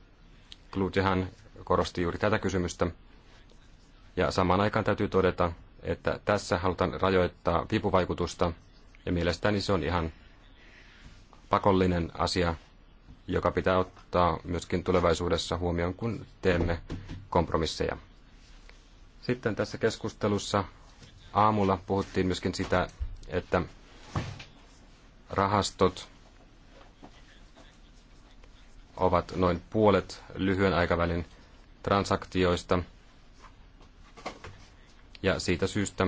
Klutihan korosti juuri tätä kysymystä. Ja samaan aikaan täytyy todeta, että tässä halutaan rajoittaa vipuvaikutusta, ja mielestäni se on ihan pakollinen asia, joka pitää ottaa myöskin tulevaisuudessa huomioon, kun teemme kompromisseja. Sitten tässä keskustelussa aamulla puhuttiin myöskin sitä, että rahastot ovat noin puolet lyhyen aikavälin transaktioista. Ja siitä syystä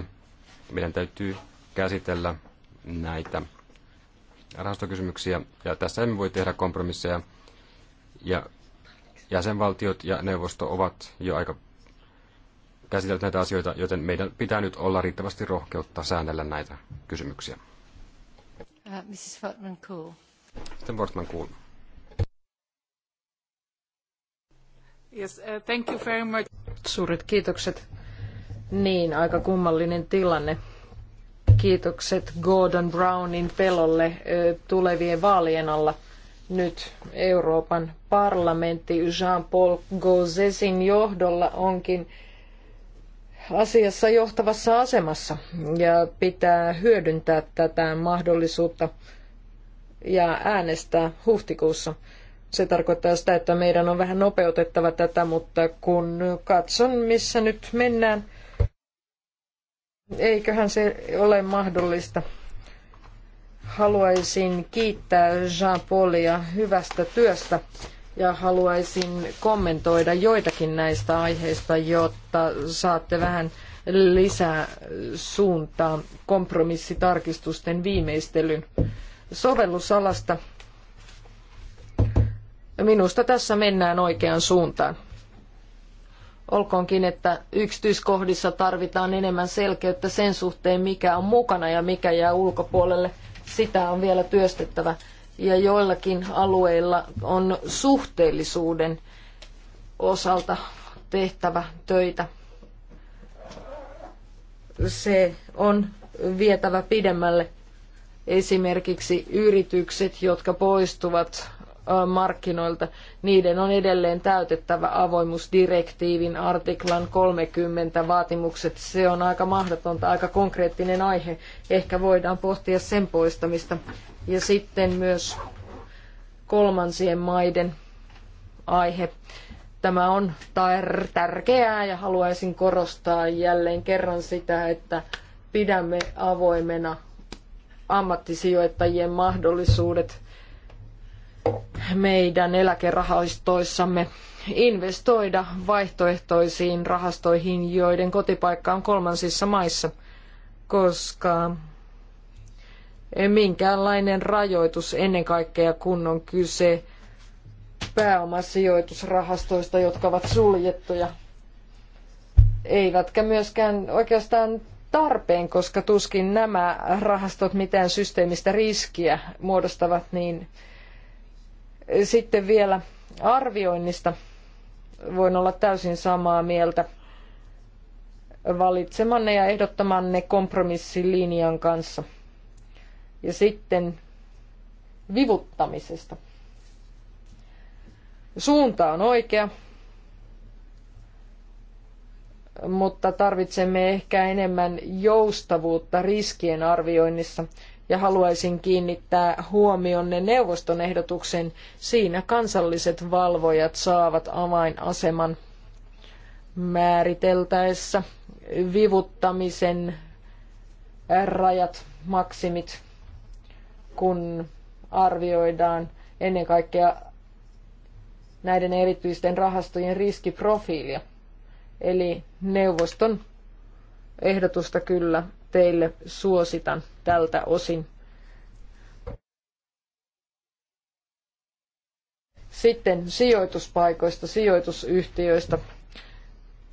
meidän täytyy käsitellä näitä rahastokysymyksiä. Ja tässä emme voi tehdä kompromisseja. Ja jäsenvaltiot ja neuvosto ovat jo aika käsitelleet näitä asioita, joten meidän pitää nyt olla riittävästi rohkeutta säännellä näitä kysymyksiä. Uh, Mrs. Fortman Yes, uh, thank you very much. Suuret kiitokset. Niin, aika kummallinen tilanne. Kiitokset Gordon Brownin pelolle uh, tulevien vaalien alla nyt Euroopan parlamentti Jean-Paul Gauzesin johdolla onkin asiassa johtavassa asemassa ja pitää hyödyntää tätä mahdollisuutta ja äänestää huhtikuussa. Se tarkoittaa sitä, että meidän on vähän nopeutettava tätä, mutta kun katson, missä nyt mennään, eiköhän se ole mahdollista. Haluaisin kiittää Jean-Paulia hyvästä työstä ja haluaisin kommentoida joitakin näistä aiheista, jotta saatte vähän lisää suuntaa kompromissitarkistusten viimeistelyn sovellusalasta. Minusta tässä mennään oikeaan suuntaan. Olkoonkin, että yksityiskohdissa tarvitaan enemmän selkeyttä sen suhteen, mikä on mukana ja mikä jää ulkopuolelle. Sitä on vielä työstettävä ja joillakin alueilla on suhteellisuuden osalta tehtävä töitä. Se on vietävä pidemmälle esimerkiksi yritykset, jotka poistuvat markkinoilta, niiden on edelleen täytettävä avoimuusdirektiivin artiklan 30 vaatimukset. Se on aika mahdotonta, aika konkreettinen aihe. Ehkä voidaan pohtia sen poistamista. Ja sitten myös kolmansien maiden aihe. Tämä on tärkeää ja haluaisin korostaa jälleen kerran sitä, että pidämme avoimena ammattisijoittajien mahdollisuudet meidän eläkerahastoissamme investoida vaihtoehtoisiin rahastoihin, joiden kotipaikka on kolmansissa maissa, koska minkäänlainen rajoitus ennen kaikkea kun on kyse pääomasijoitusrahastoista, jotka ovat suljettuja, eivätkä myöskään oikeastaan tarpeen, koska tuskin nämä rahastot mitään systeemistä riskiä muodostavat, niin sitten vielä arvioinnista voin olla täysin samaa mieltä valitsemanne ja ehdottamanne kompromissilinjan kanssa. Ja sitten vivuttamisesta. Suunta on oikea, mutta tarvitsemme ehkä enemmän joustavuutta riskien arvioinnissa ja haluaisin kiinnittää huomionne neuvoston ehdotuksen. Siinä kansalliset valvojat saavat avainaseman määriteltäessä vivuttamisen rajat, maksimit, kun arvioidaan ennen kaikkea näiden erityisten rahastojen riskiprofiilia. Eli neuvoston ehdotusta kyllä teille suositan tältä osin. Sitten sijoituspaikoista, sijoitusyhtiöistä.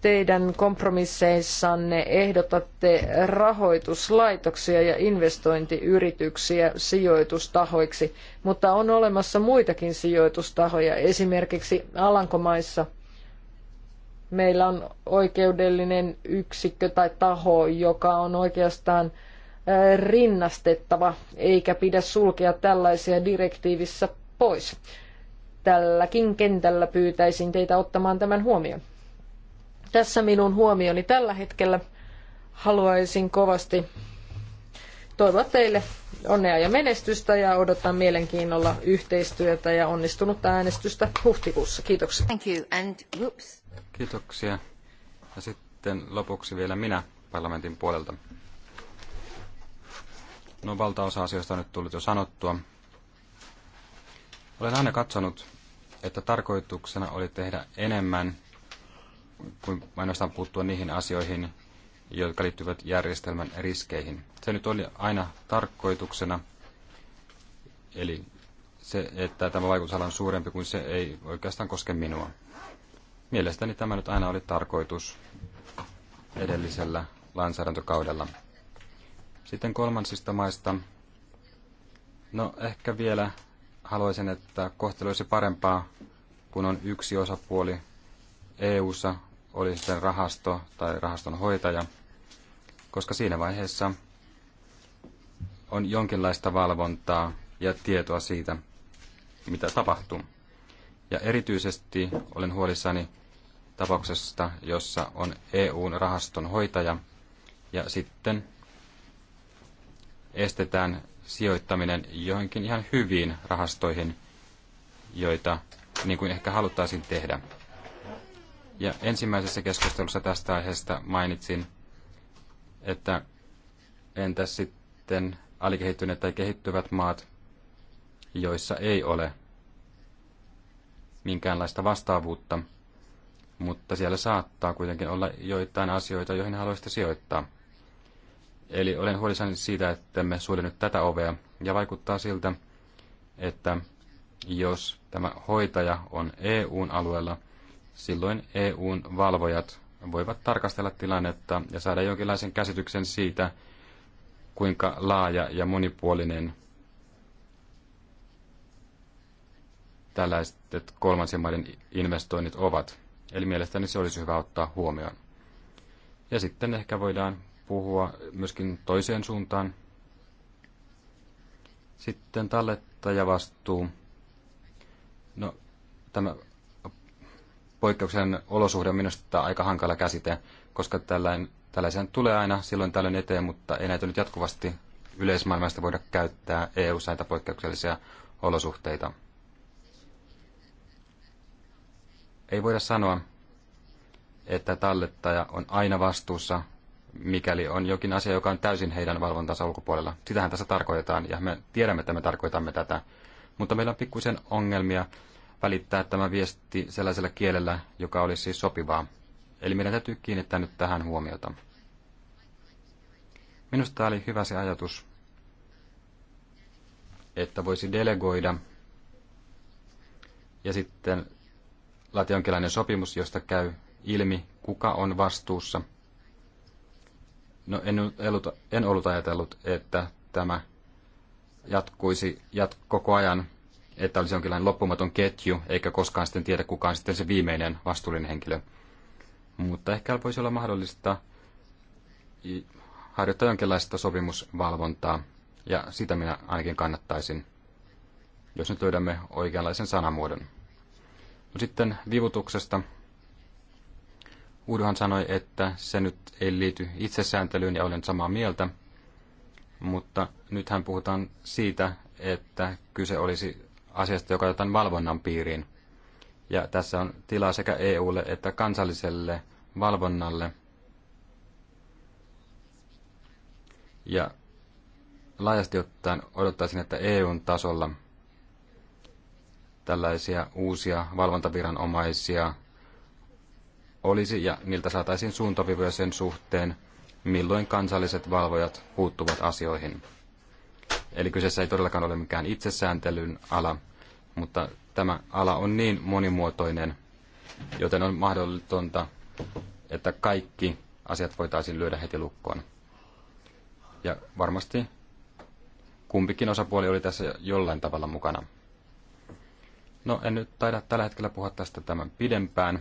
Teidän kompromisseissanne ehdotatte rahoituslaitoksia ja investointiyrityksiä sijoitustahoiksi, mutta on olemassa muitakin sijoitustahoja, esimerkiksi Alankomaissa – meillä on oikeudellinen yksikkö tai taho, joka on oikeastaan rinnastettava, eikä pidä sulkea tällaisia direktiivissä pois. Tälläkin kentällä pyytäisin teitä ottamaan tämän huomioon. Tässä minun huomioni tällä hetkellä. Haluaisin kovasti toivoa teille onnea ja menestystä ja odotan mielenkiinnolla yhteistyötä ja onnistunutta äänestystä huhtikuussa. Kiitoksia. Thank you. And, Kiitoksia. Ja sitten lopuksi vielä minä parlamentin puolelta. No valtaosa asioista on nyt tullut jo sanottua. Olen aina katsonut, että tarkoituksena oli tehdä enemmän kuin ainoastaan puuttua niihin asioihin, jotka liittyvät järjestelmän riskeihin. Se nyt oli aina tarkoituksena, eli se, että tämä vaikutusala on suurempi kuin se ei oikeastaan koske minua. Mielestäni tämä nyt aina oli tarkoitus edellisellä lainsäädäntökaudella. Sitten kolmansista maista. No ehkä vielä haluaisin, että kohtelu olisi parempaa, kun on yksi osapuoli EU-ssa, oli sitten rahasto tai rahaston hoitaja, koska siinä vaiheessa on jonkinlaista valvontaa ja tietoa siitä, mitä tapahtuu. Ja erityisesti olen huolissani tapauksesta, jossa on EUn rahaston hoitaja ja sitten estetään sijoittaminen joihinkin ihan hyviin rahastoihin, joita niin kuin ehkä haluttaisiin tehdä. Ja ensimmäisessä keskustelussa tästä aiheesta mainitsin, että entä sitten alikehittyneet tai kehittyvät maat, joissa ei ole minkäänlaista vastaavuutta – mutta siellä saattaa kuitenkin olla joitain asioita, joihin haluaisitte sijoittaa. Eli olen huolissani siitä, että me sulje nyt tätä ovea, ja vaikuttaa siltä, että jos tämä hoitaja on EUn alueella, silloin EUn valvojat voivat tarkastella tilannetta ja saada jonkinlaisen käsityksen siitä, kuinka laaja ja monipuolinen tällaiset kolmansien maiden investoinnit ovat. Eli mielestäni se olisi hyvä ottaa huomioon. Ja sitten ehkä voidaan puhua myöskin toiseen suuntaan. Sitten vastuu. No, tämä poikkeuksen olosuhde on minusta aika hankala käsite, koska tällainen, tällaisen tulee aina silloin tällöin eteen, mutta ei näitä nyt jatkuvasti yleismaailmasta voida käyttää EU-säitä poikkeuksellisia olosuhteita. Ei voida sanoa, että tallettaja on aina vastuussa, mikäli on jokin asia, joka on täysin heidän valvontansa ulkopuolella. Sitähän tässä tarkoitetaan, ja me tiedämme, että me tarkoitamme tätä. Mutta meillä on pikkuisen ongelmia välittää tämä viesti sellaisella kielellä, joka olisi siis sopivaa. Eli meidän täytyy kiinnittää nyt tähän huomiota. Minusta oli hyvä se ajatus, että voisi delegoida ja sitten laatia jonkinlainen sopimus, josta käy ilmi, kuka on vastuussa. No en ollut, en ollut ajatellut, että tämä jatkuisi jat, koko ajan, että olisi jonkinlainen loppumaton ketju, eikä koskaan sitten tiedä, kuka on sitten se viimeinen vastuullinen henkilö. Mutta ehkä voisi olla mahdollista harjoittaa jonkinlaista sopimusvalvontaa, ja sitä minä ainakin kannattaisin, jos nyt löydämme oikeanlaisen sanamuodon. No sitten vivutuksesta. Uuduhan sanoi, että se nyt ei liity itsesääntelyyn ja olen samaa mieltä, mutta nythän puhutaan siitä, että kyse olisi asiasta, joka otetaan valvonnan piiriin. Ja tässä on tilaa sekä EUlle että kansalliselle valvonnalle. Ja laajasti ottaen odottaisin, että EUn tasolla – tällaisia uusia valvontaviranomaisia olisi ja niiltä saataisiin suuntavivoja sen suhteen, milloin kansalliset valvojat puuttuvat asioihin. Eli kyseessä ei todellakaan ole mikään itsesääntelyn ala, mutta tämä ala on niin monimuotoinen, joten on mahdollista, että kaikki asiat voitaisiin lyödä heti lukkoon. Ja varmasti kumpikin osapuoli oli tässä jollain tavalla mukana. No en nyt taida tällä hetkellä puhua tästä tämän pidempään,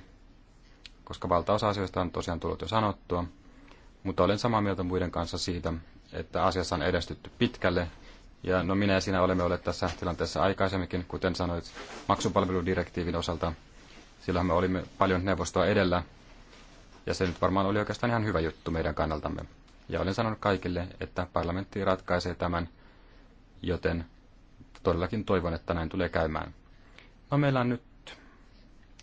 koska valtaosa asioista on tosiaan tullut jo sanottua, mutta olen samaa mieltä muiden kanssa siitä, että asiassa on edestytty pitkälle. Ja no minä ja sinä olemme olleet tässä tilanteessa aikaisemminkin, kuten sanoit, maksupalveludirektiivin osalta. Silloin me olimme paljon neuvostoa edellä, ja se nyt varmaan oli oikeastaan ihan hyvä juttu meidän kannaltamme. Ja olen sanonut kaikille, että parlamentti ratkaisee tämän, joten todellakin toivon, että näin tulee käymään. No meillä on nyt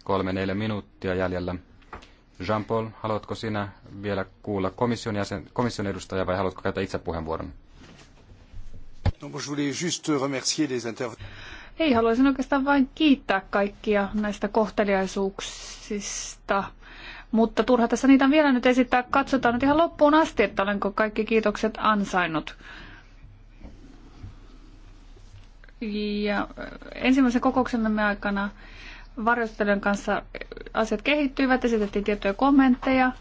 kolme neljä minuuttia jäljellä. Jean-Paul, haluatko sinä vielä kuulla komission, jäsen, komission edustajaa vai haluatko käyttää itse puheenvuoron? No, Ei, haluaisin oikeastaan vain kiittää kaikkia näistä kohteliaisuuksista, mutta turha tässä niitä on vielä nyt esittää. Katsotaan nyt ihan loppuun asti, että olenko kaikki kiitokset ansainnut. Ja ensimmäisen kokouksemme aikana varjostelujen kanssa asiat kehittyivät, esitettiin tiettyjä kommentteja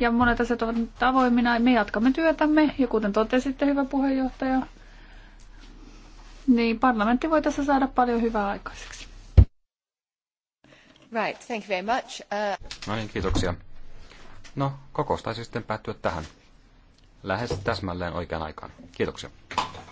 ja monet asiat ovat nyt avoimina. Me jatkamme työtämme ja kuten totesitte, hyvä puheenjohtaja, niin parlamentti voi tässä saada paljon hyvää aikaiseksi. Right, thank you very much. Uh... No niin, kiitoksia. No, kokous taisi sitten päättyä tähän. Lähes täsmälleen oikeaan aikaan. Kiitoksia.